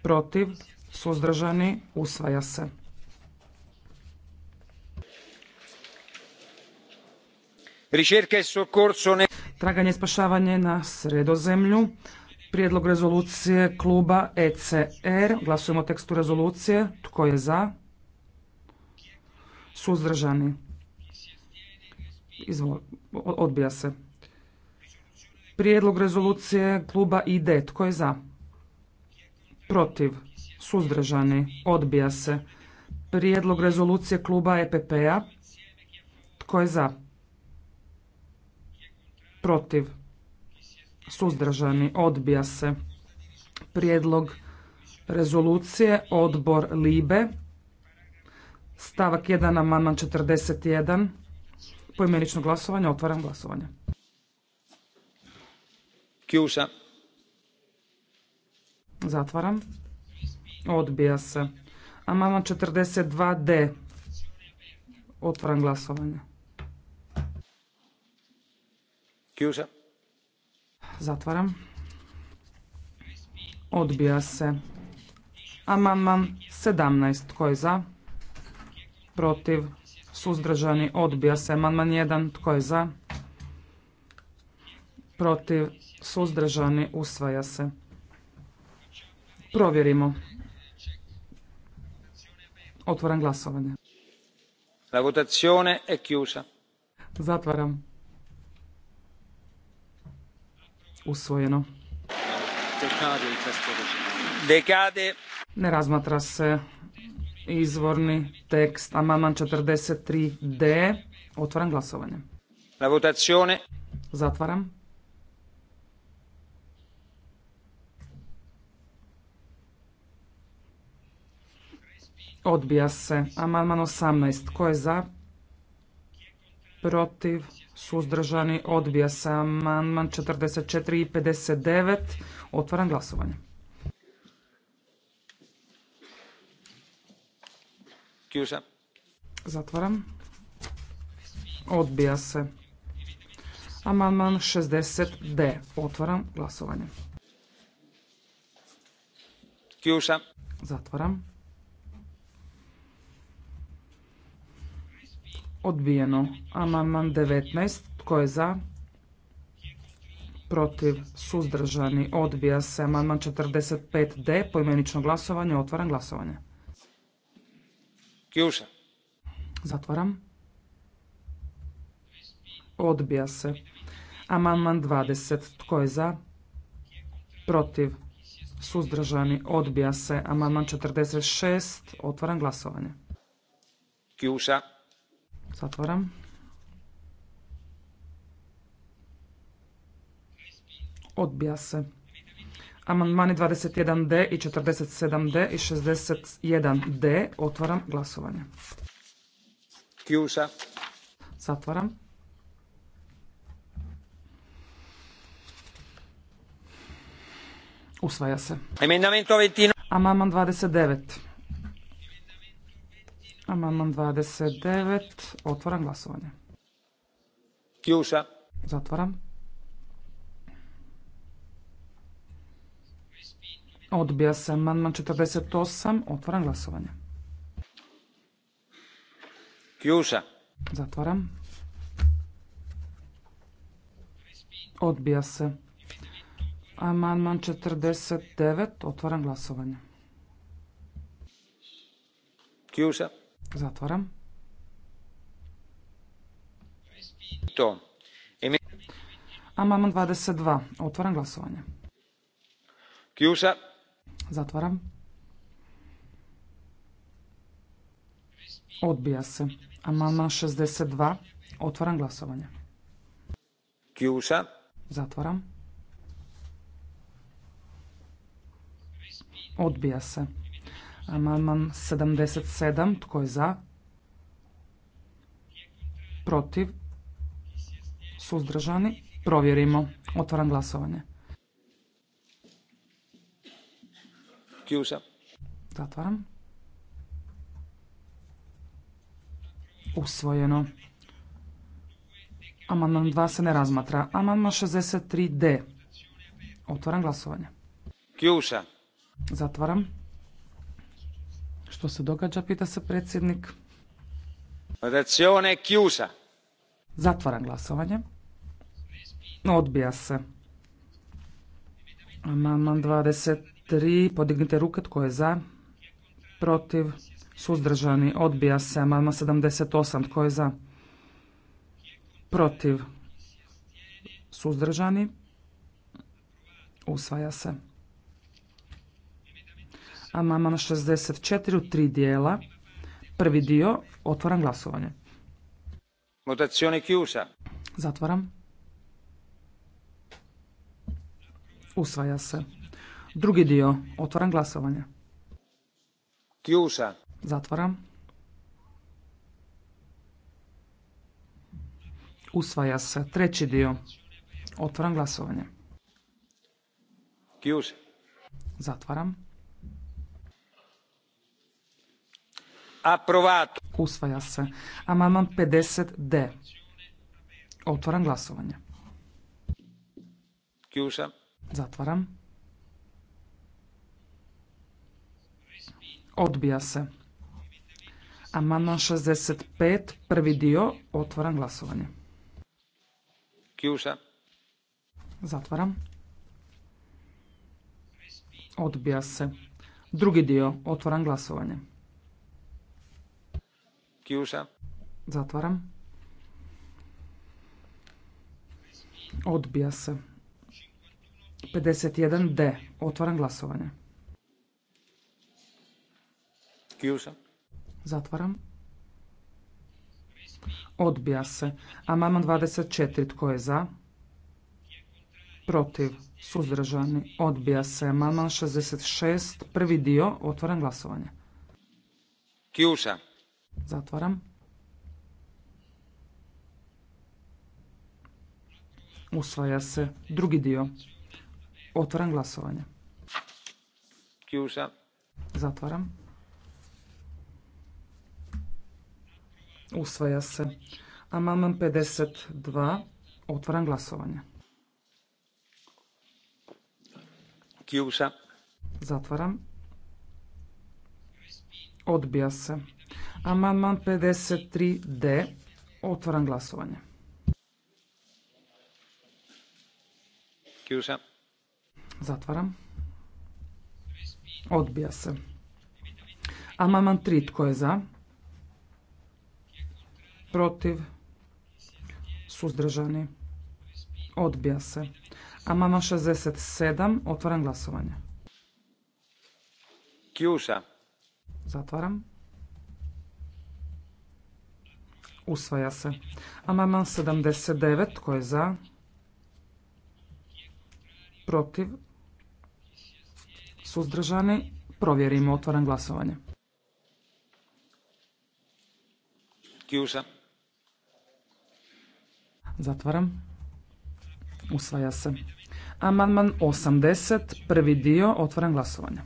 Protiv? Suzdržani? Usvaja se. Ricerca e soccorso ne... Traganje i spašavanje na sredozemlju. Prijedlog rezolucije kluba ECR. Glasujemo o tekstu rezolucije. Tko je za? suzdržani. Izvo, odbija se. Prijedlog rezolucije kluba ID. Tko je za? Protiv. Suzdržani. Odbija se. Prijedlog rezolucije kluba EPP-a. Tko je za? Protiv. Suzdržani. Odbija se. Prijedlog rezolucije odbor LIBE. Stavak 1, amandman 41. Poimenično glasovanje, otvaram glasovanje. Kjuša. Zatvaram. Odbija se. Amandman 42D. Otvaram glasovanje. Kjuša. Zatvaram. Odbija se. Amandman 17. Tko je za? protiv, suzdržani, odbija se. Amandman jedan, tko je za, protiv, suzdržani, usvaja se. Provjerimo. Otvaram glasovanje. La votazione è chiusa. Zatvaram. Usvojeno. Decade. Ne razmatra se izvorni tekst. Amandman 43D. Otvaram glasovanje. votazione. Zatvaram. Odbija se. Amandman 18. Tko je za? Protiv? Suzdržani? Odbija se. Amandman 44 i 59. Otvaram glasovanje. Zatvaram. Odbija se. Amandman 60D. Otvaram glasovanje. Kjuša. Zatvaram. Odbijeno. Amandman 19. Tko je za? Protiv. Suzdržani. Odbija se. Amandman 45D. Poimenično glasovanje. Otvaram glasovanje. Zatvaram. Odbija se. Amandman 20. Tko je za? Protiv. Suzdržani. Odbija se. Amandman 46. Otvaram glasovanje. Kjuša. Zatvaram. Odbija se. Amandmani 21D i 47D i 61D. Otvaram glasovanje. Kjuša. Zatvaram. Usvaja se. Amendamento 29. Amandman 29. Amandman 29. Otvaram glasovanje. Kjuša. Zatvaram. Odbija se amandman 48. Otvaram glasovanje. Kjuša. Zatvaram. Odbija se. Amandman 49. Otvaram glasovanje. Kjuša. Zatvaram. To. Amandman 22. Otvaram glasovanje. Kjuša. Zatvaram. Odbija se. Amandman 62. Otvaram glasovanje. Kjuša. Zatvaram. Odbija se. Amandman 77. Tko je za? Protiv? Suzdržani? Provjerimo. Otvaram glasovanje. Chiusa. Zatvaram. Usvojeno. Amandman 2 se ne razmatra. Amandman 63D. Otvaram glasovanje. Kjuša. Zatvaram. Što se događa, pita se predsjednik. Votazione kjuša Zatvaram glasovanje. Odbija se. Amandman 20 Tri Podignite ruke tko je za, protiv, suzdržani, odbija se. Amandman 78. Tko je za, protiv, suzdržani, usvaja se. Amandman 64 u tri dijela. Prvi dio, otvaram glasovanje. Votazione Zatvaram. Usvaja se. Drugi dio. Otvaram glasovanje. Kjuša. Zatvaram. Usvaja se. Treći dio. Otvaram glasovanje. Kjuša. Zatvaram. Aprovat. Usvaja se. Amandman 50D. Otvaram glasovanje. Kjuša. Zatvaram. Odbija se. Amandman 65, prvi dio, otvaram glasovanje. Kjuša. Zatvaram. Odbija se. Drugi dio, otvaram glasovanje. Kjuša. Zatvaram. Odbija se. 51D, otvaram glasovanje. Zatvaram. Odbija se. Amandman 24. Tko je za? Protiv. Suzdržani. Odbija se. Amandman 66. Prvi dio. Otvaram glasovanje. Kjuša. Zatvaram. Usvaja se. Drugi dio. Otvaram glasovanje. Kjuša. Zatvaram. Usvaja se. Amandman 52. Otvaram glasovanje. kjuša Zatvaram. Odbija se. Amandman 53D. Otvaram glasovanje. Kjusa. Zatvaram. Odbija se. Amandman 3. Tko je za? protiv, suzdržani, odbija se. Amandman 67, otvaram glasovanje. Kjuša. Zatvaram. Usvaja se. Amandman 79, tko je za? Protiv, suzdržani, provjerimo, otvaram glasovanje. Kjuša. Zatvaram. Usvaja se. Amandman 80, prvi dio, otvaram glasovanje.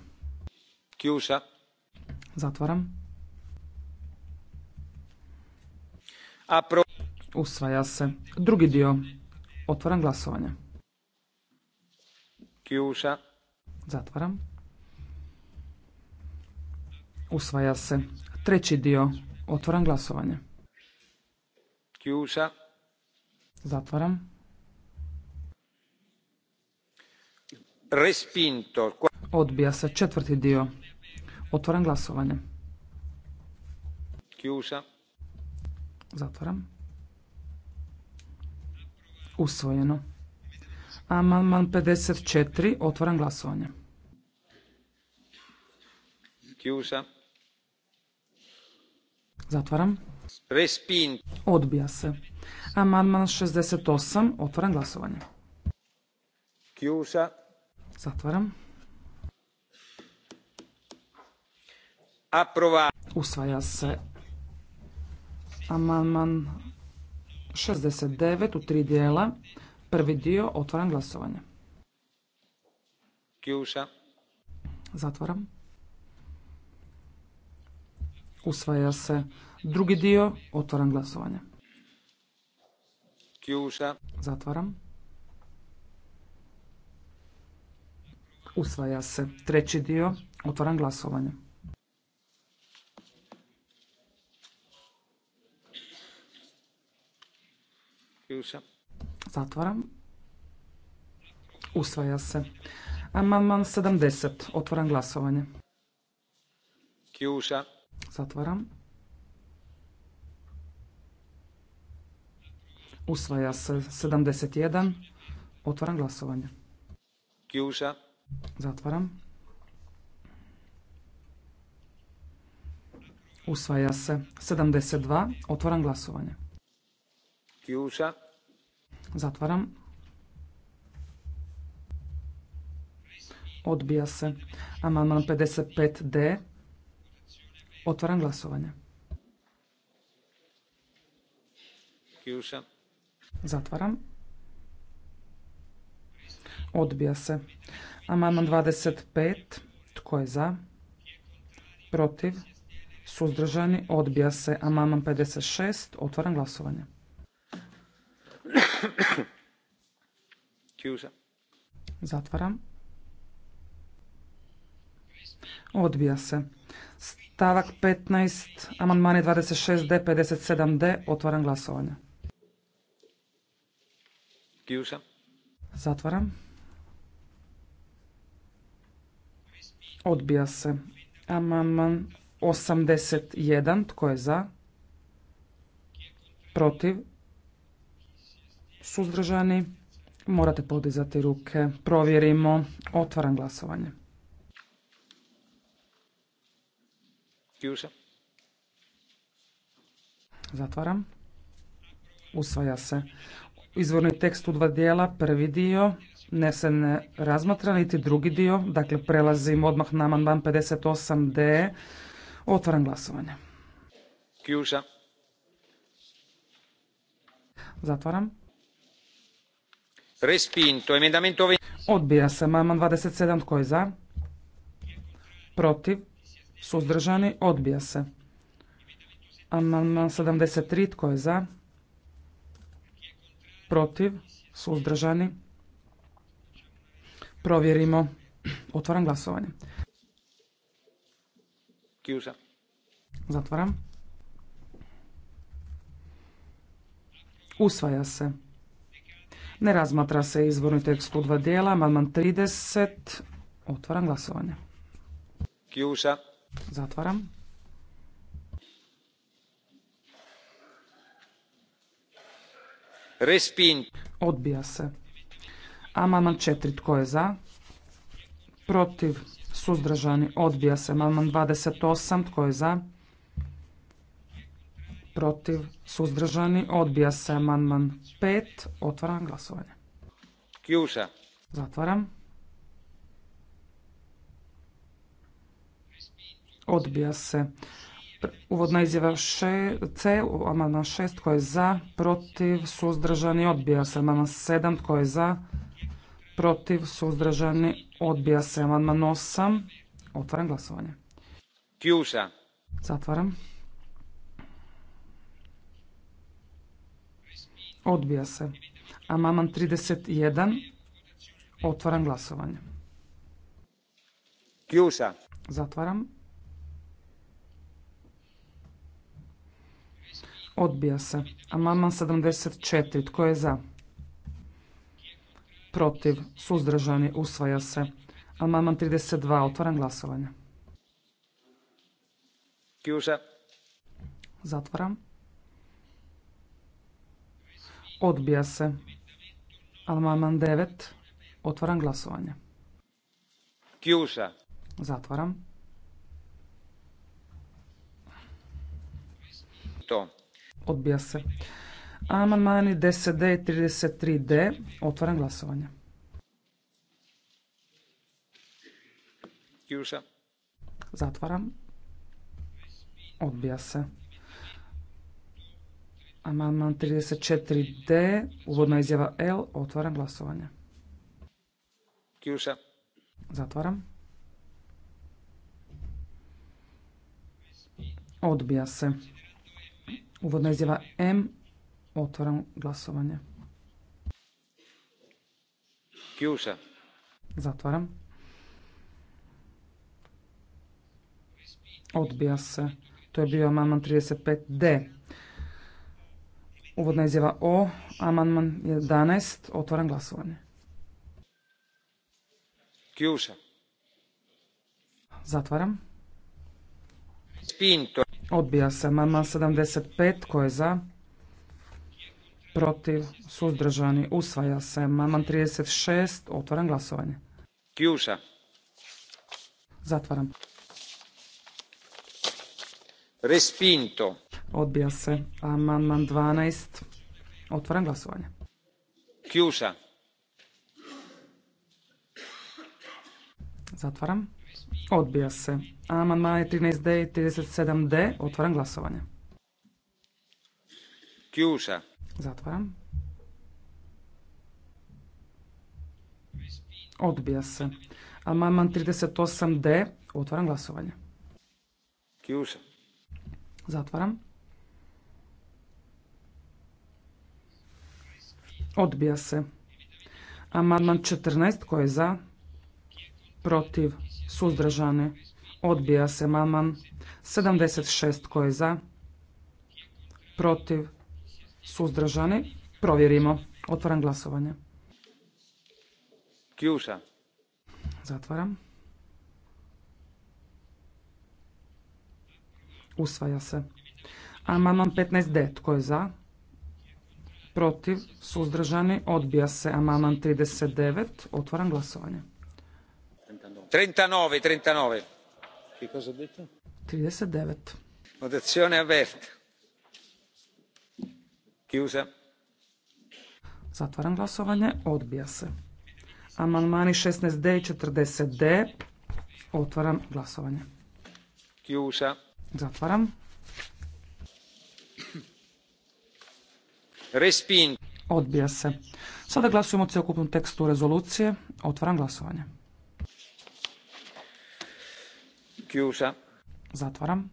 Kjuša. Zatvaram. Apro. Usvaja se. Drugi dio, otvaram glasovanje. Kjuša. Zatvaram. Usvaja se. Treći dio, otvaram glasovanje. Kjuša. Zatvaram. Respinto. Odbija se četvrti dio. Otvaram glasovanje. Chiusa. Zatvaram. Usvojeno. Amandman 54. Otvaram glasovanje. Chiusa. Zatvaram. Respinto. Odbija se. Amandman 68. Otvaram glasovanje. Kjuša. Zatvaram. Aprova. Usvaja se amandman 69 u tri dijela. Prvi dio, otvaram glasovanje. Kjuša. Zatvaram. Usvaja se drugi dio, otvaram glasovanje. Chiusa. Zatvaram. Usvaja se. Treći dio. Otvaram glasovanje. Zatvaram. Usvaja se. Amandman 70. Otvaram glasovanje. Chiusa. Zatvaram. Usvaja se 71. Otvaram glasovanje. Kjuša. Zatvaram. Usvaja se 72. Otvaram glasovanje. Kjuša. Zatvaram. Odbija se. Amandman 55D. Otvaram glasovanje. Kjuša. Zatvaram. Odbija se. Amandman 25. Tko je za? Protiv? Suzdržani? Odbija se. Amandman 56. Otvaram glasovanje. Zatvaram. Odbija se. Stavak 15. Amandmani 26D, 57D. Otvaram glasovanje. Zatvaram. Odbija se. Amandman 81. Tko je za? Protiv? Suzdržani? Morate podizati ruke. Provjerimo. Otvaram glasovanje. Zatvaram. Usvaja se. Izvorni tekst u dva dijela, prvi dio ne se ne razmatra, niti drugi dio, dakle prelazim odmah na amandman 58D. Otvaram glasovanje. Zatvaram. Respinto. Emendamento... Odbija se amandman 27. Tko je za? Protiv? Suzdržani? Odbija se. Amandman 73. Tko je za? protiv, suzdržani. Provjerimo. Otvaram glasovanje. Zatvaram. Usvaja se. Ne razmatra se izvorni tekst u dva dijela. Amandman 30. Otvaram glasovanje. Zatvaram. Odbija se. Amandman 4. Tko je za? Protiv. Suzdržani. Odbija se. Amandman 28. Tko je za? Protiv. Suzdržani. Odbija se. Amandman 5. Otvaram glasovanje. Kjuša. Zatvaram. Odbija se. Uvodna izjava še, C, amandman 6, tko je za, protiv, suzdržani, odbija se. Amandman 7, tko je za, protiv, suzdržani, odbija se. Amandman 8, otvaram glasovanje. Kjusa. Zatvaram. Odbija se. Amandman 31, otvaram glasovanje. Zatvaram. Odbija se. Amandman 74. Tko je za? Protiv. Suzdržani. Usvaja se. Amandman 32. Otvaram glasovanje. Kjuša. Zatvaram. Odbija se. Amandman 9. Otvaram glasovanje. Kjuša. Zatvaram. To. Odbija se. Amandmani 10D i 33D. Otvaram glasovanje. Zatvaram. Odbija se. Amandman 34D. Uvodna izjava L. Otvaram glasovanje. Zatvaram. Odbija se. Uvodna izjava M. Otvaram glasovanje. Kjuša. Zatvaram. Odbija se. To je bio amandman 35D. Uvodna izjava O. Amandman 11. Otvaram glasovanje. Kjuša. Zatvaram. Spinto. Odbija se amandman 75. Tko je za? Protiv? Suzdržani? Usvaja se amandman 36. Otvaram glasovanje. Kjuša. Zatvaram. Respinto. Odbija se amandman 12. Otvaram glasovanje. Kjuša. Zatvaram. Odbija se. je 13D i 37D. Otvaram glasovanje. Kjuša. Zatvaram. Odbija se. Amandman 38D. Otvaram glasovanje. Kjuša. Zatvaram. Odbija se. Amandman 14. Tko je za? Protiv? suzdržani, odbija se amandman 76 tko je za, protiv, suzdržani, provjerimo. Otvaram glasovanje. Kjuša. Zatvaram. Usvaja se. Amandman 15D. Tko je za? Protiv? Suzdržani? Odbija se. Amandman 39. Otvaram glasovanje. 39, 39. che je ho 39 devet aperta zatvaram glasovanje odbija se amandmani 16d i 40d otvaram glasovanje chiusa zatvaram respinto odbija se sada glasujemo o cjelokupnom tekstu rezolucije otvaram glasovanje Chiusa. Zatvaram.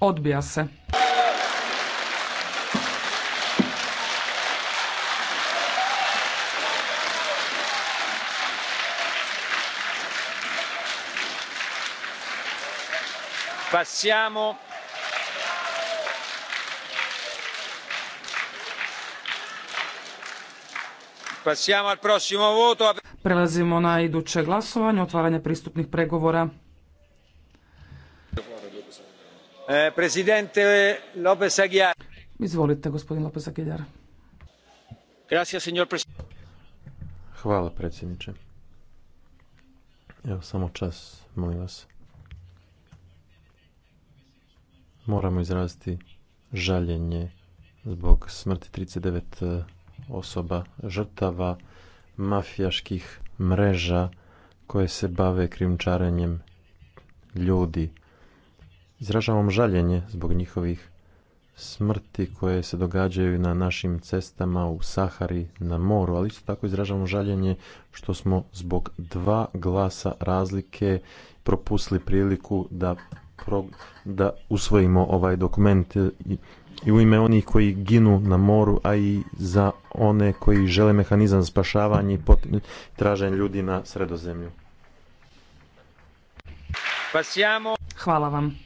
Odbija se. Passiamo Prelazimo na iduće glasovanje, otvaranje pristupnih pregovora. Eh, presidente Izvolite, gospodin Lopez Aguilar. Hvala, predsjedniče. Evo, samo čas, molim vas. Moramo izraziti žaljenje zbog smrti 39 osoba žrtava mafijaških mreža koje se bave krijumčarenjem ljudi. Izražavam žaljenje zbog njihovih smrti koje se događaju na našim cestama u Sahari, na moru, ali isto tako izražavam žaljenje što smo zbog dva glasa razlike propustili priliku da, da usvojimo ovaj dokument i u ime onih koji ginu na moru, a i za one koji žele mehanizam spašavanja i traženja ljudi na sredozemlju. Hvala vam.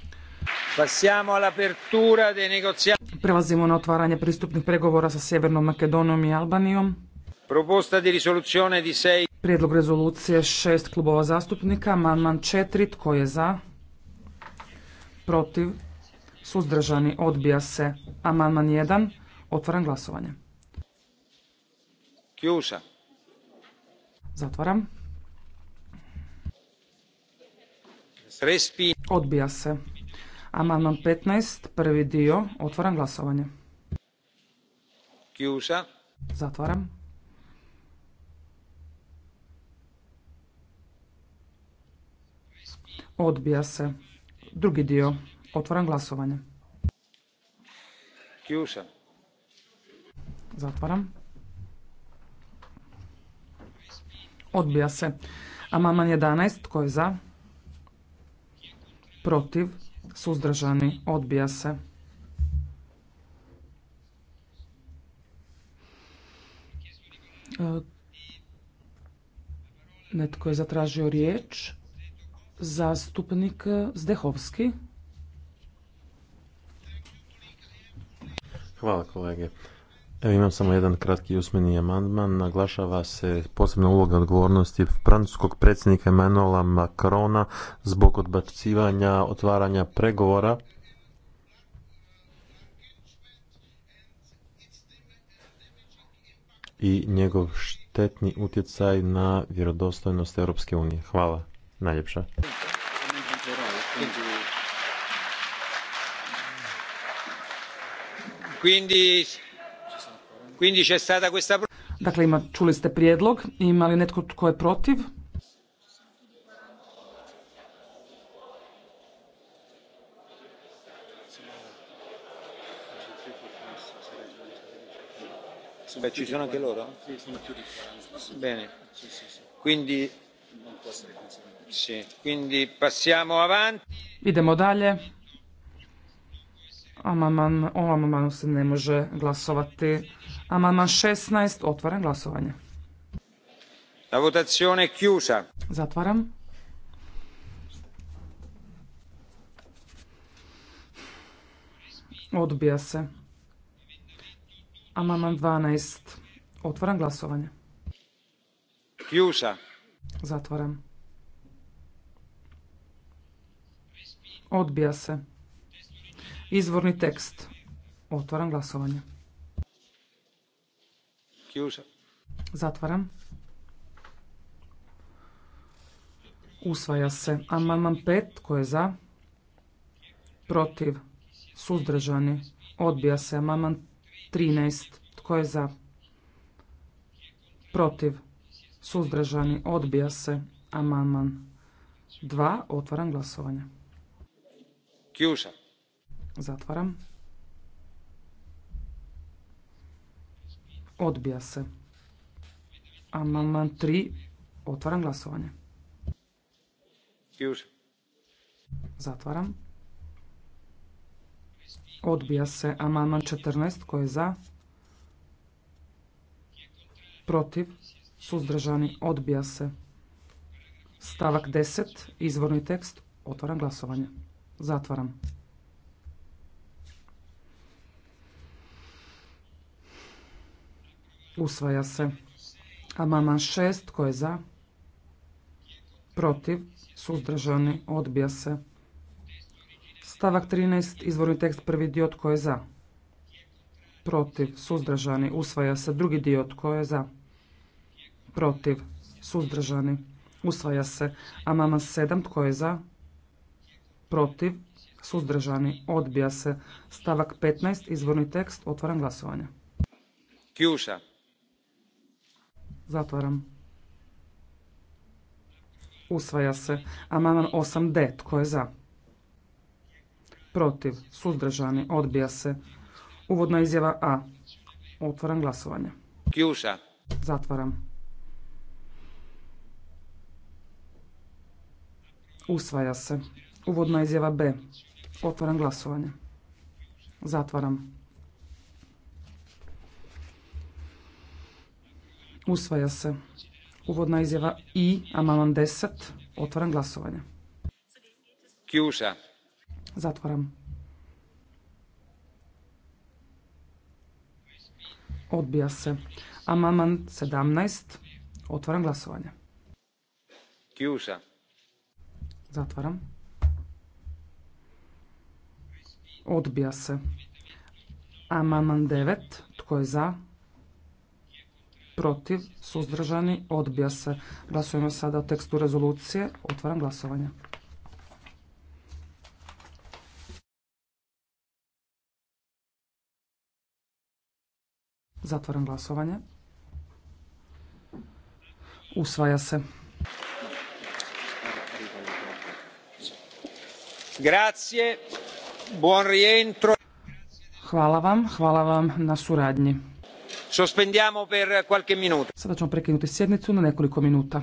Prelazimo na otvaranje pristupnih pregovora sa Severnom Makedonijom i Albanijom. Proposta di risoluzione di Prijedlog rezolucije šest klubova zastupnika, amandman četiri, tko je za? Protiv? suzdržani, odbija se. Amandman 1, otvaram glasovanje. Kjuša. Zatvaram. Odbija se. Amandman 15, prvi dio, otvaram glasovanje. Kjuša. Zatvaram. Odbija se. Drugi dio. Otvaram glasovanje. Zatvaram. Odbija se. Amaman 11. Tko je za? Protiv. Suzdržani. Odbija se. E, netko je zatražio riječ. Zastupnik Zdehovski. Hvala kolege. Evo imam samo jedan kratki usmeni amandman. Naglašava se posebna uloga odgovornosti francuskog predsjednika Emanuela Macrona zbog odbacivanja otvaranja pregovora i njegov štetni utjecaj na vjerodostojnost Europske unije. Hvala. Najljepša. Quindi, quindi c'è stata questa... Dakle, ima, čuli ste prijedlog. Ima li netko tko je protiv? Beh, ci sono anche loro? Bene. Quindi, sì, quindi passiamo avanti. Idemo dalle. Amandman, o amandmanu se ne može glasovati. Amandman 16, otvaram glasovanje. La votazione chiusa. Zatvaram. Odbija se. Amandman 12, otvaram glasovanje. Chiusa. Zatvaram. Odbija se. Izvorni tekst. Otvaram glasovanje. Zatvaram. Usvaja se. Amandman 5. Tko je za? Protiv. Suzdržani. Odbija se. Amandman 13. Tko je za? Protiv. Suzdržani. Odbija se. Amandman 2. Otvaram glasovanje. Kjuša. Zatvaram. Odbija se. Amandman 3. Otvaram glasovanje. Zatvaram. Odbija se amandman 14. Ko je za? Protiv? Suzdržani? Odbija se. Stavak 10. Izvorni tekst. Otvaram glasovanje. Zatvaram. Usvaja se. Amandman 6. Tko je za? Protiv? Suzdržani? Odbija se. Stavak 13. Izvorni tekst prvi dio. Tko je za? Protiv? Suzdržani? Usvaja se. Drugi dio. Tko je za? Protiv? Suzdržani? Usvaja se. Amandman 7. Tko je za? Protiv? Suzdržani? Odbija se. Stavak 15. Izvorni tekst. Otvaram glasovanje. Kjuša. Zatvaram. Usvaja se. Amandman 8D. Tko je za? Protiv. Suzdržani. Odbija se. Uvodna izjava A. Otvaram glasovanje. Kjuša. Zatvaram. Usvaja se. Uvodna izjava B. Otvaram glasovanje. Zatvaram. Usvaja se. Uvodna izjava i amandman 10. Otvaram glasovanje. Kjuša. Zatvaram. Odbija se. Amandman 17. Otvaram glasovanje. Kjuša. Zatvaram. Odbija se. Amandman 9. Tko je za? protiv, suzdržani, odbija se. Glasujemo sada o tekstu rezolucije. Otvaram glasovanje. Zatvaram glasovanje. Usvaja se. Grazie. Buon rientro. Hvala vam, hvala vam na suradnji. Sospendiamo per qualche minuto. Sada ćemo prekinuti sjednicu na nekoliko minuta.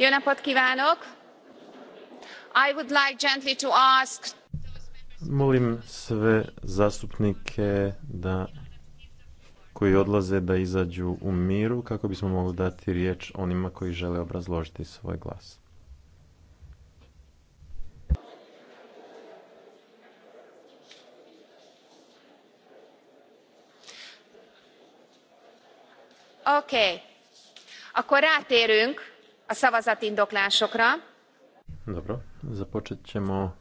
Jó napot Molim sve zastupnike da koji odlaze da izađu u miru kako bismo mogli dati riječ onima koji žele obrazložiti svoj glas. Ok. okay. akkor a szavazatindoklásokra. Dobro, započet ćemo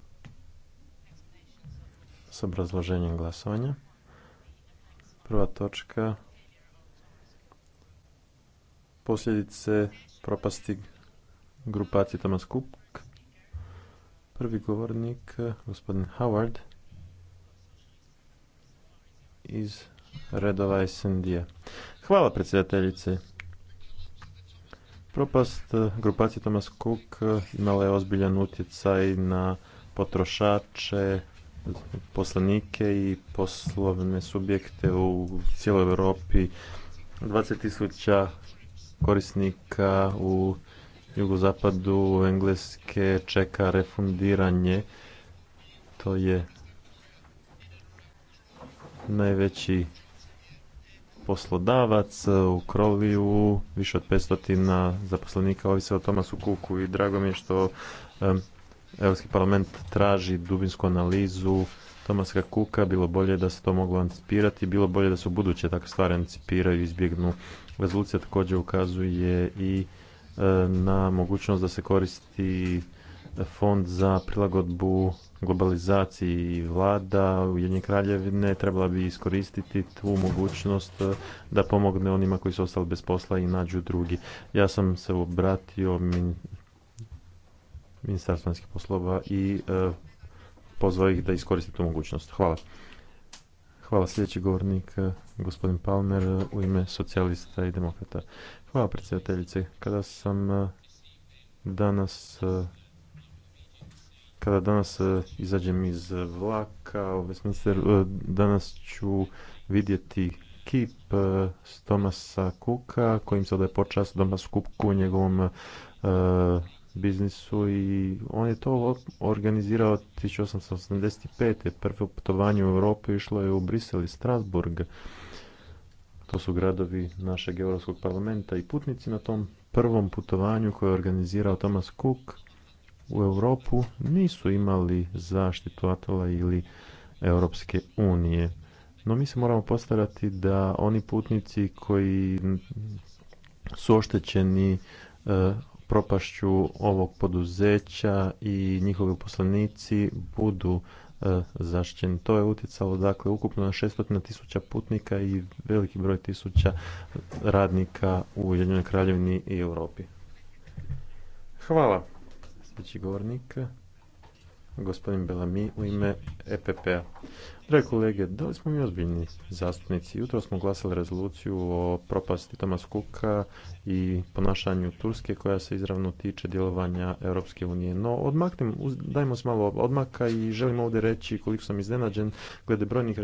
s obrazloženjem glasovanja. Prva točka, posljedice propasti grupacije Thomas Cook. Prvi govornik, gospodin Howard, iz redova snd Hvala predsjedateljice. Propast eh, grupacija Thomas Cook eh, imala je ozbiljan utjecaj na potrošače, poslanike i poslovne subjekte u cijeloj Europi. 20.000 korisnika u jugozapadu Engleske čeka refundiranje. To je najveći poslodavac e, u Kroliju, više od 500 zaposlenika ovise o Tomasu Kuku i drago mi je što e, Europski parlament traži dubinsku analizu Tomasa Kuka, bilo bolje da se to moglo anticipirati, bilo bolje da se u buduće takve stvari anticipiraju i izbjegnu. Rezolucija također ukazuje i e, na mogućnost da se koristi fond za prilagodbu globalizaciji vlada Ujedinjene kraljevine trebala bi iskoristiti tu mogućnost eh, da pomogne onima koji su ostali bez posla i nađu drugi. Ja sam se obratio min... ministarstvu vanjskih poslova i eh, pozvao ih da iskoriste tu mogućnost. Hvala. Hvala sljedeći govornik, eh, gospodin Palmer, u ime socijalista i demokrata. Hvala predsjedateljice. Kada sam danas kada danas e, izađem iz e, vlaka u Westminster, e, danas ću vidjeti kip s Tomasa Kuka, kojim se odaje počast doma skupku u njegovom biznisu i on je to organizirao 1885. Prvo putovanje u Europu išlo je u Brisel i Strasburg. To su gradovi našeg Europskog parlamenta i putnici na tom prvom putovanju koje je organizirao Thomas Cook u Europu nisu imali zaštitu atola ili Europske unije. No mi se moramo postarati da oni putnici koji su oštećeni e, propašću ovog poduzeća i njihovi uposlenici budu e, zaštićeni. To je utjecalo dakle ukupno na 600.000 tisuća putnika i veliki broj tisuća radnika u Ujedinjenoj Kraljevini i Europi. Hvala sljedeći govornik, gospodin Belami u ime EPP-a. Dragi kolege, da li smo mi ozbiljni zastupnici? Jutro smo glasali rezoluciju o propasti Tomas Kuka i ponašanju Turske koja se izravno tiče djelovanja Europske unije. No, odmaknem, dajmo se malo odmaka i želim ovdje reći koliko sam iznenađen glede brojnih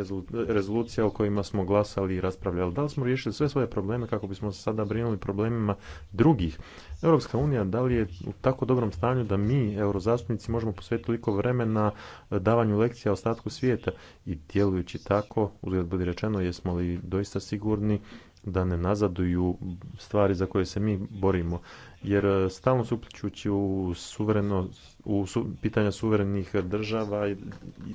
rezolucija o kojima smo glasali i raspravljali. Da li smo riješili sve svoje probleme kako bismo se sada brinuli problemima drugih? Europska unija da li je u tako dobrom stanju da mi, eurozastupnici, možemo posvetiti toliko vremena davanju lekcija ostatku svijeta i djelujući tako, uzgled budi rečeno, jesmo li doista sigurni da ne nazaduju stvari za koje se mi borimo. Jer e, stalno se uključujući u, suvereno, u pitanja suverenih država i,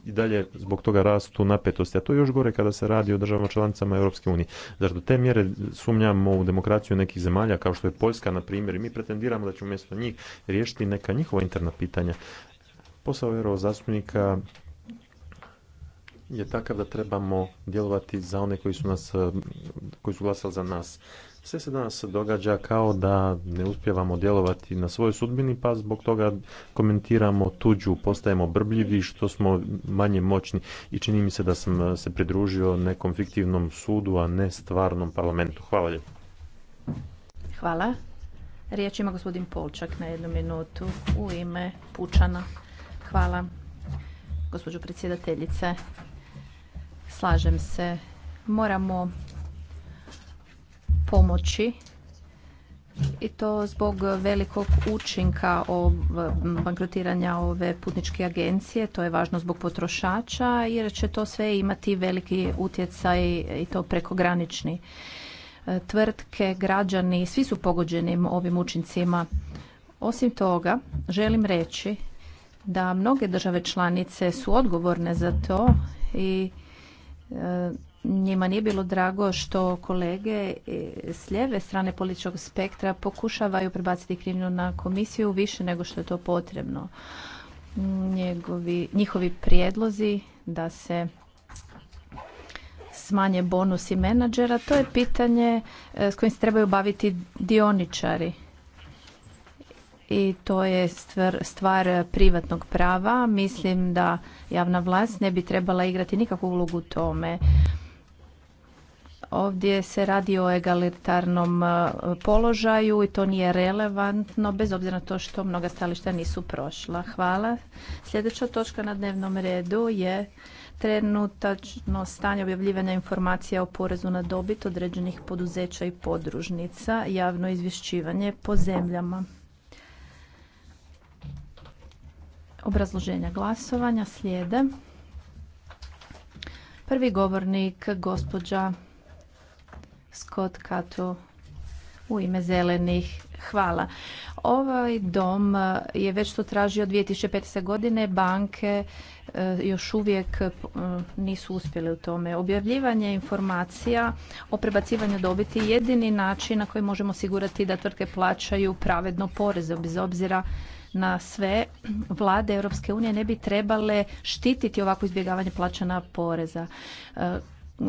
dalje zbog toga rastu napetosti. A to je još gore kada se radi o državama članicama Europske unije. Zar do te mjere sumnjamo u demokraciju nekih zemalja kao što je Poljska, na primjer, i mi pretendiramo da ćemo umjesto njih riješiti neka njihova interna pitanja. Posao euro zastupnika je takav da trebamo djelovati za one koji su, nas, koji su glasali za nas. Sve se danas događa kao da ne uspjevamo djelovati na svojoj sudbini, pa zbog toga komentiramo tuđu, postajemo brbljivi, što smo manje moćni. I čini mi se da sam se pridružio nekom fiktivnom sudu, a ne stvarnom parlamentu. Hvala lijepo. Hvala. Riječ ima gospodin Polčak na jednu minutu u ime Pučana. Hvala, gospođo predsjedateljice slažem se. Moramo pomoći i to zbog velikog učinka bankrotiranja ove putničke agencije. To je važno zbog potrošača jer će to sve imati veliki utjecaj i to prekogranični. E, tvrtke, građani, svi su pogođeni ovim učincima. Osim toga, želim reći da mnoge države članice su odgovorne za to i njima nije bilo drago što kolege s lijeve strane političkog spektra pokušavaju prebaciti krivnju na komisiju više nego što je to potrebno. Njegovi, njihovi prijedlozi da se smanje bonusi menadžera, to je pitanje eh, s kojim se trebaju baviti dioničari i to je stvar, privatnog prava. Mislim da javna vlast ne bi trebala igrati nikakvu ulogu u tome. Ovdje se radi o egalitarnom e, položaju i to nije relevantno, bez obzira na to što mnoga stališta nisu prošla. Hvala. Sljedeća točka na dnevnom redu je trenutačno stanje objavljivanja informacija o porezu na dobit određenih poduzeća i podružnica, javno izvješćivanje po zemljama. Obrazloženja glasovanja slijede. Prvi govornik, gospođa Scott Cato u ime zelenih. Hvala. Ovaj dom je već to tražio 2015. godine. Banke e, još uvijek e, nisu uspjele u tome. Objavljivanje informacija o prebacivanju dobiti je jedini način na koji možemo osigurati da tvrtke plaćaju pravedno poreze bez obzira na sve, vlade Europske unije ne bi trebale štititi ovako izbjegavanje plaćana poreza.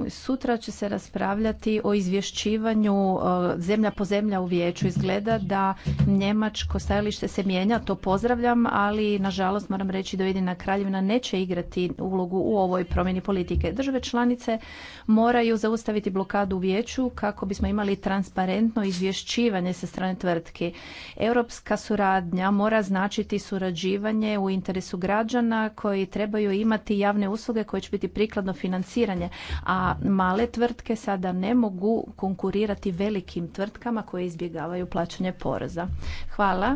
Sutra će se raspravljati o izvješćivanju e, zemlja po zemlja u vijeću. Izgleda da njemačko stajalište se mijenja, to pozdravljam, ali nažalost moram reći da Ujedina kraljevina neće igrati ulogu u ovoj promjeni politike. Države članice moraju zaustaviti blokadu u vijeću kako bismo imali transparentno izvješćivanje sa strane tvrtki. Europska suradnja mora značiti surađivanje u interesu građana koji trebaju imati javne usluge koje će biti prikladno financiranje, a a male tvrtke sada ne mogu konkurirati velikim tvrtkama koje izbjegavaju plaćanje poreza. Hvala.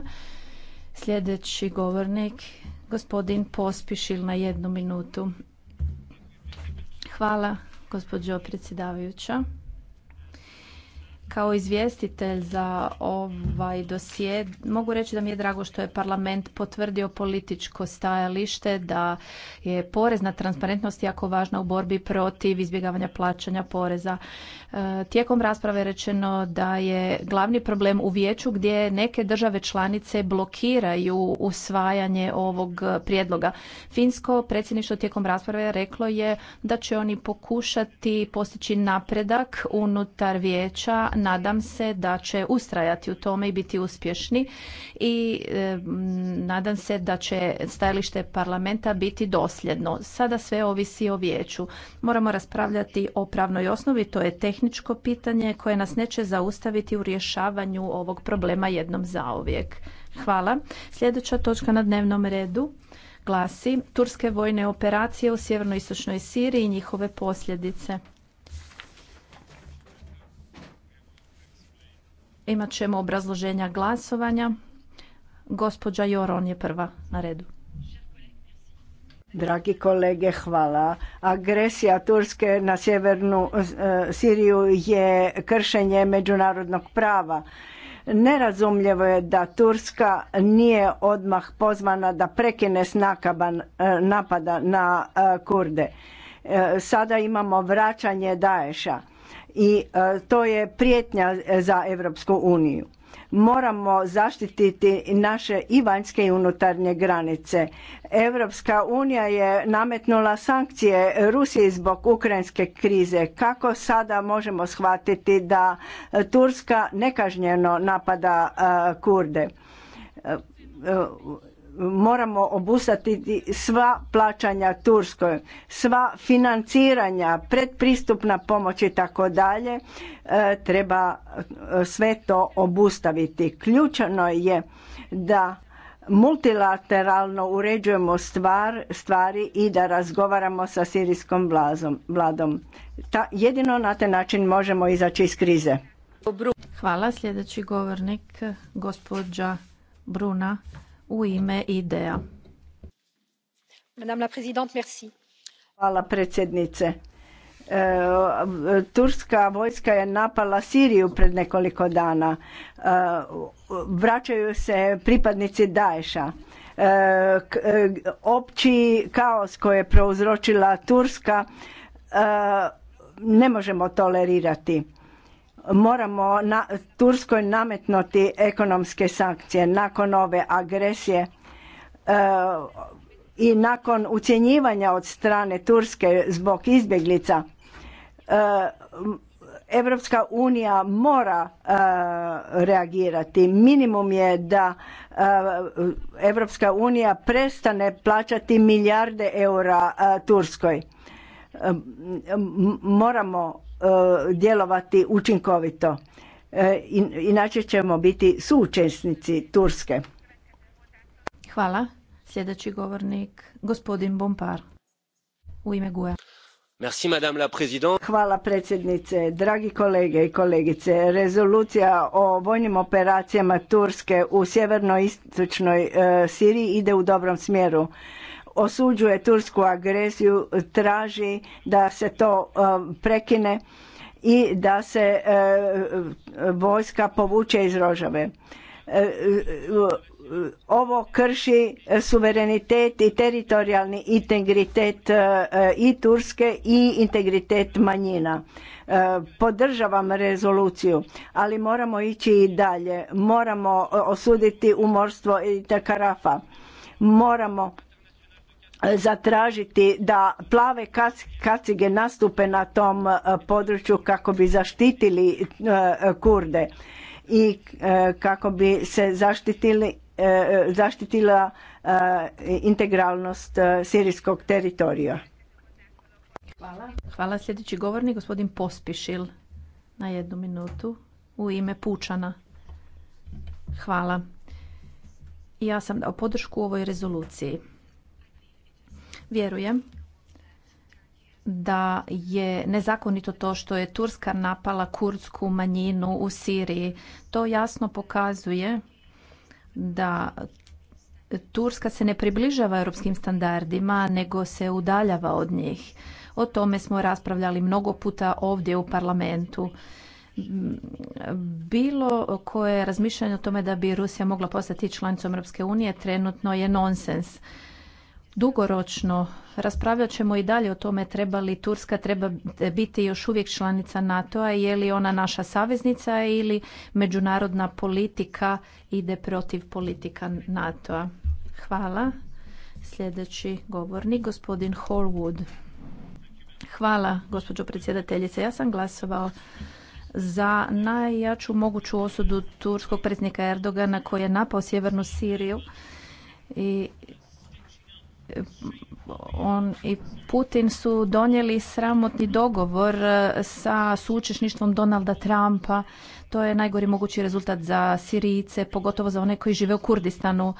Sljedeći govornik, gospodin Pospišil na jednu minutu. Hvala, gospođo predsjedavajuća. Kao izvjestitelj za ovaj dosije mogu reći da mi je drago što je parlament potvrdio političko stajalište da je porezna transparentnost jako važna u borbi protiv izbjegavanja plaćanja poreza. E, tijekom rasprave je rečeno da je glavni problem u vijeću gdje neke države članice blokiraju usvajanje ovog prijedloga. Finsko predsjedništvo tijekom rasprave reklo je da će oni pokušati postići napredak unutar vijeća nadam se da će ustrajati u tome i biti uspješni i e, nadam se da će stajalište parlamenta biti dosljedno. Sada sve ovisi o vijeću. Moramo raspravljati o pravnoj osnovi, to je tehničko pitanje koje nas neće zaustaviti u rješavanju ovog problema jednom zaovijek. Hvala. Sljedeća točka na dnevnom redu glasi Turske vojne operacije u sjevernoistočnoj Siriji i njihove posljedice. Imat ćemo obrazloženja glasovanja. Gospođa Joron je prva na redu. Dragi kolege, hvala. Agresija Turske na sjevernu e, Siriju je kršenje međunarodnog prava. Nerazumljivo je da Turska nije odmah pozvana da prekine snakaban e, napada na e, Kurde. Sada imamo vraćanje Daeša i e, to je prijetnja e, za Europsku uniju. Moramo zaštititi naše i vanjske i unutarnje granice. Europska unija je nametnula sankcije Rusiji zbog ukrajinske krize. Kako sada možemo shvatiti da e, Turska nekažnjeno napada Kurde? moramo obustati sva plaćanja Turskoj, sva financiranja, predpristupna pomoć i tako dalje, e, treba e, sve to obustaviti. Ključno je da multilateralno uređujemo stvar, stvari i da razgovaramo sa sirijskom vladom. Ta, jedino na taj način možemo izaći iz krize. Hvala. Sljedeći govornik, gospođa Bruna u ime Hvala predsjednice. E, turska vojska je napala Siriju pred nekoliko dana. E, vraćaju se pripadnici Daesha. E, opći kaos koji je prouzročila Turska ne možemo tolerirati moramo na Turskoj nametnuti ekonomske sankcije nakon ove agresije e, i nakon ucjenjivanja od strane Turske zbog izbjeglica e, Evropska unija mora e, reagirati. Minimum je da e, Evropska unija prestane plaćati milijarde eura e, Turskoj. Moramo E, djelovati učinkovito. E, inače ćemo biti suučesnici Turske. Hvala. Sljedeći govornik, gospodin Bompar, u ime GUE. Hvala predsjednice, dragi kolege i kolegice. Rezolucija o vojnim operacijama Turske u sjeverno-istočnoj e, Siriji ide u dobrom smjeru osuđuje tursku agresiju, traži da se to e, prekine i da se e, vojska povuče iz Rožave. E, ovo krši suverenitet i teritorijalni integritet i Turske i integritet manjina. Podržavam rezoluciju, ali moramo ići i dalje. Moramo osuditi umorstvo Karafa. Moramo zatražiti da plave kacige nastupe na tom e, području kako bi zaštitili e, kurde i e, kako bi se zaštitili, zaštitila integralnost sirijskog teritorija. Hvala. Hvala. Sljedeći govornik, gospodin Pospišil, na jednu minutu, u ime Pučana. Hvala. Ja sam dao podršku ovoj rezoluciji. Vjerujem da je nezakonito to što je Turska napala kurdsku manjinu u Siriji. To jasno pokazuje da Turska se ne približava europskim standardima, nego se udaljava od njih. O tome smo raspravljali mnogo puta ovdje u parlamentu. Bilo koje razmišljanje o tome da bi Rusija mogla postati članicom Europske unije trenutno je nonsens dugoročno raspravljat ćemo i dalje o tome treba li Turska treba biti još uvijek članica NATO-a, je li ona naša saveznica ili međunarodna politika ide protiv politika NATO-a. Hvala. Sljedeći govornik, gospodin Horwood. Hvala, gospođo predsjedateljice. Ja sam glasovao za najjaču moguću osudu turskog predsjednika Erdogana koji je napao sjevernu Siriju i on i Putin su donijeli sramotni dogovor e, sa sučešništvom Donalda Trumpa. To je najgori mogući rezultat za Sirijice, pogotovo za one koji žive u Kurdistanu.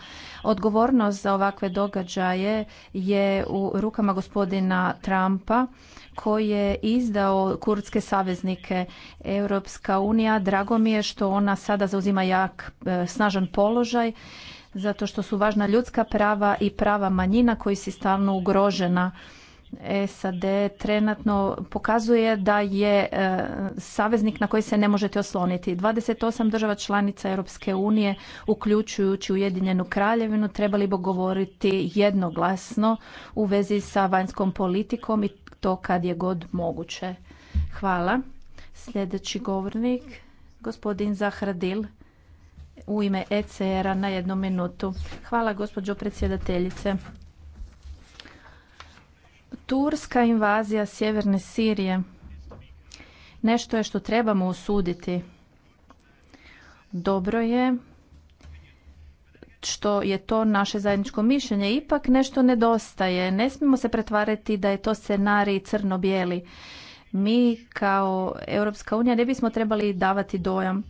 Odgovornost za ovakve događaje je u rukama gospodina Trumpa koji je izdao kurdske saveznike Europska unija. Drago mi je što ona sada zauzima jak, e, snažan položaj zato što su važna ljudska prava i prava manjina koji su stalno ugrožena. SAD trenutno pokazuje da je e, saveznik na koji se ne možete osloniti. 28 država članica Europske unije, uključujući Ujedinjenu kraljevinu, trebali bi govoriti jednoglasno u vezi sa vanjskom politikom i to kad je god moguće. Hvala. Sljedeći govornik, gospodin Zahradil u ime ECR-a na jednu minutu. Hvala gospođo predsjedateljice. Turska invazija sjeverne Sirije nešto je što trebamo osuditi. Dobro je što je to naše zajedničko mišljenje. Ipak nešto nedostaje. Ne smijemo se pretvarati da je to scenarij crno-bijeli. Mi kao Europska unija ne bismo trebali davati dojam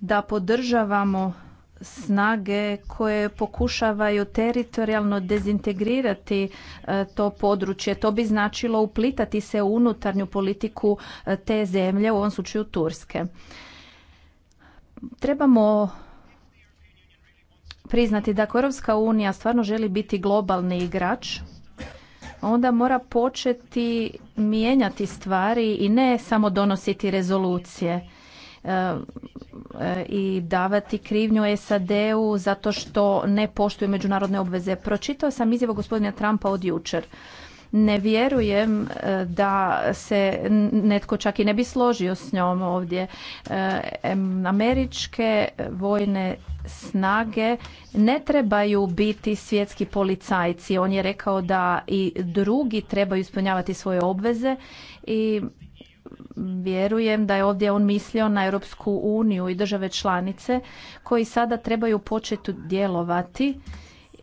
da podržavamo snage koje pokušavaju teritorijalno dezintegrirati e, to područje. To bi značilo uplitati se u unutarnju politiku e, te zemlje, u ovom slučaju Turske. Trebamo priznati da ako Europska unija stvarno želi biti globalni igrač, onda mora početi mijenjati stvari i ne samo donositi rezolucije i davati krivnju SAD-u zato što ne poštuju međunarodne obveze. Pročitao sam izjavu gospodina Trumpa od jučer. Ne vjerujem e, da se netko čak i ne bi složio s njom ovdje. E, američke vojne snage ne trebaju biti svjetski policajci. On je rekao da i drugi trebaju ispunjavati svoje obveze i vjerujem da je ovdje on mislio na Europsku uniju i države članice koji sada trebaju početi djelovati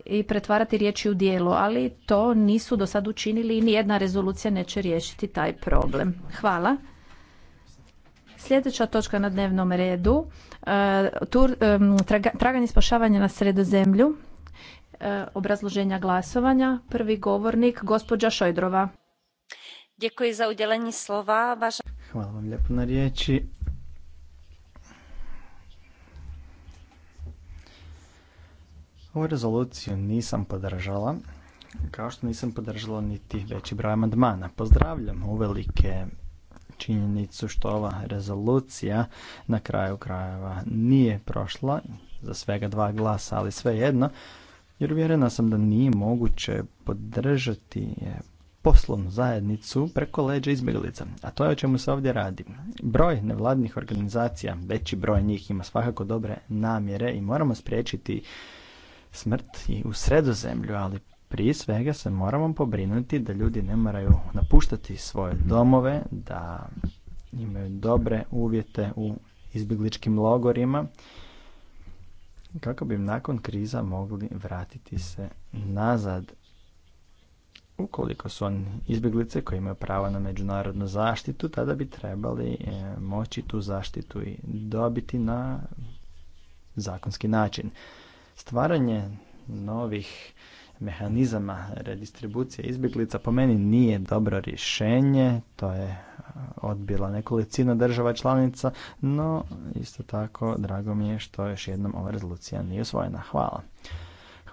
i pretvarati riječi u dijelo, ali to nisu do sad učinili i nijedna rezolucija neće riješiti taj problem. Hvala. Sljedeća točka na dnevnom redu, e, e, traganje spašavanja na sredozemlju, e, obrazloženja glasovanja, prvi govornik, gospođa Šojdrova. Děkuji za udělení slova. Hvala vam lijepo na riječi. Ovu rezoluciju nisam podržala, kao što nisam podržala niti veći broj amandmana. Pozdravljam uvelike činjenicu što ova rezolucija na kraju krajeva nije prošla za svega dva glasa, ali sve jedno, jer uvjerena sam da nije moguće podržati poslovnu zajednicu preko leđa izbjeglica. A to je o čemu se ovdje radi. Broj nevladnih organizacija, veći broj njih ima svakako dobre namjere i moramo spriječiti smrt i u sredozemlju, ali prije svega se moramo pobrinuti da ljudi ne moraju napuštati svoje domove, da imaju dobre uvjete u izbjegličkim logorima kako bi im nakon kriza mogli vratiti se nazad ukoliko su oni izbjeglice koji imaju pravo na međunarodnu zaštitu, tada bi trebali e, moći tu zaštitu i dobiti na zakonski način. Stvaranje novih mehanizama redistribucije izbjeglica po meni nije dobro rješenje, to je e, odbila nekolicina država članica, no isto tako drago mi je što još jednom ova rezolucija nije usvojena. Hvala.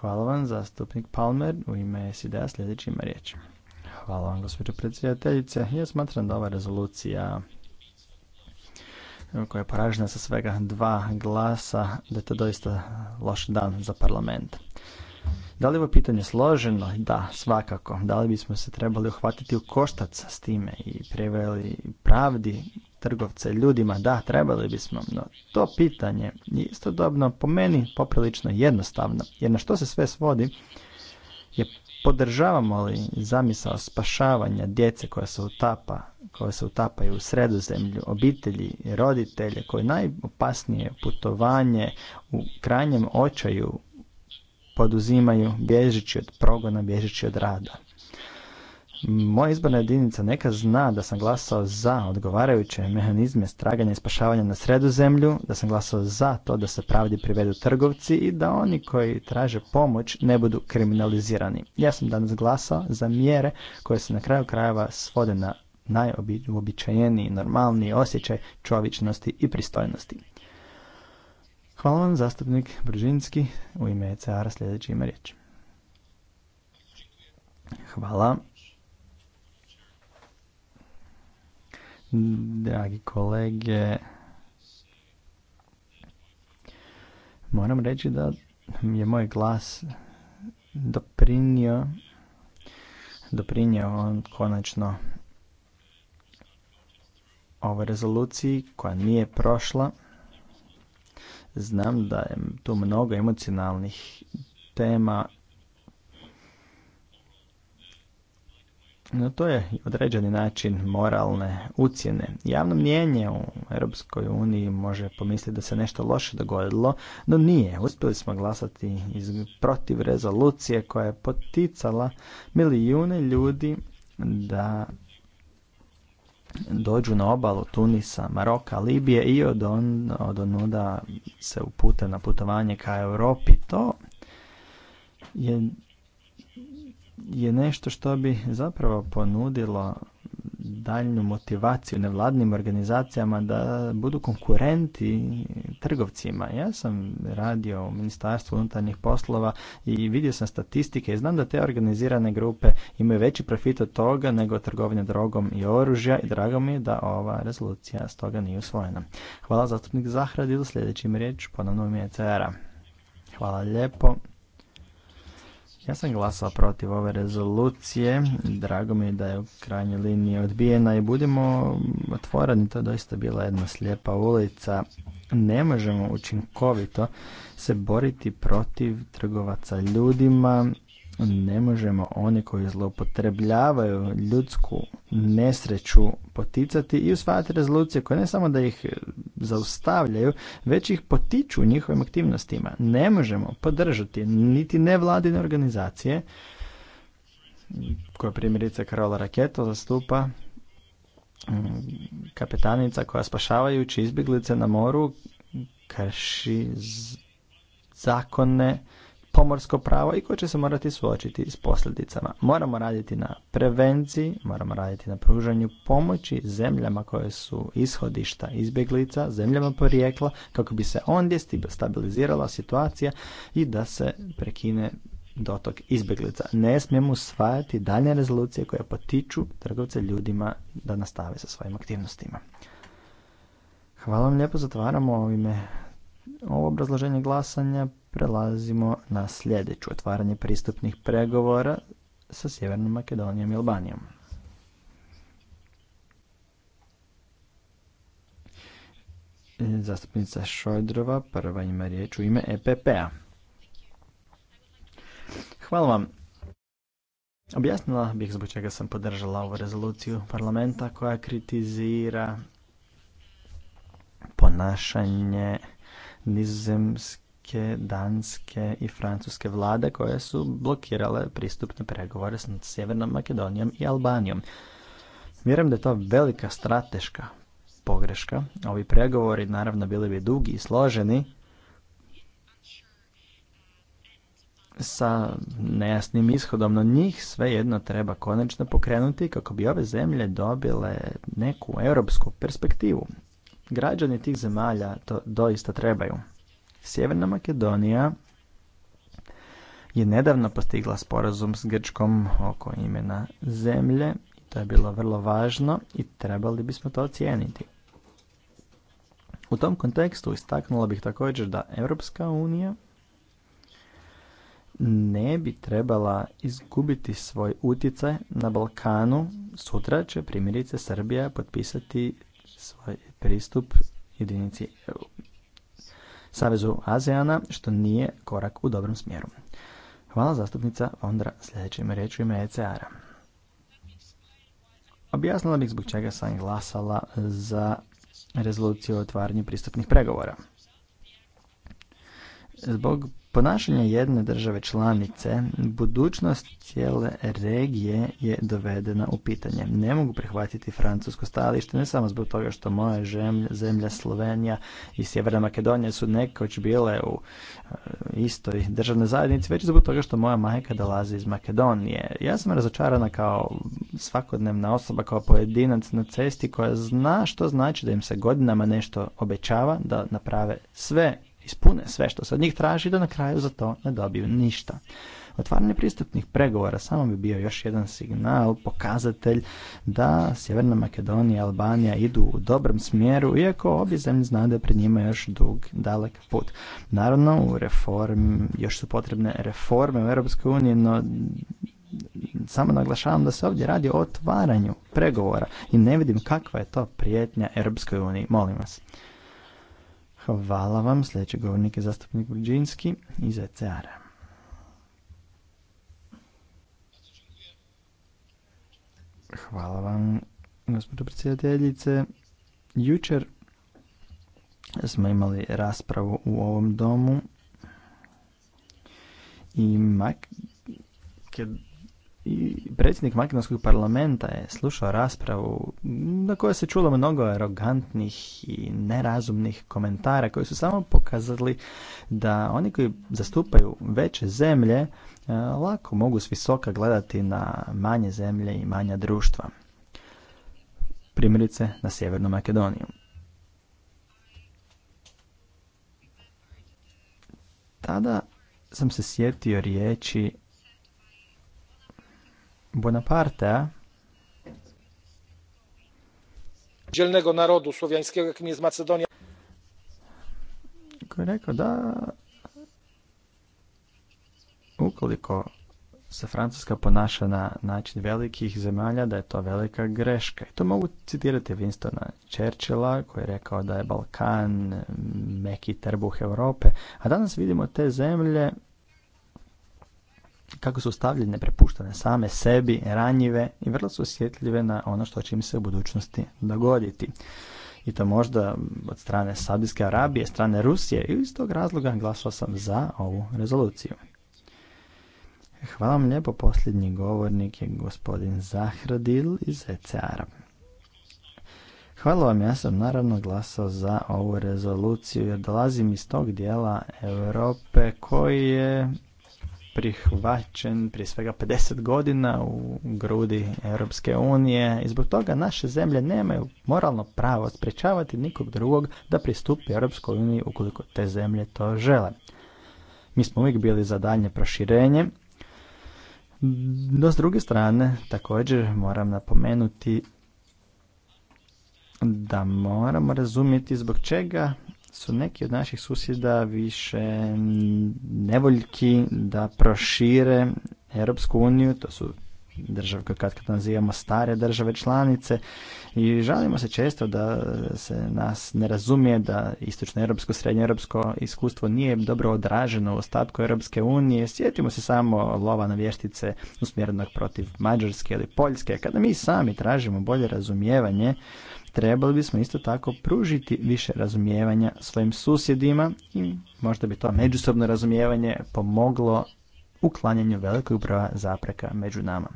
Hvala vam, zastupnik Palmer. U ime SID-a sljedeći ima riječ. Hvala vam, gospođo predsjedateljice. Ja smatram da ova rezolucija koja je poražena sa svega dva glasa, da je to doista loš dan za parlament. Da li je ovo pitanje složeno? Da, svakako. Da li bismo se trebali uhvatiti u koštac s time i preveli pravdi trgovce ljudima, da, trebali bismo, no to pitanje je istodobno po meni poprilično jednostavno, jer na što se sve svodi je podržavamo li zamisao spašavanja djece koja se utapa, koja se utapaju u sredozemlju, obitelji, roditelje, koji najopasnije putovanje u krajnjem očaju poduzimaju bježeći od progona, bježeći od rada. Moja izborna jedinica neka zna da sam glasao za odgovarajuće mehanizme straganja i spašavanja na sredu zemlju, da sam glasao za to da se pravdi privedu trgovci i da oni koji traže pomoć ne budu kriminalizirani. Ja sam danas glasao za mjere koje se na kraju krajeva svode na najobičajeniji, normalniji osjećaj čovječnosti i pristojnosti. Hvala vam, zastupnik Bržinski, u ime ECR sljedeći ima riječ. Hvala. Dragi kolege, moram reći da je moj glas doprinio doprinio on konačno ovoj rezoluciji koja nije prošla. Znam da je tu mnogo emocionalnih tema No to je određeni način moralne ucjene. Javno mnijenje u Europskoj uniji može pomisliti da se nešto loše dogodilo, no nije. Uspjeli smo glasati iz, protiv rezolucije koja je poticala milijune ljudi da dođu na obalu Tunisa, Maroka, Libije i od, on, od onuda se upute na putovanje ka Europi. To je je nešto što bi zapravo ponudilo daljnju motivaciju nevladnim organizacijama da budu konkurenti trgovcima. Ja sam radio u Ministarstvu unutarnjih poslova i vidio sam statistike i znam da te organizirane grupe imaju veći profit od toga nego trgovine drogom i oružja i drago mi je da ova rezolucija stoga nije usvojena. Hvala zastupnik Zahradi, do sljedećim riječ ponovno mi je Hvala lijepo. Ja sam glasao protiv ove rezolucije, drago mi je da je u krajnjoj liniji odbijena i budimo otvoreni, to je doista bila jedna slijepa ulica. Ne možemo učinkovito se boriti protiv trgovaca ljudima ne možemo one koji zloupotrebljavaju ljudsku nesreću poticati i usvajati rezolucije koje ne samo da ih zaustavljaju, već ih potiču u njihovim aktivnostima. Ne možemo podržati niti nevladine organizacije koje primjerice Karola Raketo zastupa mm, kapetanica koja spašavajući izbjeglice na moru krši zakone pomorsko pravo i koje će se morati suočiti s posljedicama. Moramo raditi na prevenciji, moramo raditi na pružanju pomoći zemljama koje su ishodišta izbjeglica, zemljama porijekla, kako bi se ondje stabilizirala situacija i da se prekine dotok izbjeglica. Ne smijemo usvajati dalje rezolucije koje potiču trgovce ljudima da nastave sa svojim aktivnostima. Hvala vam lijepo, zatvaramo ovime ovo obrazloženje glasanja prelazimo na sljedeću otvaranje pristupnih pregovora sa Sjevernom Makedonijom i Albanijom. Zastupnica Šojdrova prva ima riječ u ime EPP-a. Hvala vam. Objasnila bih zbog čega sam podržala ovu rezoluciju parlamenta koja kritizira ponašanje nizozemske, danske i francuske vlade koje su blokirale pristupne pregovore s Sjevernom Makedonijom i Albanijom. Vjerujem da je to velika strateška pogreška. Ovi pregovori naravno bili bi dugi i složeni sa nejasnim ishodom, no njih svejedno treba konačno pokrenuti kako bi ove zemlje dobile neku europsku perspektivu. Građani tih zemalja to doista trebaju. Sjeverna Makedonija je nedavno postigla sporazum s Grčkom oko imena zemlje i to je bilo vrlo važno i trebali bismo to ocijeniti. U tom kontekstu istaknula bih također da Europska unija ne bi trebala izgubiti svoj utjecaj na Balkanu. Sutra će primjerice Srbija potpisati svoj pristup jedinici e, Savezu AZEANA što nije korak u dobrom smjeru. Hvala zastupnica Vondra, sljedećim riječ ime ECR-a. E Objasnila bih zbog čega sam glasala za rezoluciju o otvaranju pristupnih pregovora. Zbog Ponašanje jedne države članice, budućnost cijele regije je dovedena u pitanje. Ne mogu prihvatiti francusko stajalište, ne samo zbog toga što moja zemlja Slovenija i Sjeverna Makedonija su nekoć bile u e, istoj državnoj zajednici, već zbog toga što moja majka dolazi iz Makedonije. Ja sam razočarana kao svakodnevna osoba, kao pojedinac na cesti koja zna što znači da im se godinama nešto obećava, da naprave sve ispune sve što se od njih traži da na kraju za to ne dobiju ništa. Otvaranje pristupnih pregovora samo bi bio još jedan signal, pokazatelj da Sjeverna Makedonija i Albanija idu u dobrom smjeru, iako obje zemlje znaju da je pred njima još dug, dalek put. Naravno, u reform, još su potrebne reforme u EU, no samo naglašavam da se ovdje radi o otvaranju pregovora i ne vidim kakva je to prijetnja Europskoj uniji. Molim vas. Hvala vam. Sljedeći govornik je zastupnik Uđinski iz ECR-a. Hvala vam, gospođo predsjedateljice. Jučer smo imali raspravu u ovom domu i Makedonija i predsjednik Makedonskog parlamenta je slušao raspravu na kojoj se čulo mnogo arogantnih i nerazumnih komentara koji su samo pokazali da oni koji zastupaju veće zemlje e, lako mogu s visoka gledati na manje zemlje i manja društva. Primjerice na Sjevernu Makedoniju. Tada sam se sjetio riječi Bonaparte, dzielnego narodu słowiańskiego, jakim jest Macedonia. Koji je rekao da ukoliko se Francuska ponaša na način velikih zemalja, da je to velika greška. I to mogu citirati Winstona Churchilla koji je rekao da je Balkan meki trbuh Europe. A danas vidimo te zemlje kako su stavljene, prepuštene same sebi, ranjive i vrlo su osjetljive na ono što će im se u budućnosti dogoditi. I to možda od strane Saudijske Arabije, strane Rusije i iz tog razloga glasao sam za ovu rezoluciju. Hvala vam lijepo, posljednji govornik je gospodin Zahradil iz ECR-a. Hvala vam, ja sam naravno glasao za ovu rezoluciju jer dolazim iz tog dijela Europe koji je prihvaćen prije svega 50 godina u grudi Europske unije i zbog toga naše zemlje nemaju moralno pravo sprečavati nikog drugog da pristupi Europskoj uniji ukoliko te zemlje to žele. Mi smo uvijek bili za daljnje proširenje, no s druge strane također moram napomenuti da moramo razumjeti zbog čega su neki od naših susjeda više nevoljki da prošire Europsku uniju, to su države koje kad kad nazivamo stare države članice i žalimo se često da se nas ne razumije da istočno europsko, srednje europsko iskustvo nije dobro odraženo u ostatku Europske unije. Sjetimo se samo lova na vještice usmjerenog protiv Mađarske ili Poljske. Kada mi sami tražimo bolje razumijevanje trebali bismo isto tako pružiti više razumijevanja svojim susjedima i možda bi to međusobno razumijevanje pomoglo uklanjanju velikog broja zapreka među nama.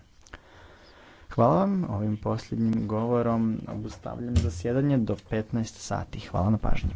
Hvala vam. Ovim posljednjim govorom obustavljam zasjedanje do 15 sati. Hvala na pažnji.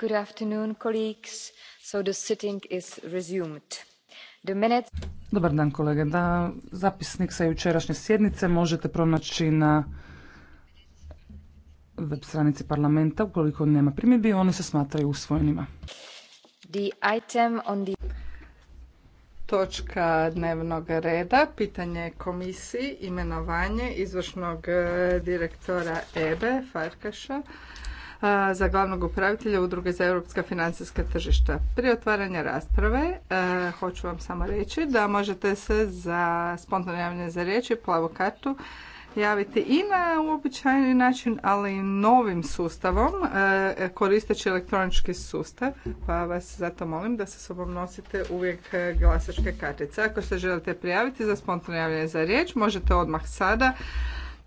Good afternoon, colleagues. So the sitting Dobar dan kolege. Da, zapisnik sa jučerašnje sjednice možete pronaći na web stranici parlamenta. Ukoliko nema primjedbi, oni se smatraju usvojenima. The item on the... Točka dnevnog reda, pitanje komisiji, imenovanje izvršnog eh, direktora EBE, Farkaša, za glavnog upravitelja Udruge za europska financijska tržišta. Prije otvaranja rasprave hoću vam samo reći da možete se za spontano javljanje za riječ i plavu kartu javiti i na uobičajeni način, ali i novim sustavom, koristeći elektronički sustav, pa vas zato molim da se sobom nosite uvijek glasačke kartice. Ako se želite prijaviti za spontano javljanje za riječ, možete odmah sada,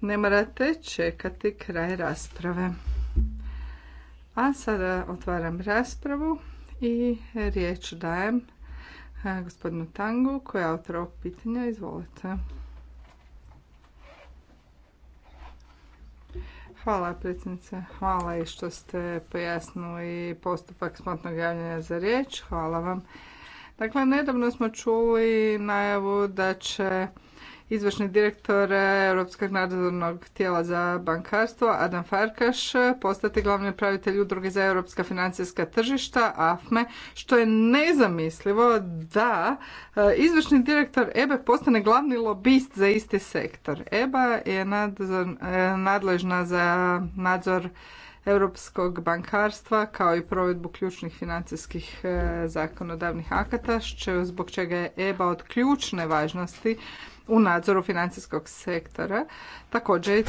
ne morate čekati kraj rasprave. A sada otvaram raspravu i riječ dajem e, gospodinu Tangu koji je autor ovog pitanja. Izvolite. Hvala predsjednice, hvala i što ste pojasnili postupak smotnog javljanja za riječ. Hvala vam. Dakle, nedavno smo čuli najavu da će izvršni direktor e, Europskog nadzornog tijela za bankarstvo Adam Farkaš postati glavni upravitelj udruge za europska financijska tržišta AFME, što je nezamislivo da e, izvršni direktor EBA e postane glavni lobist za isti sektor. EBA je nadležna za nadzor europskog bankarstva kao i provedbu ključnih financijskih zakonodavnih akata, zbog čega je EBA od ključne važnosti u nadzoru financijskog sektora, također e,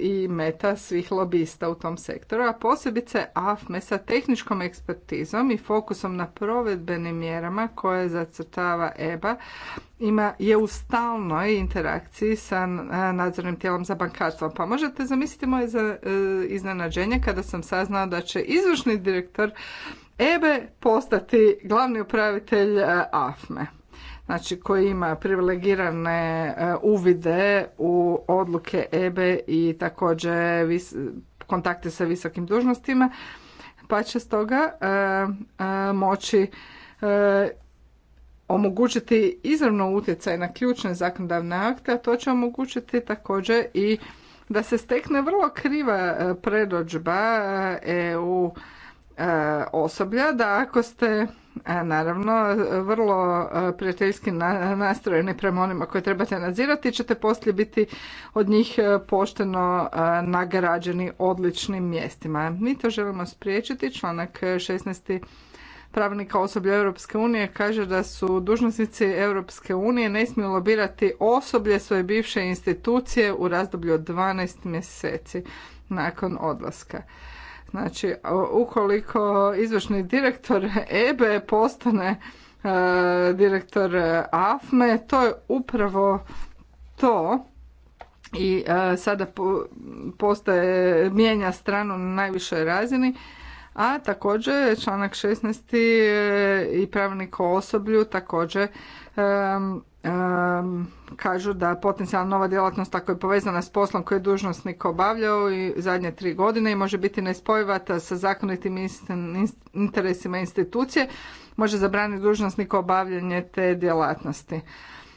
i meta svih lobista u tom sektoru, a posebice AFME sa tehničkom ekspertizom i fokusom na provedbenim mjerama koje zacrtava EBA ima, je u stalnoj interakciji sa e, nadzornim tijelom za bankarstvo. Pa možete zamisliti moje e, iznenađenje kada sam saznao da će izvršni direktor EBE postati glavni upravitelj AFME znači koji ima privilegirane e, uvide u odluke EBE i također kontakte sa visokim dužnostima, pa će stoga e, e, moći omogućiti izravno utjecaj na ključne zakonodavne akte, a to će omogućiti također i da se stekne vrlo kriva predođba EU E, osoblja da ako ste e, naravno vrlo e, prijateljski nastrojeni prema onima koje trebate nadzirati ćete poslije biti od njih pošteno nagrađeni odličnim mjestima. Mi to želimo spriječiti. Članak 16. Pravnika osoblja Europske unije kaže da su dužnosnici Europske unije ne smiju lobirati osoblje svoje bivše institucije u razdoblju od 12 mjeseci nakon odlaska. Znači, ukoliko izvršni direktor EBE e postane e, direktor AFME, to je upravo to i e, sada postaje, mijenja stranu na najvišoj razini, a također članak 16. i pravnik o osoblju također kažu da potencijalna nova djelatnost ako je povezana s poslom koji je dužnosnik obavljao i zadnje tri godine i može biti nespojivata sa zakonitim interesima institucije, može zabraniti dužnosniku obavljanje te djelatnosti.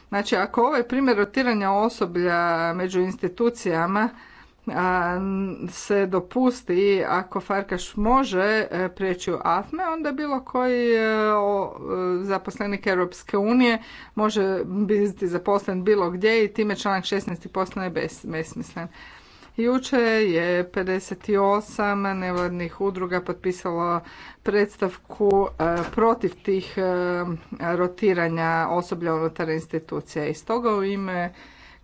Znači, ako ovaj primjer rotiranja osoblja među institucijama se dopusti ako Farkaš može e, prijeći u AFME, onda bilo koji e, e, zaposlenik Europske unije može biti zaposlen bilo gdje i time članak 16. postane besmislen. Juče je 58 nevladnih udruga potpisalo predstavku protiv tih rotiranja osoblja unutar institucija i stoga u ime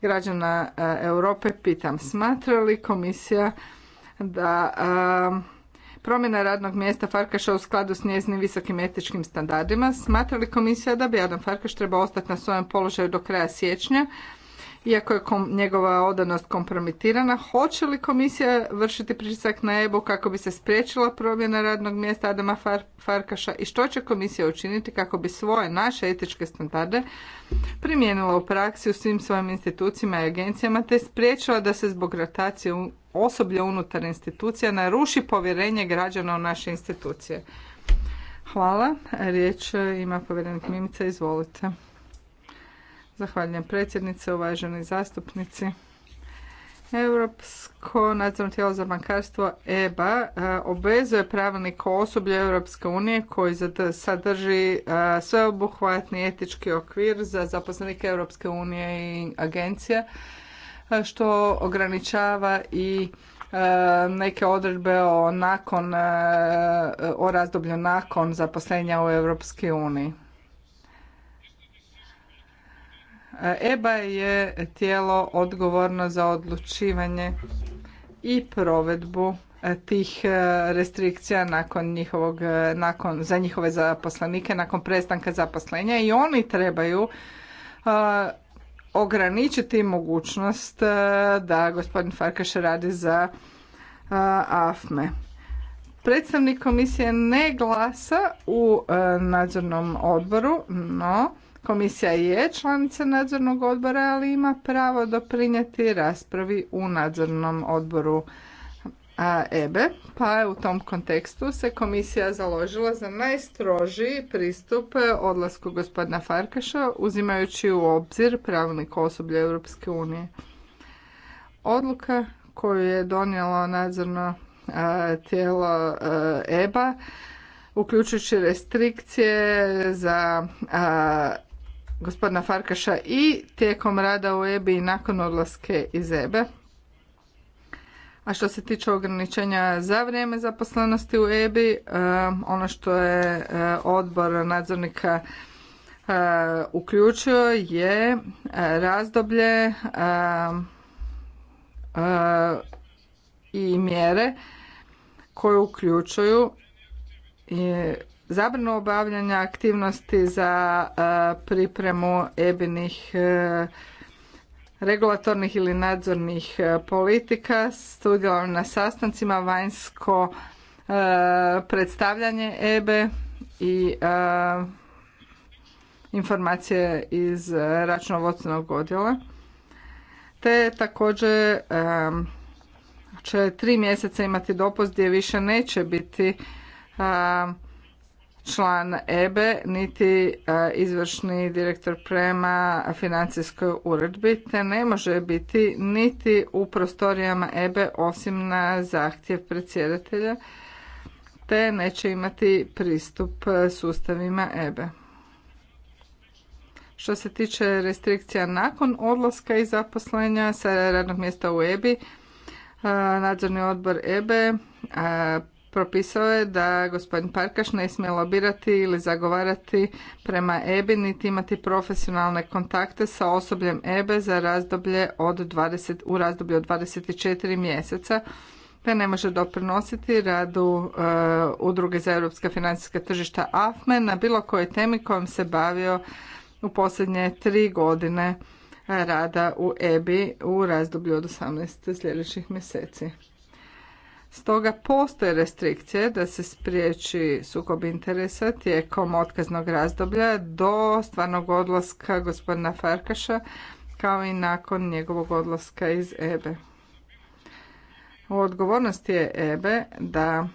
građana e, Europe pitam smatra li komisija da e, promjena radnog mjesta Farkaša u skladu s njezinim visokim etičkim standardima smatra li komisija da bi Adam Farkaš trebao ostati na svojem položaju do kraja siječnja iako je njegova odanost kompromitirana, hoće li komisija vršiti pritisak na EBU kako bi se spriječila promjena radnog mjesta Adama Farkaša i što će komisija učiniti kako bi svoje naše etičke standarde primijenila u praksi u svim svojim institucijama i agencijama te spriječila da se zbog rotacije osoblja unutar institucija naruši povjerenje građana u naše institucije. Hvala. Riječ ima povjerenik Mimica. Izvolite. Zahvaljujem predsjednice, uvaženi zastupnici. Europsko nadzorno tijelo za bankarstvo EBA eh, obvezuje pravilnik o osoblju Europske unije koji sadrži eh, sveobuhvatni etički okvir za zaposlenike Europske unije i agencije eh, što ograničava i neke odredbe o nakon o razdoblju nakon zaposlenja u Europskoj uniji. EBA je tijelo odgovorno za odlučivanje i provedbu e, tih e, restrikcija nakon njihovog, e, nakon, za njihove zaposlenike, nakon prestanka zaposlenja i oni trebaju ograničiti mogućnost da gospodin Farkaš radi za AFME. Predstavnik komisije ne glasa u nadzornom odboru, no Komisija je članica nadzornog odbora, ali ima pravo doprinijeti raspravi u nadzornom odboru EBE, e. pa je u tom kontekstu se komisija založila za najstrožiji pristup odlasku gospodina Farkaša, uzimajući u obzir pravilnik osoblja Europske unije. Odluka koju je donijelo nadzorno tijelo EBA, e uključujući restrikcije za gospodina Farkaša i tijekom rada u EBI i nakon odlaske iz EBE. A što se tiče ograničenja za vrijeme zaposlenosti u EBI, e, ono što je e, odbor nadzornika e, uključio je razdoblje i mjere koje uključuju zabranu obavljanja aktivnosti za e, pripremu ebinih e, regulatornih ili nadzornih e, politika, sudjelovanje na sastancima, vanjsko predstavljanje EBE i informacije iz računovodstvenog odjela. Te također će tri mjeseca imati dopust gdje više neće biti član EBE niti e, izvršni direktor prema financijskoj uredbi te ne može biti niti u prostorijama EBE osim na zahtjev predsjedatelja te neće imati pristup sustavima EBE. Što se tiče restrikcija nakon odlaska i zaposlenja sa radnog mjesta u EBI, e, nadzorni odbor EBE propisao je da gospodin Parkaš ne smije lobirati ili zagovarati prema EBI niti imati profesionalne kontakte sa osobljem EBE za razdoblje od 20, u razdoblju od 24 mjeseca te ne može doprinositi radu e, udruge za europska financijska tržišta AFME na bilo kojoj temi kojom se bavio u posljednje tri godine e, rada u EBI u razdoblju od 18 sljedećih mjeseci. Stoga postoje restrikcije da se spriječi sukob interesa tijekom otkaznog razdoblja do stvarnog odlaska gospodina Farkaša kao i nakon njegovog odlaska iz EBE. U odgovornosti je EBE da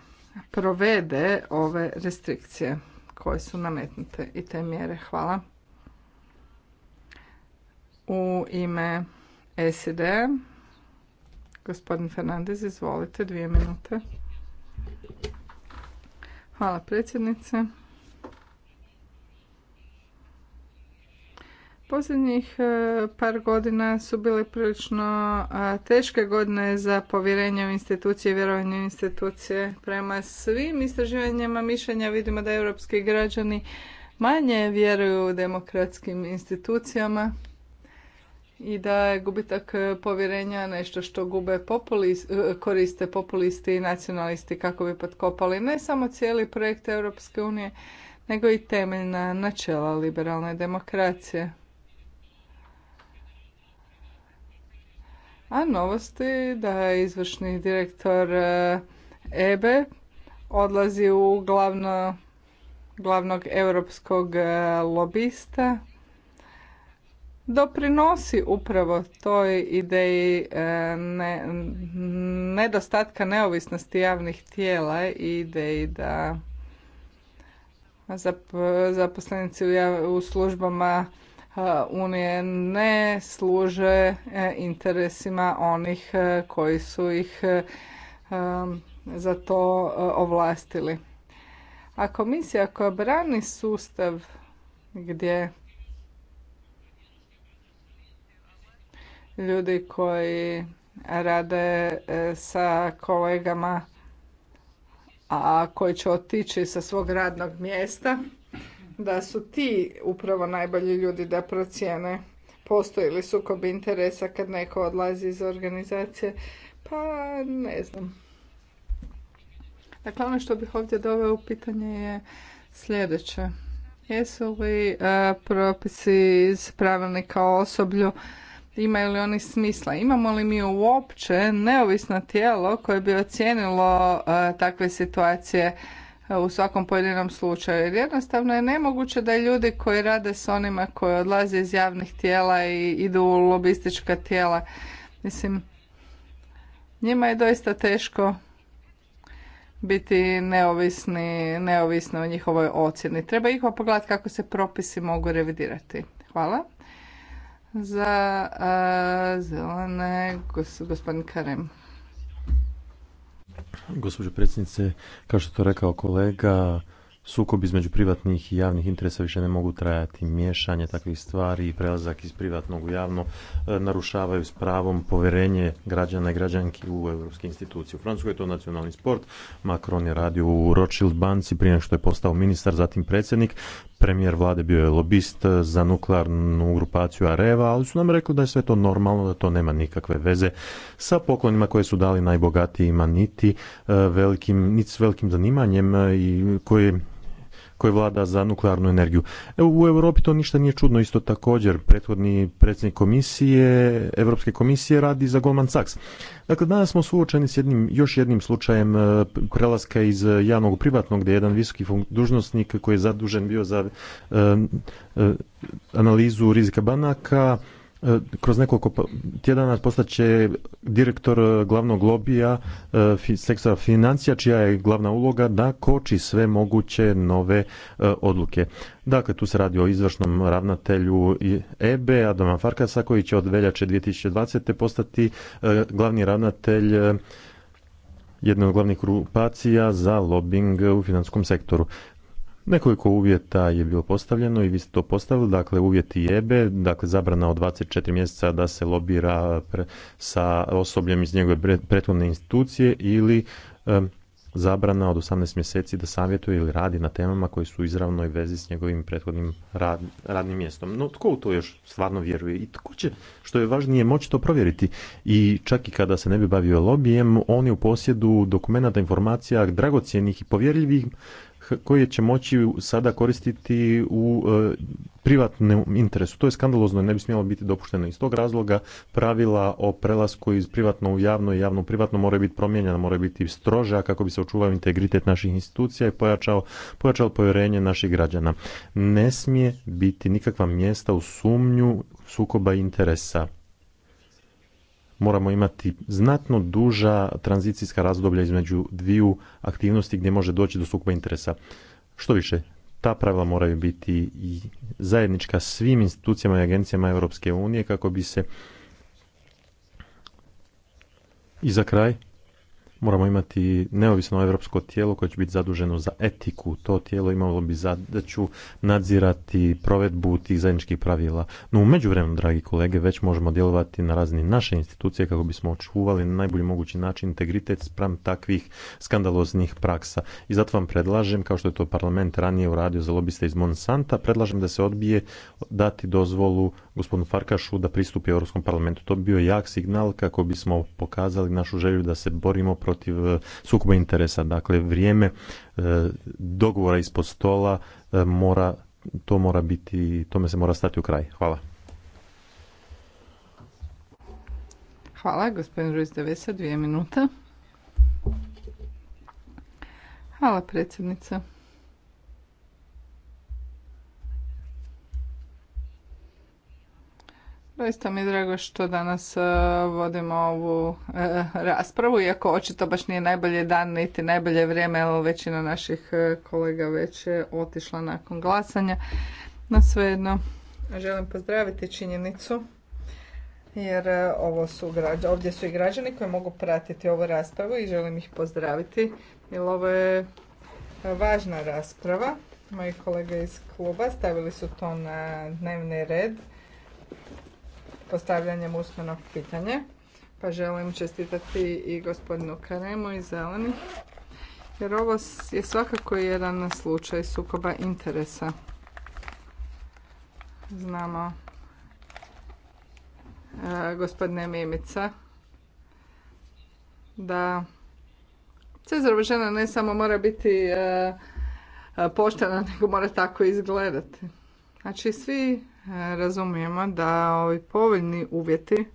provede ove restrikcije koje su nametnute i te mjere. Hvala. U ime SID Gospodin Fernandez, izvolite, dvije minute. Hvala predsjednice. Posljednjih e, par godina su bile prilično e, teške godine za povjerenje u institucije i vjerovanje u institucije. Prema svim istraživanjima mišljenja vidimo da europski građani manje vjeruju u demokratskim institucijama i da je gubitak e, povjerenja nešto što gube populist, e, koriste populisti i nacionalisti kako bi potkopali ne samo cijeli projekt Europske unije, nego i temeljna načela liberalne demokracije. A novosti da je izvršni direktor e, EBE odlazi u glavnog europskog lobista doprinosi upravo toj ideji e, nedostatka neovisnosti javnih tijela i ideji da zaposlenici u službama e, Unije ne služe e, interesima onih koji su ih za to ovlastili. A komisija koja brani sustav gdje ljudi koji rade e, sa kolegama a koji će otići sa svog radnog mjesta, da su ti upravo najbolji ljudi da procijene postoji li sukob interesa kad neko odlazi iz organizacije, pa ne znam. Dakle, ono što bih ovdje doveo u pitanje je sljedeće. Jesu li e, propisi iz pravilnika o osoblju imaju li oni smisla. Imamo li mi uopće neovisno tijelo koje bi ocijenilo e, takve situacije e, u svakom pojedinom slučaju. Jer jednostavno je nemoguće da ljudi koji rade s onima koji odlaze iz javnih tijela i idu u lobistička tijela, mislim, njima je doista teško biti neovisni, neovisni o njihovoj ocjeni. Treba ih pogledati kako se propisi mogu revidirati. Hvala. Za zelene gospodin Karem. Gospođo predsjednice, kao što je to rekao kolega, sukob između privatnih i javnih interesa više ne mogu trajati. Miješanje takvih stvari i prelazak iz privatnog u javno e, narušavaju s pravom poverenje građana i građanki u europske institucije. U Francuskoj je to nacionalni sport. Macron je radio u Rothschild banci prije što je postao ministar, zatim predsjednik premijer vlade bio je lobist za nuklearnu grupaciju Areva, ali su nam rekli da je sve to normalno, da to nema nikakve veze sa poklonima koje su dali najbogatijima niti eh, velikim, niti s velikim zanimanjem eh, i koje koji vlada za nuklearnu energiju. U Europi to ništa nije čudno, isto također prethodni predsjednik komisije, Europske komisije radi za Goldman Sachs. Dakle, danas smo suočeni s jednim, još jednim slučajem e, prelaska iz javnog privatnog, gdje je jedan visoki dužnosnik koji je zadužen bio za e, e, analizu rizika banaka, E, kroz nekoliko pa- tjedana će direktor e, glavnog lobija e, sektora financija, čija je glavna uloga da koči sve moguće nove odluke. Dakle, tu se radi o izvršnom ravnatelju EB, Adama Farkasa, koji će od veljače 2020. postati glavni ravnatelj jedne od glavnih grupacija za lobbying u financijskom sektoru. Nekoliko uvjeta je bilo postavljeno i vi ste to postavili, dakle uvjeti jebe, dakle zabrana od 24 mjeseca da se lobira sa osobljem iz njegove prethodne institucije ili zabrana od 18 mjeseci da savjetuje ili radi na temama koji su u izravnoj vezi s njegovim prethodnim radnim mjestom. No tko u to još stvarno vjeruje i tko će, što je važnije, moći to provjeriti. I čak i kada se ne bi bavio lobijem, on je u posjedu dokumenata, informacija, dragocjenih i povjerljivih koje će moći sada koristiti u e, privatnom interesu. To je skandalozno i ne bi smjelo biti dopušteno. Iz tog razloga pravila o prelasku iz privatno u javno i javno u privatno moraju biti promijenjena, moraju biti stroža kako bi se očuvao integritet naših institucija i pojačao, pojačalo povjerenje naših građana. Ne smije biti nikakva mjesta u sumnju sukoba interesa moramo imati znatno duža tranzicijska razdoblja između dviju aktivnosti gdje može doći do sukoba interesa. Što više, ta pravila moraju biti i zajednička svim institucijama i agencijama Europske unije kako bi se i za kraj moramo imati neovisno europsko tijelo koje će biti zaduženo za etiku. To tijelo imalo bi zadaću nadzirati provedbu tih zajedničkih pravila. No u međuvremenu, dragi kolege, već možemo djelovati na razini naše institucije kako bismo očuvali na najbolji mogući način integritet spram takvih skandaloznih praksa. I zato vam predlažem, kao što je to parlament ranije uradio za lobiste iz Monsanta, predlažem da se odbije dati dozvolu gospodinu Farkašu da pristupi Europskom parlamentu. To bi bio jak signal kako bismo pokazali našu želju da se borimo protiv e, sukoba interesa. Dakle, vrijeme e, dogovora ispod stola e, mora, to mora biti, tome se mora stati u kraj. Hvala. Hvala, gospodin Ruiz Devesa, dvije minuta. Hvala, predsjednica. Doista mi je drago što danas e, vodimo ovu e, raspravu, iako očito baš nije najbolje dan niti najbolje vrijeme, ali većina naših e, kolega već je otišla nakon glasanja. No svejedno, želim pozdraviti činjenicu jer ovo su, ovdje su i građani koji mogu pratiti ovu raspravu i želim ih pozdraviti jer ovo je važna rasprava. Moji kolege iz kluba stavili su to na dnevni red postavljanjem usmenog pitanja. Pa želim čestitati i gospodinu Karemu i Zeleni. Jer ovo je svakako jedan slučaj sukoba interesa. Znamo e, gospodine Mimica da Cezarova žena ne samo mora biti e, poštena, nego mora tako izgledati. Znači svi razumijemo da ovi povoljni uvjeti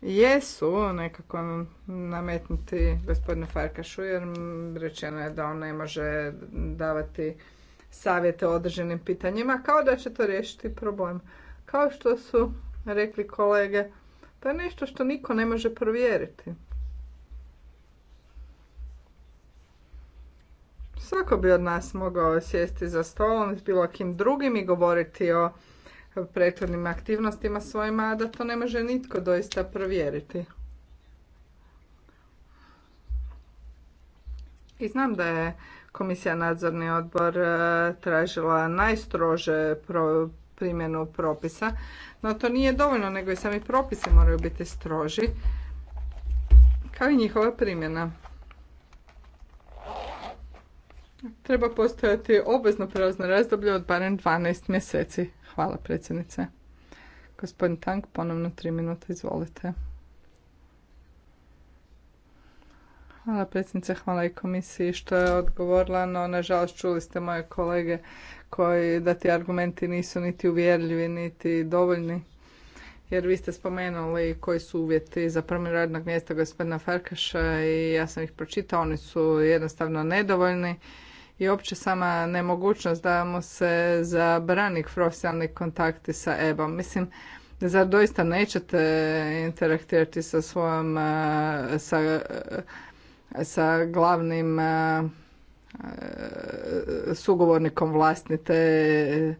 jesu nekako nametnuti gospodinu Farkašu jer rečeno je da on ne može davati savjete o određenim pitanjima kao da će to riješiti problem. Kao što su rekli kolege, to je nešto što niko ne može provjeriti. Svako bi od nas mogao sjesti za stolom s bilo kim drugim i govoriti o prethodnim aktivnostima svojima, a da to ne može nitko doista provjeriti. I znam da je Komisija nadzorni odbor e, tražila najstrože primjenu propisa, no to nije dovoljno, nego i sami propisi moraju biti stroži, kao i njihova primjena treba postojati obvezno prelazno razdoblje od barem 12 mjeseci. Hvala predsjednice. Gospodin Tank, ponovno tri minute, izvolite. Hvala predsjednice, hvala i komisiji što je odgovorila, no nažalost čuli ste moje kolege koji da ti argumenti nisu niti uvjerljivi, niti dovoljni. Jer vi ste spomenuli koji su uvjeti za promjenu radnog mjesta gospodina Farkaša i ja sam ih pročitao, oni su jednostavno nedovoljni i opće sama nemogućnost da mu se zabrani profesionalni kontakti sa eba Mislim, zar doista nećete interaktirati sa svojom, e, sa, e, sa glavnim e, sugovornikom vlastnite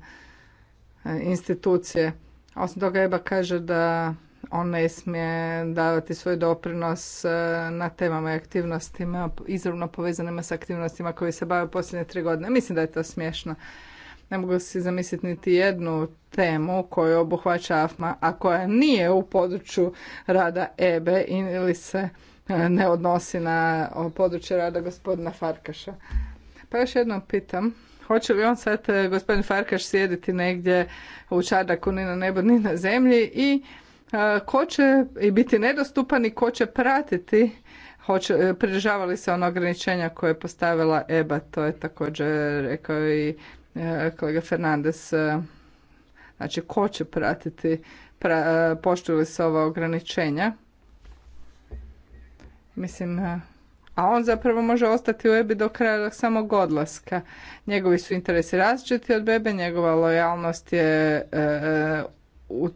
institucije. Osim toga, EBA kaže da on ne smije davati svoj doprinos e, na temama i aktivnostima izravno povezanima sa aktivnostima koje se bave posljednje tri godine. Mislim da je to smiješno. Ne mogu si zamisliti niti jednu temu koju obuhvaća AFMA, a koja nije u području rada EBE e ili se e, ne odnosi na područje rada gospodina Farkaša. Pa još jednom pitam, hoće li on sad, gospodin Farkaš, sjediti negdje u čardaku ni na nebu ni na zemlji i ko će biti nedostupan i ko će pratiti hoće, e, se ono ograničenja koje je postavila EBA, to je također rekao i e, kolega Fernandez, e, znači ko će pratiti, pra, poštuju se ova ograničenja. Mislim, a on zapravo može ostati u EBI do kraja samog odlaska. Njegovi su interesi različiti od bebe, njegova lojalnost je u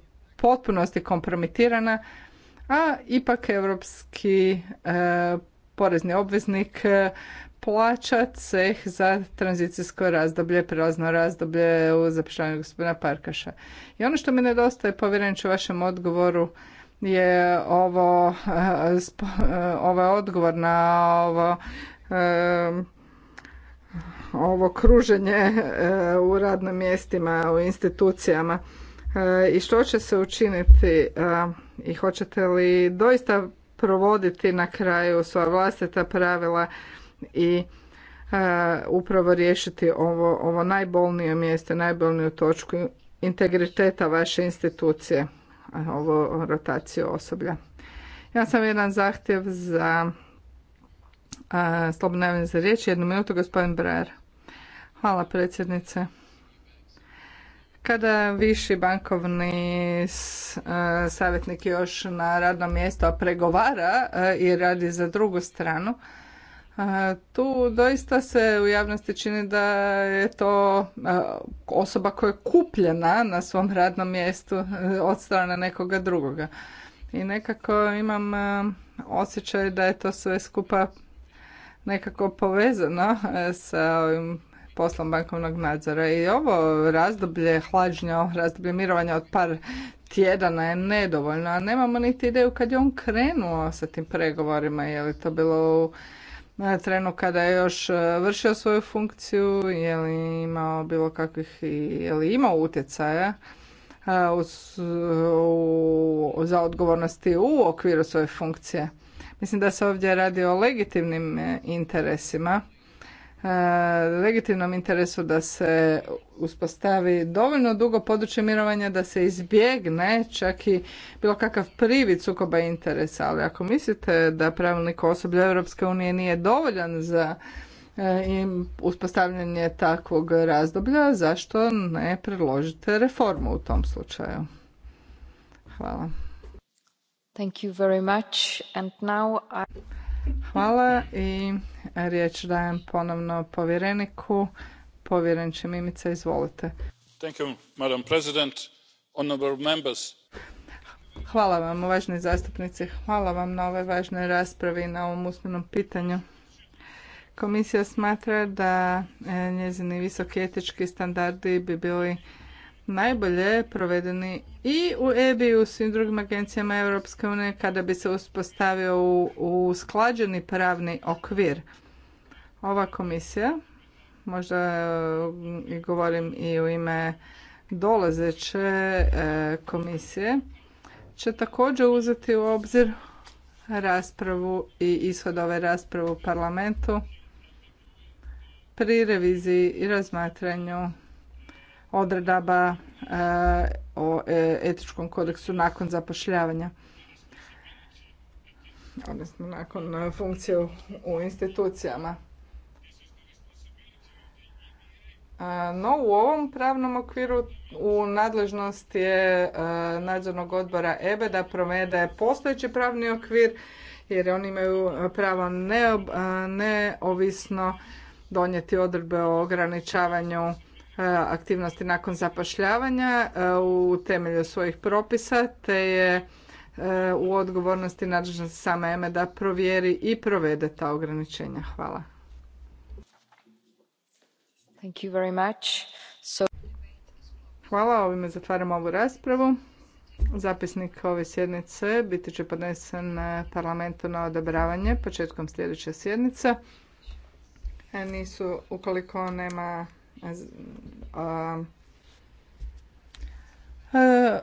potpunosti kompromitirana, a ipak europski e, porezni obveznik e, plaća ceh za tranzicijsko razdoblje, prelazno razdoblje u zapišanju gospodina Parkaša. I ono što mi nedostaje, povjereniče, u vašem odgovoru je ovo, ovaj odgovor na ovo ovo kruženje u radnim mjestima, u institucijama. E, i što će se učiniti e, i hoćete li doista provoditi na kraju svoja vlastita pravila i e, upravo riješiti ovo, ovo najbolnije mjesto, najbolniju točku integriteta vaše institucije, ovo rotaciju osoblja. Ja sam jedan zahtjev za slobodno za riječ. Jednu minutu, gospodin Brajer. Hvala predsjednice. Kada viši bankovni e, savjetnik još na radnom mjestu pregovara e, i radi za drugu stranu, e, tu doista se u javnosti čini da je to osoba koja je kupljena na svom radnom mjestu od strane nekoga drugoga. I nekako imam osjećaj da je to sve skupa nekako povezano sa ovim poslom bankovnog nadzora. I ovo razdoblje hlađenja, razdoblje mirovanja od par tjedana je nedovoljno, a nemamo niti ideju kad je on krenuo sa tim pregovorima. Je li to bilo u trenu kada je još e, vršio svoju funkciju, je li imao bilo kakvih, je li imao utjecaja e, za odgovornosti u okviru svoje funkcije. Mislim da se ovdje radi o legitimnim e, interesima E, legitimnom interesu da se uspostavi dovoljno dugo područje mirovanja da se izbjegne čak i bilo kakav privid sukoba interesa. Ali ako mislite da pravilnik osoblja Europske unije nije dovoljan za e, i uspostavljanje takvog razdoblja, zašto ne predložite reformu u tom slučaju? Hvala. Thank you very much. And now I... Hvala i riječ dajem ponovno povjereniku. Povjerenče Mimica, izvolite. Thank you, Madam President, honorable members. Hvala vam, uvaženi zastupnici. Hvala vam na ovoj važnoj raspravi i na ovom usmenom pitanju. Komisija smatra da e, njezini visoki etički standardi bi bili najbolje provedeni i u EBI i u svim drugim agencijama Europske unije kada bi se uspostavio u usklađeni pravni okvir. Ova komisija, možda e, i govorim i u ime dolazeće e, komisije, će također uzeti u obzir raspravu i ishod ove rasprave u parlamentu pri reviziji i razmatranju odredaba e, o e, etičkom kodeksu nakon zapošljavanja odnosno nakon e, funkcije u institucijama. No u ovom pravnom okviru u nadležnost je nadzornog odbora EBE da provede postojeći pravni okvir jer oni imaju pravo neovisno donijeti odredbe o ograničavanju E, aktivnosti nakon zapošljavanja e, u temelju svojih propisa te je e, u odgovornosti nadležna sama EME da provjeri i provede ta ograničenja. Hvala. Thank you very much. Hvala, ovime zatvaramo ovu raspravu. Zapisnik ove sjednice biti će podnesen parlamentu na odobravanje početkom sljedeće sjednice. Nisu, ukoliko nema E,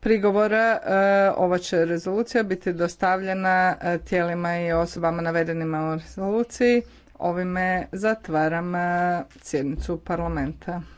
prigovora e, ova će rezolucija biti dostavljena e, tijelima i osobama navedenima u rezoluciji. Ovime zatvaram sjednicu parlamenta.